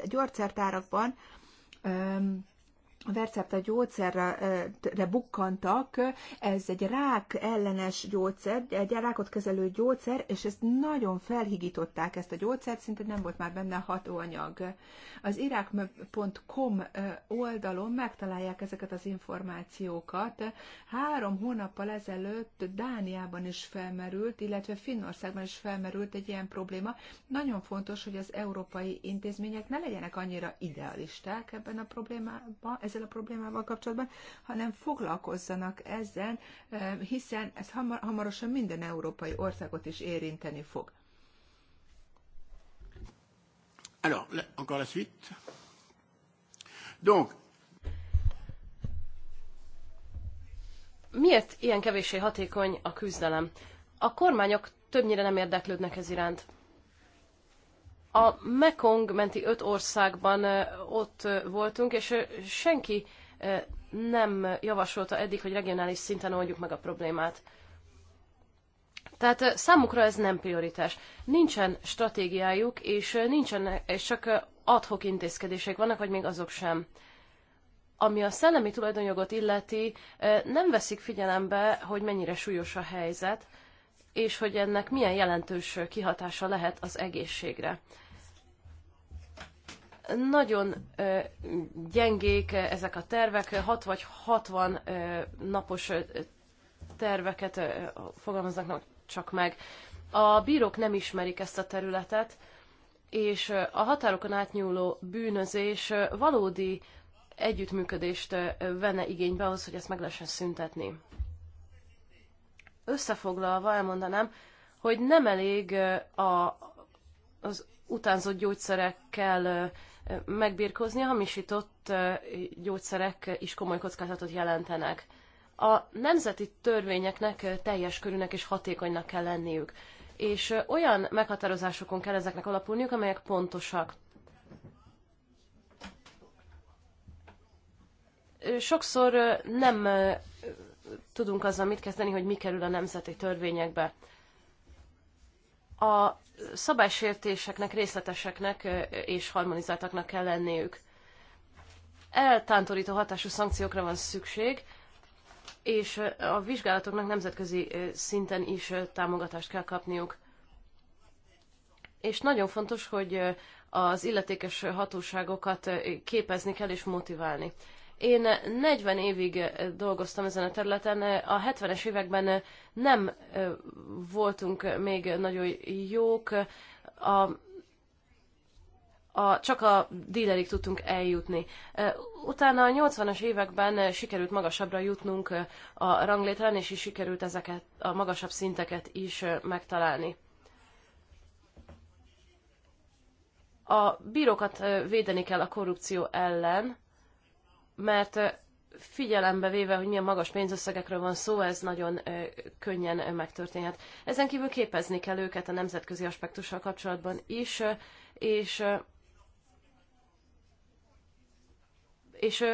gyógyszertárakban a gyógyszerre bukkantak, ez egy rák ellenes gyógyszer, egy rákot kezelő gyógyszer, és ezt nagyon felhigították ezt a gyógyszert, szinte nem volt már benne hatóanyag. Az irak.com oldalon megtalálják ezeket az információkat. Három hónappal ezelőtt Dániában is felmerült, illetve Finnországban is felmerült egy ilyen probléma. Nagyon fontos, hogy az európai intézmények ne legyenek annyira idealisták ebben a problémában, ez ezzel a problémával kapcsolatban, hanem foglalkozzanak ezzel, hiszen ez hamar, hamarosan minden európai országot is érinteni fog. Alors, encore la suite. Donc, Miért ilyen kevéssé hatékony a küzdelem? A kormányok többnyire nem érdeklődnek ez iránt. A Mekong menti öt országban ott voltunk, és senki nem javasolta eddig, hogy regionális szinten oldjuk meg a problémát. Tehát számukra ez nem prioritás. Nincsen stratégiájuk, és, nincsen, és csak adhok intézkedések vannak, vagy még azok sem. Ami a szellemi tulajdonjogot illeti, nem veszik figyelembe, hogy mennyire súlyos a helyzet, és hogy ennek milyen jelentős kihatása lehet az egészségre. Nagyon gyengék ezek a tervek, 6 vagy 60 napos terveket fogalmaznak csak meg. A bírók nem ismerik ezt a területet, és a határokon átnyúló bűnözés valódi együttműködést venne igénybe ahhoz, hogy ezt meg lehessen szüntetni. Összefoglalva elmondanám, hogy nem elég a, az utánzott gyógyszerekkel megbírkozni, a hamisított gyógyszerek is komoly kockázatot jelentenek. A nemzeti törvényeknek teljes körűnek és hatékonynak kell lenniük, és olyan meghatározásokon kell ezeknek alapulniuk, amelyek pontosak. Sokszor nem tudunk azzal mit kezdeni, hogy mi kerül a nemzeti törvényekbe a szabálysértéseknek, részleteseknek és harmonizáltaknak kell lenniük. Eltántorító hatású szankciókra van szükség, és a vizsgálatoknak nemzetközi szinten is támogatást kell kapniuk. És nagyon fontos, hogy az illetékes hatóságokat képezni kell és motiválni. Én 40 évig eh, dolgoztam ezen a területen. Eh, a 70-es években eh, nem voltunk még nagyon jók. A, a, csak a dílerig tudtunk eljutni. Utána a 80-as években sikerült magasabbra jutnunk a ranglétrán, és is sikerült ezeket a magasabb szinteket is megtalálni. A bírókat védeni kell a korrupció ellen, mert figyelembe véve, hogy milyen magas pénzösszegekről van szó, ez nagyon könnyen megtörténhet. Ezen kívül képezni kell őket a nemzetközi aspektussal kapcsolatban is, és és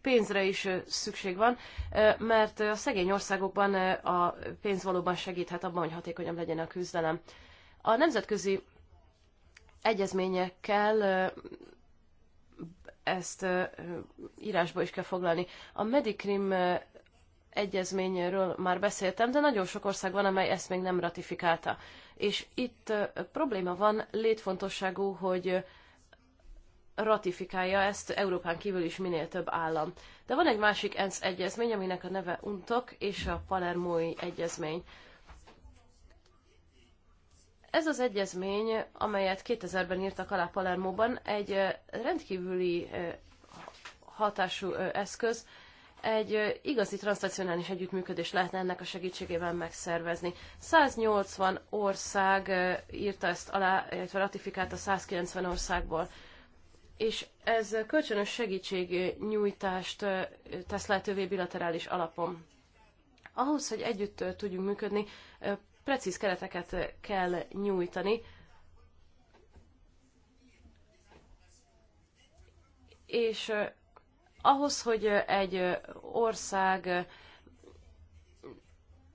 pénzre is szükség van, mert a szegény országokban a pénz valóban segíthet abban, hogy hatékonyabb legyen a küzdelem. A nemzetközi egyezményekkel ezt írásba is kell foglalni. A Medikrim egyezményről már beszéltem, de nagyon sok ország van, amely ezt még nem ratifikálta. És itt probléma van, létfontosságú, hogy ratifikálja ezt Európán kívül is minél több állam. De van egy másik ENSZ egyezmény, aminek a neve UNTOK és a Palermói egyezmény. Ez az egyezmény, amelyet 2000-ben írtak alá Palermóban, egy rendkívüli hatású eszköz, egy igazi transzacionális együttműködés lehetne ennek a segítségével megszervezni. 180 ország írta ezt alá, illetve ratifikálta 190 országból. És ez kölcsönös segítségnyújtást tesz lehetővé bilaterális alapon. Ahhoz, hogy együtt tudjunk működni, precíz kereteket kell nyújtani, és ahhoz, hogy egy ország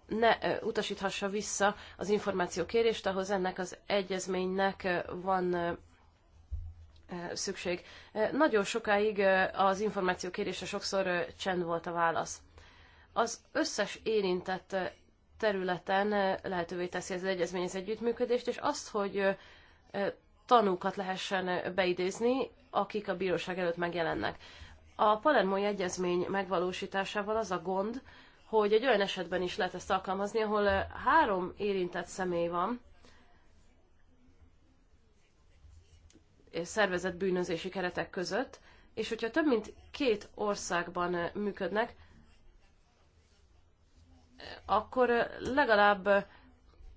ne utasíthassa vissza az információ kérést, ahhoz ennek az egyezménynek van szükség. Nagyon sokáig az információ kérése sokszor csend volt a válasz. Az összes érintett területen lehetővé teszi az egyezmény az együttműködést, és azt, hogy tanúkat lehessen beidézni, akik a bíróság előtt megjelennek. A Palermói Egyezmény megvalósításával az a gond, hogy egy olyan esetben is lehet ezt alkalmazni, ahol három érintett személy van, szervezett bűnözési keretek között, és hogyha több mint két országban működnek, akkor legalább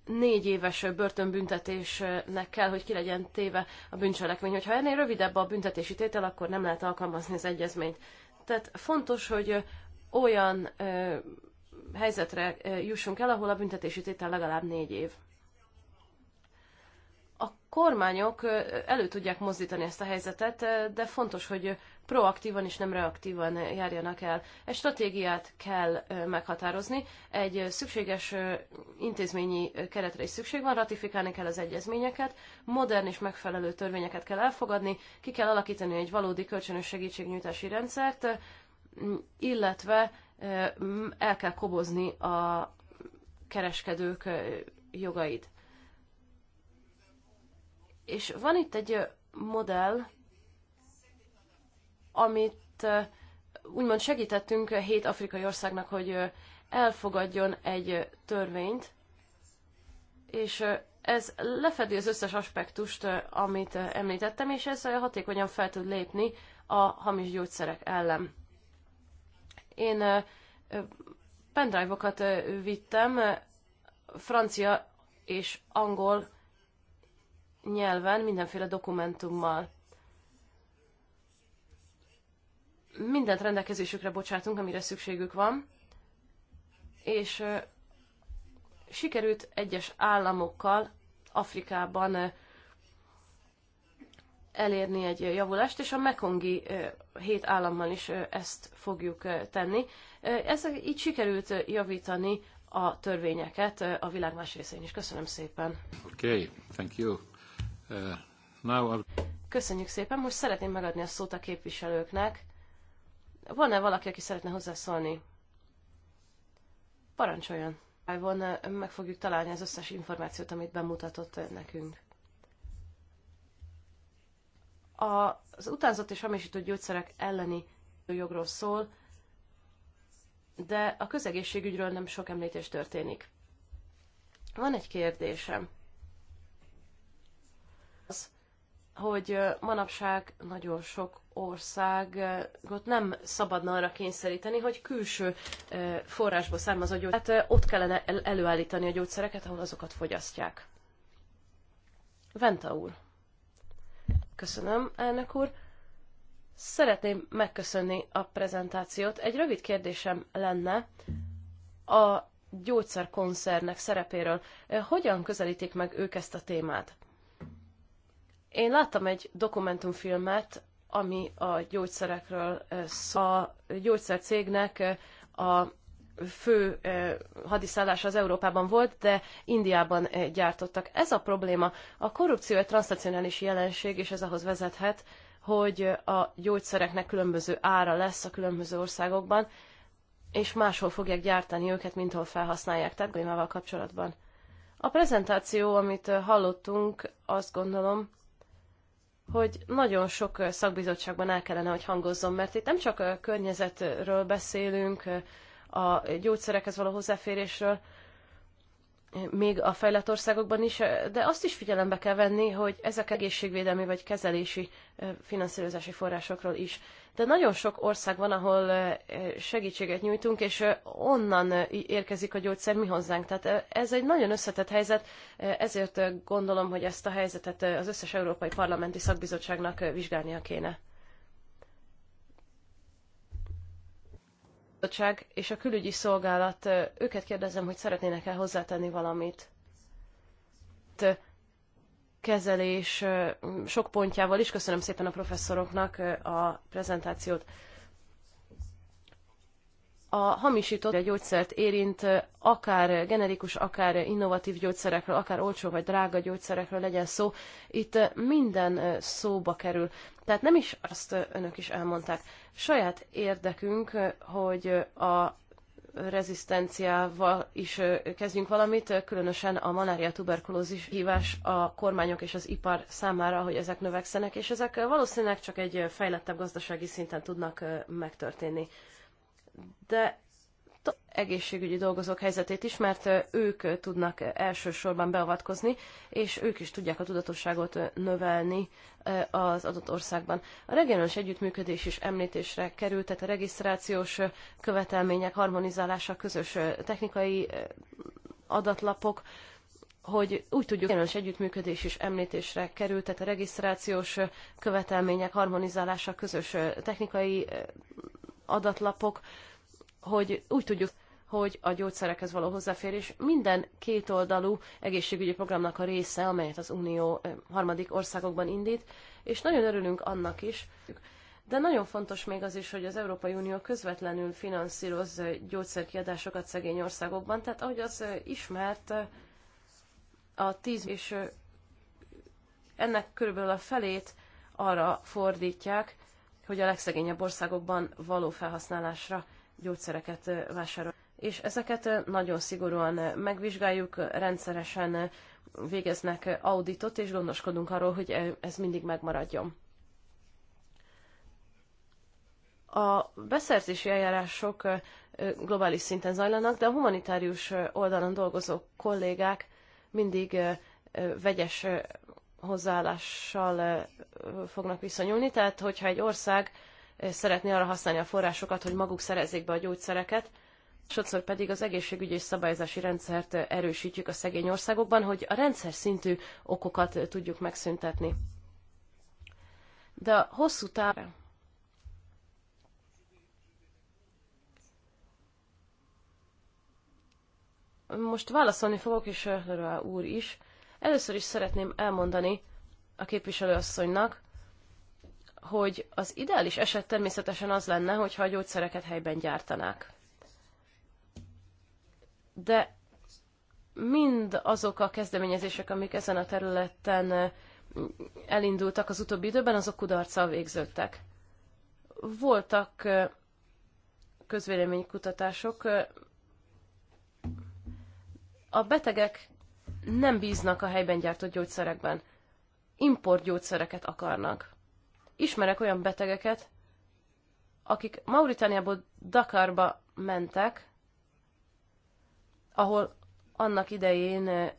négy éves börtönbüntetésnek kell, hogy ki legyen téve a bűncselekmény. Hogyha ennél rövidebb a büntetési tétel, akkor nem lehet alkalmazni az egyezményt. Tehát fontos, hogy olyan helyzetre jussunk el, ahol a büntetési tétel legalább négy év a kormányok elő tudják mozdítani ezt a helyzetet, de fontos, hogy proaktívan és nem reaktívan járjanak el. Egy stratégiát kell meghatározni, egy szükséges intézményi keretre is szükség van, ratifikálni kell az egyezményeket, modern és megfelelő törvényeket kell elfogadni, ki kell alakítani egy valódi kölcsönös segítségnyújtási rendszert, illetve el kell kobozni a kereskedők jogait. És van itt egy modell, amit úgymond segítettünk hét afrikai országnak, hogy elfogadjon egy törvényt, és ez lefedi az összes aspektust, amit említettem, és ez hatékonyan fel tud lépni a hamis gyógyszerek ellen. Én pendrive-okat vittem, francia és angol nyelven, mindenféle dokumentummal. Mindent rendelkezésükre bocsátunk, amire szükségük van, és sikerült egyes államokkal Afrikában elérni egy javulást, és a Mekongi hét állammal is ezt fogjuk tenni. Ez így sikerült javítani a törvényeket a világ más részén is. Köszönöm szépen. Okay, thank you. Uh, Köszönjük szépen, most szeretném megadni a szót a képviselőknek. Van-e valaki, aki szeretne hozzászólni? Parancsoljon! live meg fogjuk találni az összes információt, amit bemutatott nekünk. A, az utánzott és hamisított gyógyszerek elleni jogról szól, de a közegészségügyről nem sok említés történik. Van egy kérdésem. hogy manapság nagyon sok országot nem szabadna arra kényszeríteni, hogy külső forrásból származó gyógyszereket, hát ott kellene előállítani a gyógyszereket, ahol azokat fogyasztják. Venta úr. Köszönöm, elnök úr. Szeretném megköszönni a prezentációt. Egy rövid kérdésem lenne a gyógyszerkoncernek szerepéről. Hogyan közelítik meg ők ezt a témát? Én láttam egy dokumentumfilmet, ami a gyógyszerekről szó. A gyógyszercégnek a fő hadiszállás az Európában volt, de Indiában gyártottak. Ez a probléma. A korrupció egy transzacionális jelenség, és ez ahhoz vezethet, hogy a gyógyszereknek különböző ára lesz a különböző országokban, és máshol fogják gyártani őket, mint hol felhasználják, tehát kapcsolatban. A prezentáció, amit hallottunk, azt gondolom, hogy nagyon sok szakbizottságban el kellene, hogy hangozzon, mert itt nem csak a környezetről beszélünk, a gyógyszerekhez való hozzáférésről, még a fejlett országokban is, de azt is figyelembe kell venni, hogy ezek egészségvédelmi vagy kezelési finanszírozási forrásokról is de nagyon sok ország van, ahol segítséget nyújtunk, és onnan érkezik a gyógyszer mi hozzánk. Tehát ez egy nagyon összetett helyzet, ezért gondolom, hogy ezt a helyzetet az összes Európai Parlamenti Szakbizottságnak vizsgálnia kéne. és a külügyi szolgálat, őket kérdezem, hogy szeretnének-e hozzátenni valamit kezelés sok pontjával is. Köszönöm szépen a professzoroknak a prezentációt. A hamisított gyógyszert érint akár generikus, akár innovatív gyógyszerekről, akár olcsó vagy drága gyógyszerekről legyen szó, itt minden szóba kerül. Tehát nem is azt önök is elmondták. Saját érdekünk, hogy a rezisztenciával is kezdjünk valamit, különösen a malária tuberkulózis hívás a kormányok és az ipar számára, hogy ezek növekszenek, és ezek valószínűleg csak egy fejlettebb gazdasági szinten tudnak megtörténni. De egészségügyi dolgozók helyzetét is, mert ők tudnak elsősorban beavatkozni, és ők is tudják a tudatosságot növelni az adott országban. A regionális együttműködés is említésre került, tehát a regisztrációs követelmények harmonizálása, közös technikai adatlapok, hogy úgy tudjuk, hogy együttműködés is említésre került, tehát a regisztrációs követelmények harmonizálása, közös technikai adatlapok, hogy úgy tudjuk, hogy a gyógyszerekhez való hozzáférés minden kétoldalú egészségügyi programnak a része, amelyet az Unió eh, harmadik országokban indít, és nagyon örülünk annak is. De nagyon fontos még az is, hogy az Európai Unió közvetlenül finanszíroz eh, gyógyszerkiadásokat szegény országokban, tehát ahogy az eh, ismert, a tíz és ennek körülbelül a felét arra fordítják, hogy a legszegényebb országokban való felhasználásra gyógyszereket vásárol. És ezeket nagyon szigorúan megvizsgáljuk, rendszeresen végeznek auditot, és gondoskodunk arról, hogy ez mindig megmaradjon. A beszerzési eljárások globális szinten zajlanak, de a humanitárius oldalon dolgozó kollégák mindig vegyes hozzáállással fognak viszonyulni. Tehát, hogyha egy ország szeretné arra használni a forrásokat, hogy maguk szerezzék be a gyógyszereket, sokszor pedig az egészségügyi és szabályozási rendszert erősítjük a szegény országokban, hogy a rendszer szintű okokat tudjuk megszüntetni. De a hosszú távon Most válaszolni fogok, és Lörá úr is. Először is szeretném elmondani a képviselőasszonynak, hogy az ideális eset természetesen az lenne, hogyha a gyógyszereket helyben gyártanák. De mind azok a kezdeményezések, amik ezen a területen elindultak az utóbbi időben, azok kudarccal végződtek. Voltak közvéleménykutatások, a betegek nem bíznak a helyben gyártott gyógyszerekben. Import gyógyszereket akarnak ismerek olyan betegeket, akik Mauritániából Dakarba mentek, ahol annak idején eh,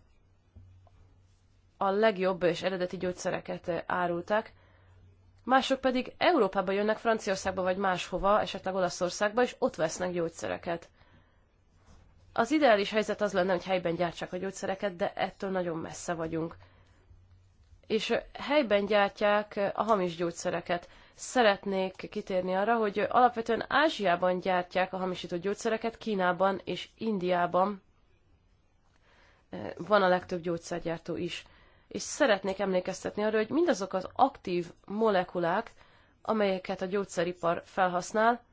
a legjobb és eredeti gyógyszereket eh, árulták, mások pedig Európába jönnek, Franciaországba vagy máshova, esetleg Olaszországba, és ott vesznek gyógyszereket. Az ideális helyzet az lenne, hogy helyben gyártsák a gyógyszereket, de ettől nagyon messze vagyunk és helyben gyártják a hamis gyógyszereket. Szeretnék kitérni arra, hogy alapvetően Ázsiában gyártják a hamisított gyógyszereket, Kínában és Indiában eh, van a legtöbb gyógyszergyártó is. És szeretnék emlékeztetni arra, hogy mindazok az aktív molekulák, amelyeket a gyógyszeripar felhasznál,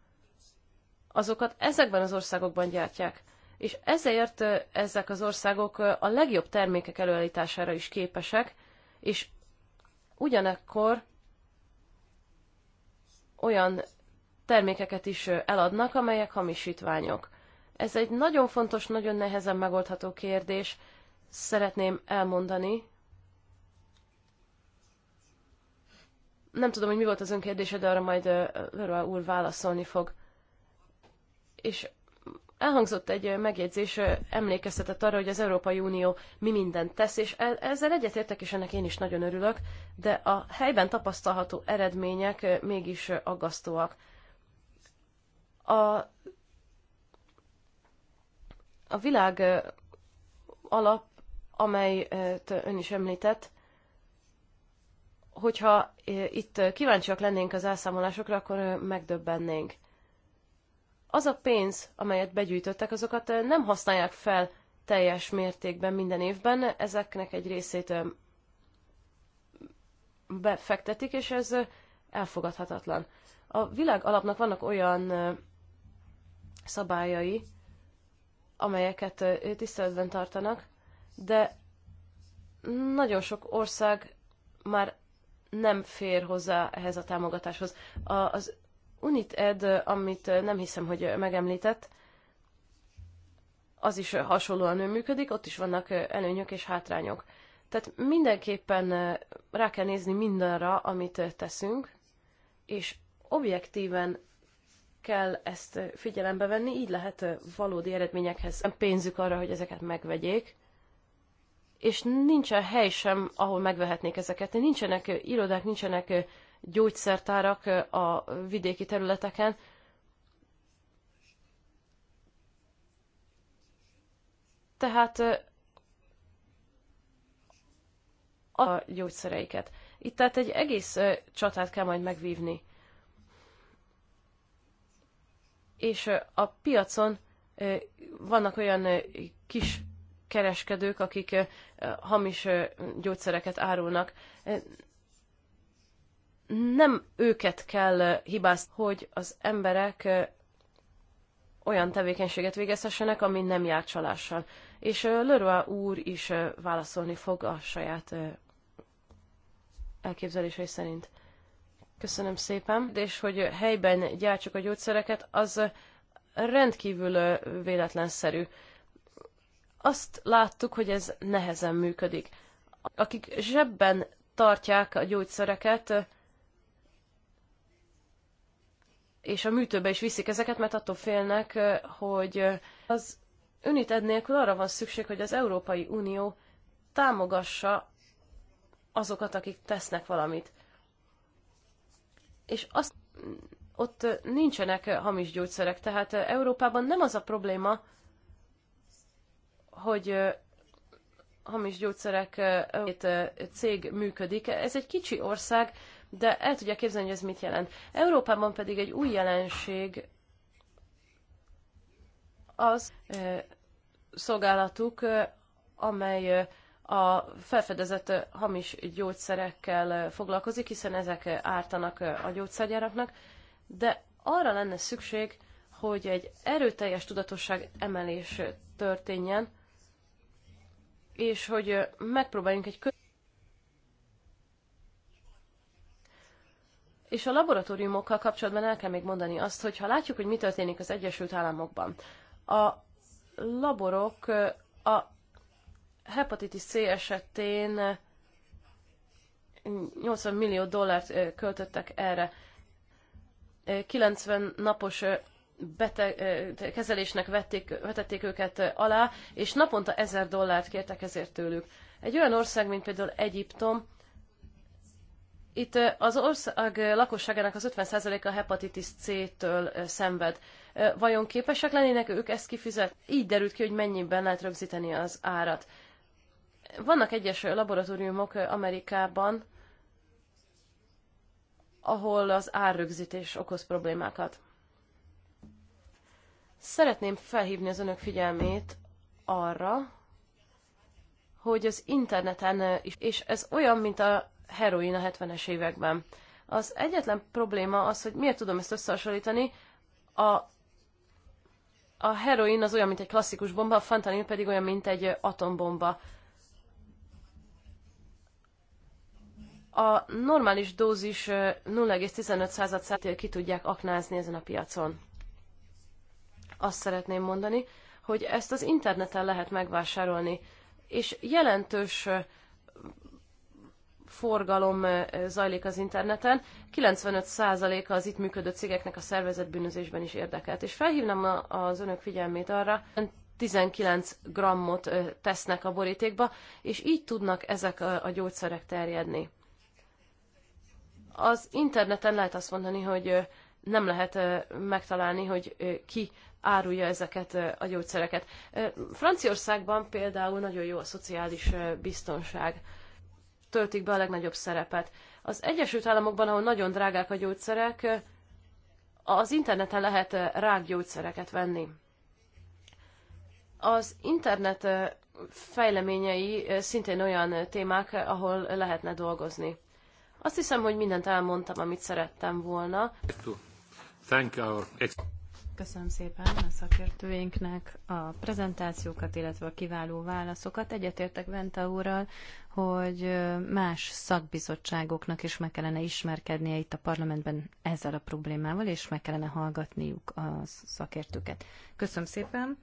azokat ezekben az országokban gyártják. És ezért eh, ezek az országok eh, a legjobb termékek előállítására is képesek, és ugyanekkor olyan termékeket is eladnak, amelyek hamisítványok. Ez egy nagyon fontos, nagyon nehezen megoldható kérdés. Szeretném elmondani. Nem tudom, hogy mi volt az önkérdése, de arra majd Leroy úr válaszolni fog. És Elhangzott egy megjegyzés, emlékeztetett arra, hogy az Európai Unió mi mindent tesz, és ezzel egyetértek, és ennek én is nagyon örülök, de a helyben tapasztalható eredmények mégis aggasztóak. A, a világ alap, amely ön is említett, hogyha itt kíváncsiak lennénk az elszámolásokra, akkor megdöbbennénk az a pénz, amelyet begyűjtöttek, azokat nem használják fel teljes mértékben minden évben, ezeknek egy részét befektetik, és ez elfogadhatatlan. A világ alapnak vannak olyan szabályai, amelyeket tiszteletben tartanak, de nagyon sok ország már nem fér hozzá ehhez a támogatáshoz. Az ed amit nem hiszem, hogy megemlített, az is hasonlóan működik, ott is vannak előnyök és hátrányok. Tehát mindenképpen rá kell nézni mindenre, amit teszünk, és objektíven kell ezt figyelembe venni, így lehet valódi eredményekhez pénzük arra, hogy ezeket megvegyék, és nincsen hely sem, ahol megvehetnék ezeket. Nincsenek irodák, nincsenek gyógyszertárak a vidéki területeken. Tehát a gyógyszereiket. Itt tehát egy egész csatát kell majd megvívni. És a piacon vannak olyan kis kereskedők, akik hamis gyógyszereket árulnak nem őket kell eh, hibázni, hogy az emberek eh, olyan tevékenységet végezhessenek, ami nem jár csalással. És eh, Leroy úr is válaszolni fog a saját elképzelései szerint. Köszönöm szépen. És hogy helyben gyártsuk a gyógyszereket, az rendkívül véletlenszerű. Azt láttuk, hogy ez nehezen működik. Akik zsebben tartják a gyógyszereket, és a műtőbe is viszik ezeket, mert attól félnek, hogy az United nélkül arra van szükség, hogy az Európai Unió támogassa azokat, akik tesznek valamit. És azt, ott nincsenek hamis gyógyszerek, tehát Európában nem az a probléma, hogy hamis gyógyszerek cég működik. Ez egy kicsi ország, de el tudja képzelni, hogy ez mit jelent. Európában pedig egy új jelenség az szolgálatuk, amely a felfedezett hamis gyógyszerekkel foglalkozik, hiszen ezek ártanak a gyógyszergyáraknak, de arra lenne szükség, hogy egy erőteljes tudatosság emelés történjen, és hogy megpróbáljunk egy És a laboratóriumokkal kapcsolatban el kell még mondani azt, hogy ha látjuk, hogy mi történik az Egyesült Államokban, a laborok a hepatitis C esetén 80 millió dollárt költöttek erre. 90 napos beteg, kezelésnek vették, vetették őket alá, és naponta 1000 dollárt kértek ezért tőlük. Egy olyan ország, mint például Egyiptom, itt az ország lakosságának az 50%-a hepatitis C-től szenved. Vajon képesek lennének ők ezt kifizetni? Így derült ki, hogy mennyiben lehet rögzíteni az árat. Vannak egyes laboratóriumok Amerikában, ahol az árrögzítés okoz problémákat. Szeretném felhívni az önök figyelmét arra, hogy az interneten is, és ez olyan, mint a heroin a 70-es években. Az egyetlen probléma az, hogy miért tudom ezt összehasonlítani, a, a heroin az olyan, mint egy klasszikus bomba, a fentanyl pedig olyan, mint egy atombomba. A normális dózis 0,15%-át ki tudják aknázni ezen a piacon. Azt szeretném mondani, hogy ezt az interneten lehet megvásárolni, és jelentős forgalom eh, zajlik az interneten. 95%-a az itt működő cégeknek a szervezett bűnözésben is érdekelt. És felhívnám az önök figyelmét arra, 19 grammot eh, tesznek a borítékba, és így tudnak ezek a gyógyszerek terjedni. Az interneten lehet azt mondani, hogy eh, nem lehet megtalálni, hogy ki árulja ezeket a gyógyszereket. Franciaországban például nagyon jó a szociális biztonság töltik be a legnagyobb szerepet. Az Egyesült Államokban, ahol nagyon drágák a gyógyszerek, az interneten lehet eh, rákgyógyszereket venni. Az internet eh, fejleményei eh, szintén olyan témák, ahol lehetne dolgozni. Azt hiszem, hogy mindent elmondtam, amit szerettem volna. Köszönöm szépen a szakértőinknek a prezentációkat, illetve a kiváló válaszokat. Egyetértek Venta úrral, hogy más szakbizottságoknak is meg kellene ismerkednie itt a parlamentben ezzel a problémával, és meg kellene hallgatniuk a szakértőket. Köszönöm szépen!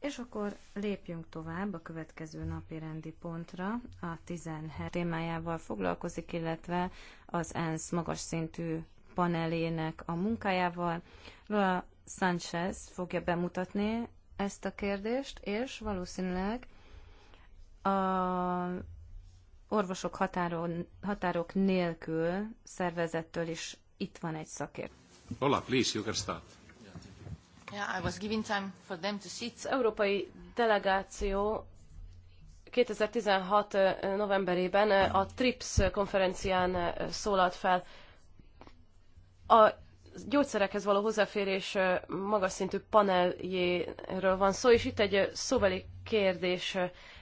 És akkor lépjünk tovább a következő napi rendi pontra. A 17 témájával foglalkozik, illetve az ENSZ magas szintű panelének a munkájával. Lola Sanchez fogja bemutatni ezt a kérdést, és valószínűleg a orvosok határon, határok nélkül szervezettől is itt van egy szakért. Hola, please, you can start. Yeah, I was giving time for them to sit. Az európai delegáció 2016. novemberében a TRIPS konferencián szólalt fel. A gyógyszerekhez való hozzáférés magas szintű paneljéről van szó, és itt egy szóbeli kérdés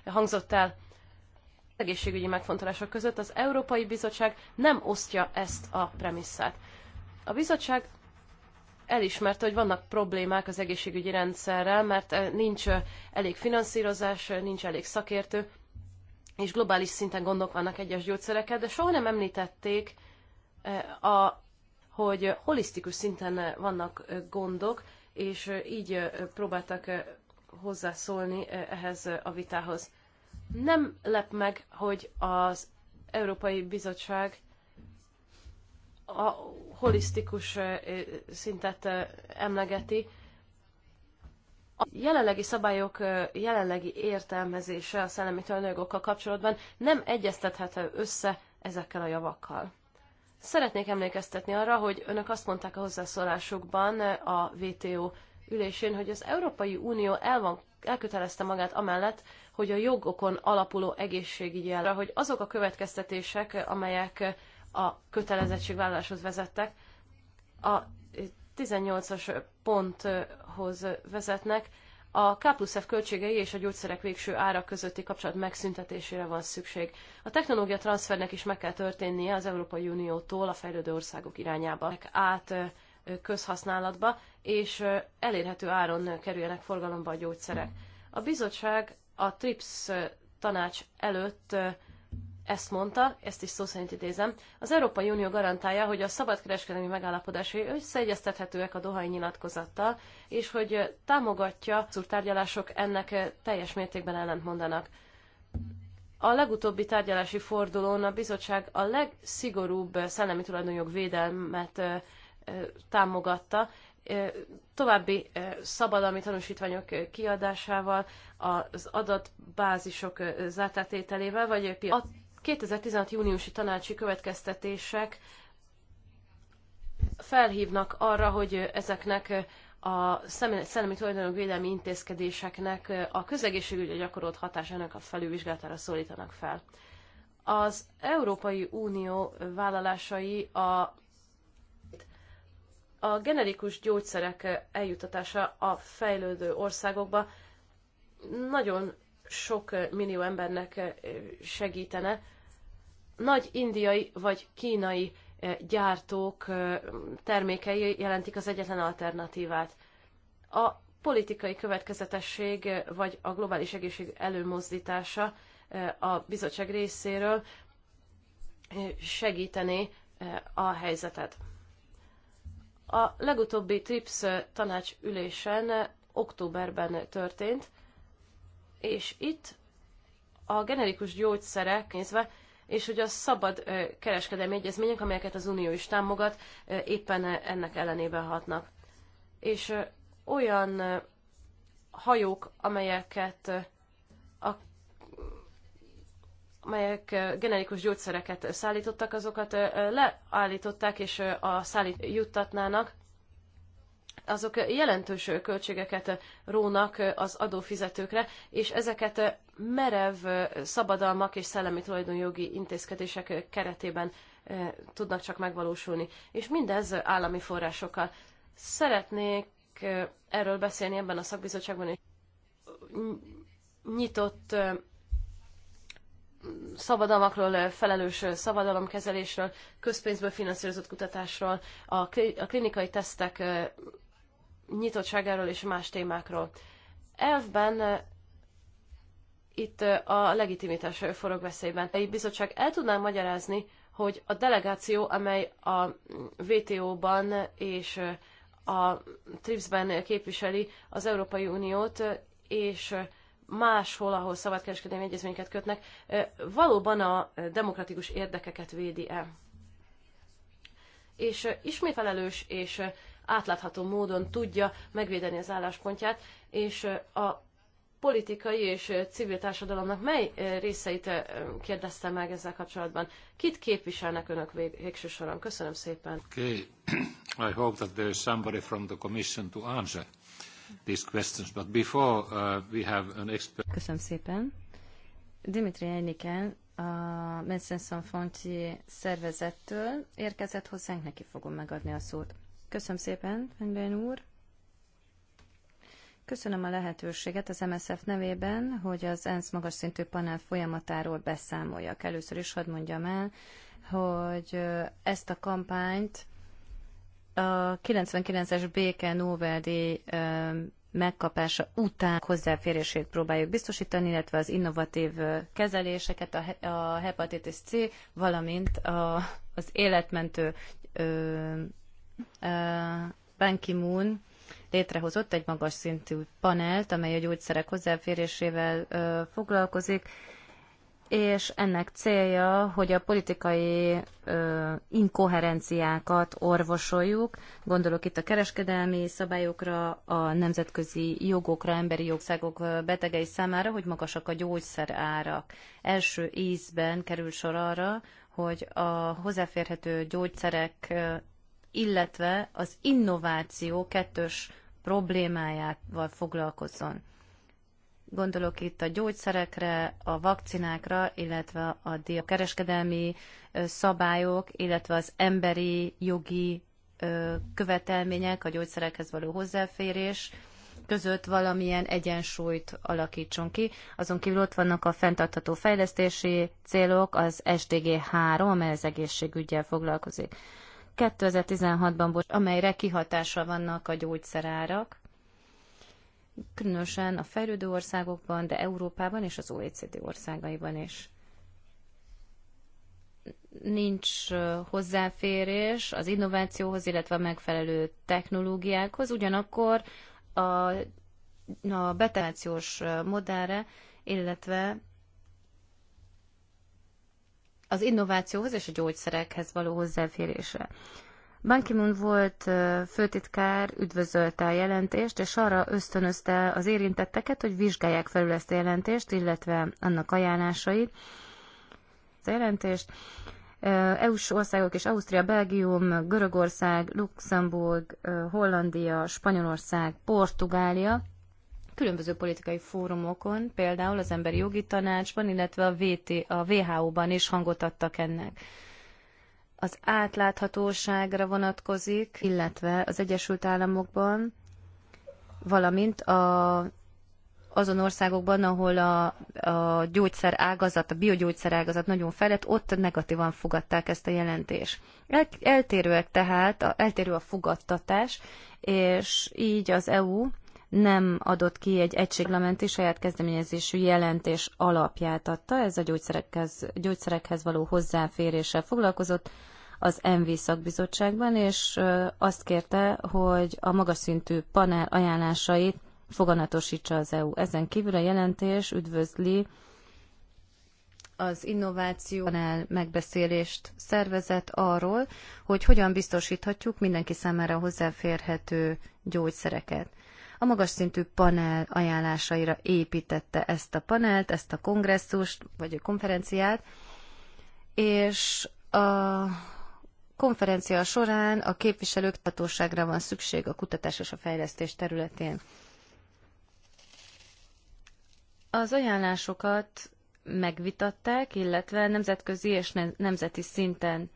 hangzott el egészségügyi megfontolások között. Az Európai Bizottság nem osztja ezt a premisszát. A bizottság elismerte, hogy vannak problémák az egészségügyi rendszerrel, mert nincs elég finanszírozás, nincs elég szakértő, és globális szinten gondok vannak egyes gyógyszerekkel, de soha nem említették a hogy holisztikus szinten vannak gondok, és így próbáltak hozzászólni ehhez a vitához. Nem lep meg, hogy az Európai Bizottság a holisztikus szintet emlegeti. A jelenlegi szabályok jelenlegi értelmezése a szellemi tulajdonjogokkal kapcsolatban nem egyeztethető össze ezekkel a javakkal. Szeretnék emlékeztetni arra, hogy önök azt mondták a hozzászólásukban eh, a WTO ülésén, hogy az Európai Unió el van, elkötelezte magát amellett, hogy a jogokon alapuló egészségügyi elra, hogy azok a következtetések, amelyek a kötelezettségvállaláshoz vezettek, a 18-as ponthoz vezetnek, a K plusz F költségei és a gyógyszerek végső ára közötti kapcsolat megszüntetésére van szükség. A technológia transfernek is meg kell történnie az Európai Uniótól a fejlődő országok irányába, át közhasználatba, és elérhető áron kerüljenek forgalomba a gyógyszerek. A bizottság a TRIPS tanács előtt ezt mondta, ezt is szó szerint idézem, az Európai Unió garantálja, hogy a szabadkereskedelmi megállapodásai összeegyeztethetőek a Dohai nyilatkozattal, és hogy támogatja, az tárgyalások ennek teljes mértékben mondanak. A legutóbbi tárgyalási fordulón a bizottság a legszigorúbb szellemi tulajdonjog védelmet támogatta, további szabadalmi tanúsítványok kiadásával, az adatbázisok zártátételével, vagy a 2016. júniusi tanácsi következtetések felhívnak arra, hogy ezeknek a szellemi tulajdonok védelmi intézkedéseknek a közegészségügyre gyakorolt hatásának a felülvizsgálatára szólítanak fel. Az Európai Unió vállalásai a a generikus gyógyszerek eljutatása a fejlődő országokba nagyon sok millió embernek segítene, nagy indiai vagy kínai eh, gyártók eh, termékei jelentik az egyetlen alternatívát. A politikai következetesség eh, vagy a globális egészség előmozdítása a bizottság részéről segítené a helyzetet. A legutóbbi TRIPS tanács ülésen októberben történt, és itt a generikus gyógyszerek nézve és hogy a szabad kereskedelmi egyezmények, amelyeket az Unió is támogat, éppen ennek ellenében hatnak. És olyan hajók, amelyeket a amelyek generikus gyógyszereket szállítottak, azokat leállították és a szállít juttatnának, azok jelentős költségeket rónak az adófizetőkre, és ezeket merev szabadalmak és szellemi tulajdonjogi intézkedések keretében tudnak csak megvalósulni. És mindez állami forrásokkal. Szeretnék erről beszélni ebben a szakbizottságban, és nyitott szabadalmakról, felelős szabadalomkezelésről, közpénzből finanszírozott kutatásról, a klinikai tesztek nyitottságáról és más témákról. Elvben itt a legitimitás forog veszélyben. Egy bizottság el tudná magyarázni, hogy a delegáció, amely a WTO-ban és a TRIPS-ben képviseli az Európai Uniót, és máshol, ahol szabadkereskedelmi egyezményeket kötnek, valóban a demokratikus érdekeket védi el. És ismét felelős és átlátható módon tudja megvédeni az álláspontját, és a politikai és civil társadalomnak mely részeit kérdezte meg ezzel kapcsolatban? Kit képviselnek önök vég, végső soron? Köszönöm szépen. Okay. I hope that there is somebody from the commission to answer these questions. But before uh, we have an expert... Köszönöm szépen. Dimitri Einiken a Médecins Sans Frontier szervezettől érkezett hozzánk, neki fogom megadni a szót. Köszönöm szépen, Fenben úr. Köszönöm a lehetőséget az MSZF nevében, hogy az ENSZ magas szintű panel folyamatáról beszámoljak. Először is hadd mondjam el, hogy ezt a kampányt a 99-es béke nobel megkapása után hozzáférését próbáljuk biztosítani, illetve az innovatív kezeléseket, a, a hepatitis C, valamint a, az életmentő ö, ö, Ban Ki-moon létrehozott egy magas szintű panelt, amely a gyógyszerek hozzáférésével foglalkozik, és ennek célja, hogy a politikai ö, inkoherenciákat orvosoljuk, gondolok itt a kereskedelmi szabályokra, a nemzetközi jogokra, emberi jogszágok betegei számára, hogy magasak a gyógyszer árak. Első ízben kerül sor arra, hogy a hozzáférhető gyógyszerek illetve az innováció kettős problémájával foglalkozzon. Gondolok itt a gyógyszerekre, a vakcinákra, illetve a kereskedelmi szabályok, illetve az emberi jogi követelmények, a gyógyszerekhez való hozzáférés között valamilyen egyensúlyt alakítson ki. Azon kívül ott vannak a fenntartható fejlesztési célok, az SDG 3, amely az egészségügyel foglalkozik. 2016-ban, amelyre kihatása vannak a gyógyszerárak, különösen a fejlődő országokban, de Európában és az OECD országaiban is. Nincs hozzáférés az innovációhoz, illetve a megfelelő technológiákhoz, ugyanakkor a, a betelációs modellre, illetve az innovációhoz és a gyógyszerekhez való hozzáférésre. Ban Ki-moon volt főtitkár, üdvözölte a jelentést, és arra ösztönözte az érintetteket, hogy vizsgálják felül ezt a jelentést, illetve annak ajánlásait. A jelentést EU-s országok és Ausztria, Belgium, Görögország, Luxemburg, Hollandia, Spanyolország, Portugália különböző politikai fórumokon, például az Emberi Jogi Tanácsban, illetve a, VT, a WHO-ban is hangot adtak ennek. Az átláthatóságra vonatkozik, illetve az Egyesült Államokban, valamint a azon országokban, ahol a, a gyógyszer ágazat, a biogyógyszer ágazat nagyon felett, ott negatívan fogadták ezt a jelentést. El, eltérőek tehát, a, eltérő a fogadtatás, és így az EU nem adott ki egy egységlamenti saját kezdeményezésű jelentés alapját adta, ez a gyógyszerekhez, gyógyszerekhez való hozzáféréssel foglalkozott az MV szakbizottságban, és azt kérte, hogy a magas szintű panel ajánlásait foganatosítsa az EU. Ezen kívül a jelentés üdvözli az innovációnál megbeszélést szervezett arról, hogy hogyan biztosíthatjuk mindenki számára hozzáférhető gyógyszereket. A magas szintű panel ajánlásaira építette ezt a panelt, ezt a kongresszust, vagy a konferenciát, és a konferencia során a képviselők hatóságra van szükség a kutatás és a fejlesztés területén. Az ajánlásokat megvitatták, illetve nemzetközi és nemzeti szinten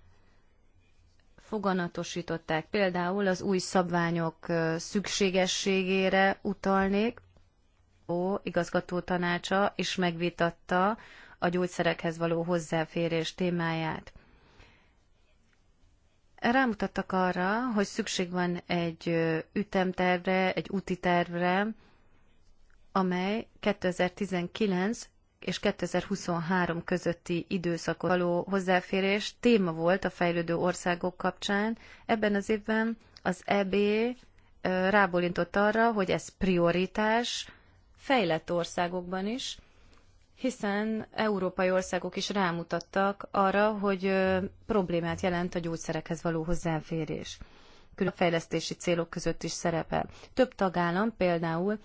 foganatosították. Például az új szabványok szükségességére utalnék. Ó, igazgató tanácsa is megvitatta a gyógyszerekhez való hozzáférés témáját. Rámutattak arra, hogy szükség van egy ütemtervre, egy úti tervre, amely 2019 és 2023 közötti időszakot való hozzáférés téma volt a fejlődő országok kapcsán. Ebben az évben az EB rábólintott arra, hogy ez prioritás fejlett országokban is, hiszen európai országok is rámutattak arra, hogy problémát jelent a gyógyszerekhez való hozzáférés. külön fejlesztési célok között is szerepel. Több tagállam például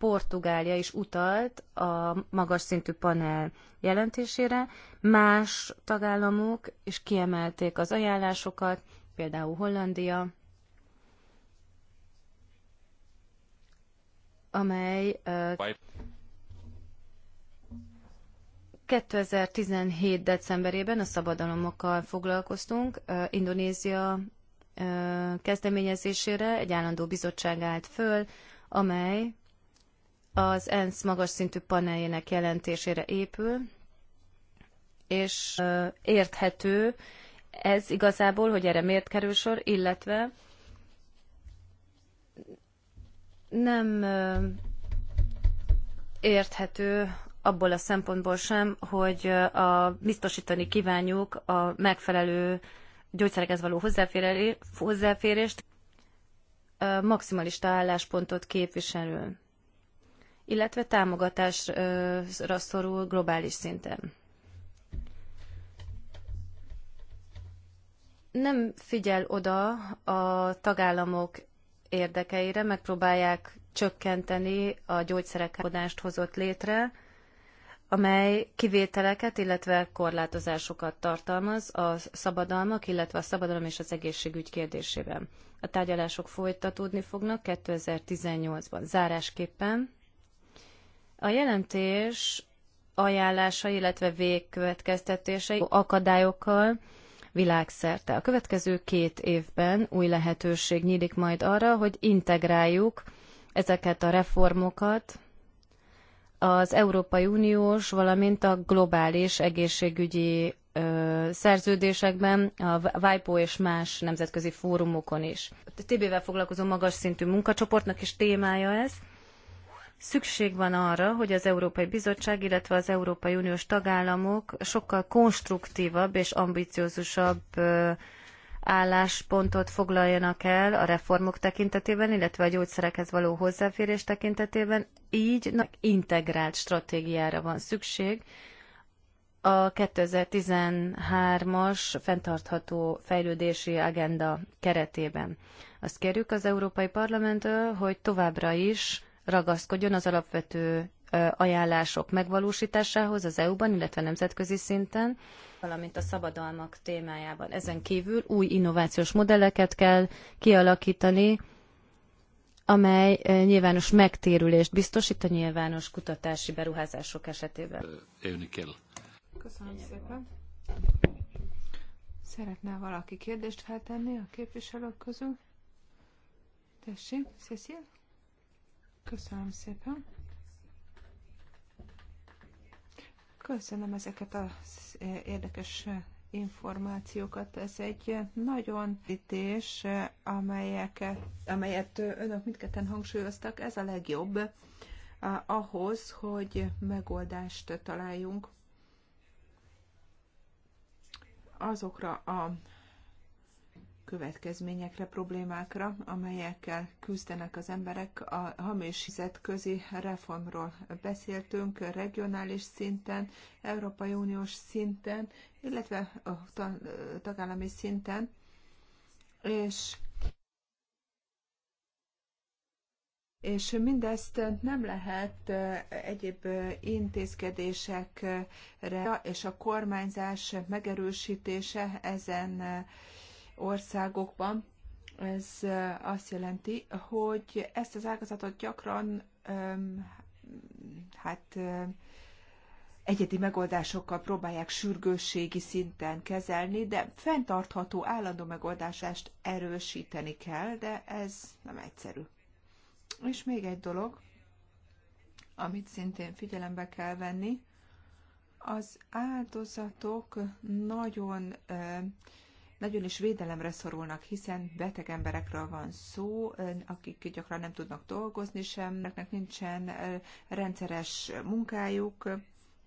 Portugália is utalt a magas szintű panel jelentésére, más tagállamok is kiemelték az ajánlásokat, például Hollandia, amely 2017. decemberében a szabadalomokkal foglalkoztunk, Indonézia kezdeményezésére egy állandó bizottság állt föl, amely az ENSZ magas szintű paneljének jelentésére épül, és érthető ez igazából, hogy erre miért kerül sor, illetve nem érthető abból a szempontból sem, hogy a, biztosítani kívánjuk a megfelelő gyógyszerekhez való hozzáférést, maximalista álláspontot képviselő illetve támogatásra szorul globális szinten. Nem figyel oda a tagállamok érdekeire, megpróbálják csökkenteni a gyógyszerekápodást hozott létre, amely kivételeket, illetve korlátozásokat tartalmaz a szabadalmak, illetve a szabadalom és az egészségügy kérdésében. A tárgyalások folytatódni fognak 2018-ban. Zárásképpen a jelentés ajánlása, illetve végkövetkeztetései akadályokkal világszerte. A következő két évben új lehetőség nyílik majd arra, hogy integráljuk ezeket a reformokat az Európai Uniós, valamint a globális egészségügyi ö, szerződésekben, a WIPO és más nemzetközi fórumokon is. A TB-vel foglalkozó magas szintű munkacsoportnak is témája ez, Szükség van arra, hogy az Európai Bizottság, illetve az Európai Uniós tagállamok sokkal konstruktívabb és ambiciózusabb álláspontot foglaljanak el a reformok tekintetében, illetve a gyógyszerekhez való hozzáférés tekintetében, így integrált stratégiára van szükség. A 2013-as fenntartható fejlődési agenda keretében. Azt kérjük az Európai Parlamenttől, hogy továbbra is ragaszkodjon az alapvető ajánlások megvalósításához az EU-ban, illetve nemzetközi szinten, valamint a szabadalmak témájában. Ezen kívül új innovációs modelleket kell kialakítani, amely nyilvános megtérülést biztosít a nyilvános kutatási beruházások esetében. Élni kell. Köszönöm szépen. Szeretne valaki kérdést feltenni a képviselők közül? Tessék, Cecil? Köszönöm szépen. Köszönöm ezeket az érdekes információkat. Ez egy nagyon ütés, amelyeket, amelyet önök mindketten hangsúlyoztak. Ez a legjobb ahhoz, hogy megoldást találjunk azokra a következményekre, problémákra, amelyekkel küzdenek az emberek. A hamis közi reformról beszéltünk regionális szinten, Európai Uniós szinten, illetve a tagállami szinten, és És mindezt nem lehet egyéb intézkedésekre, és a kormányzás megerősítése ezen országokban. Ez azt jelenti, hogy ezt az ágazatot gyakran hát egyedi megoldásokkal próbálják sürgősségi szinten kezelni, de fenntartható állandó megoldást erősíteni kell, de ez nem egyszerű. És még egy dolog, amit szintén figyelembe kell venni, az áldozatok nagyon nagyon is védelemre szorulnak, hiszen beteg emberekről van szó, akik gyakran nem tudnak dolgozni sem, nekik nincsen rendszeres munkájuk,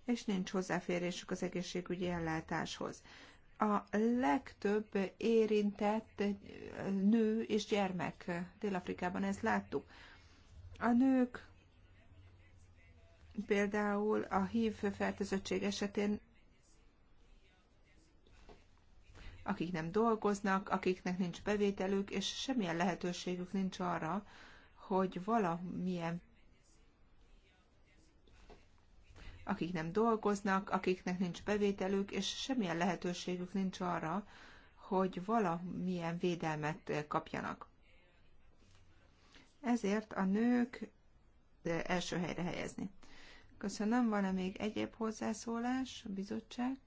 és nincs hozzáférésük az egészségügyi ellátáshoz. A legtöbb érintett nő és gyermek Dél-Afrikában, ezt láttuk. A nők például a HIV fertőzöttség esetén akik nem dolgoznak, akiknek nincs bevételük, és semmilyen lehetőségük nincs arra, hogy valamilyen akik nem dolgoznak, akiknek nincs bevételük, és semmilyen lehetőségük nincs arra, hogy valamilyen védelmet kapjanak. Ezért a nők első helyre helyezni. Köszönöm, van-e még egyéb hozzászólás, a bizottság?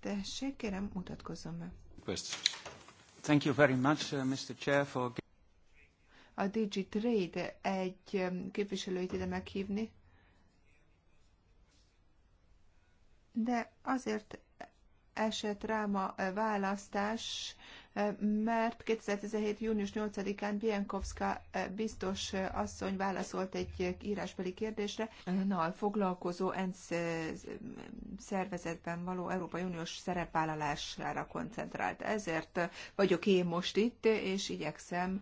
Tessék, kérem, mutatkozzon be. Thank you very much, uh, Mr. Chair, for... A trade egy um, képviselőit ide meghívni, de azért esett rám a eh, választás, eh, mert 2017. június 8-án Bienkowska eh, biztos asszony válaszolt egy írásbeli kérdésre. Na, a foglalkozó ENSZ szervezetben való Európai Uniós szerepvállalására koncentrált. Ezért vagyok én most itt, és igyekszem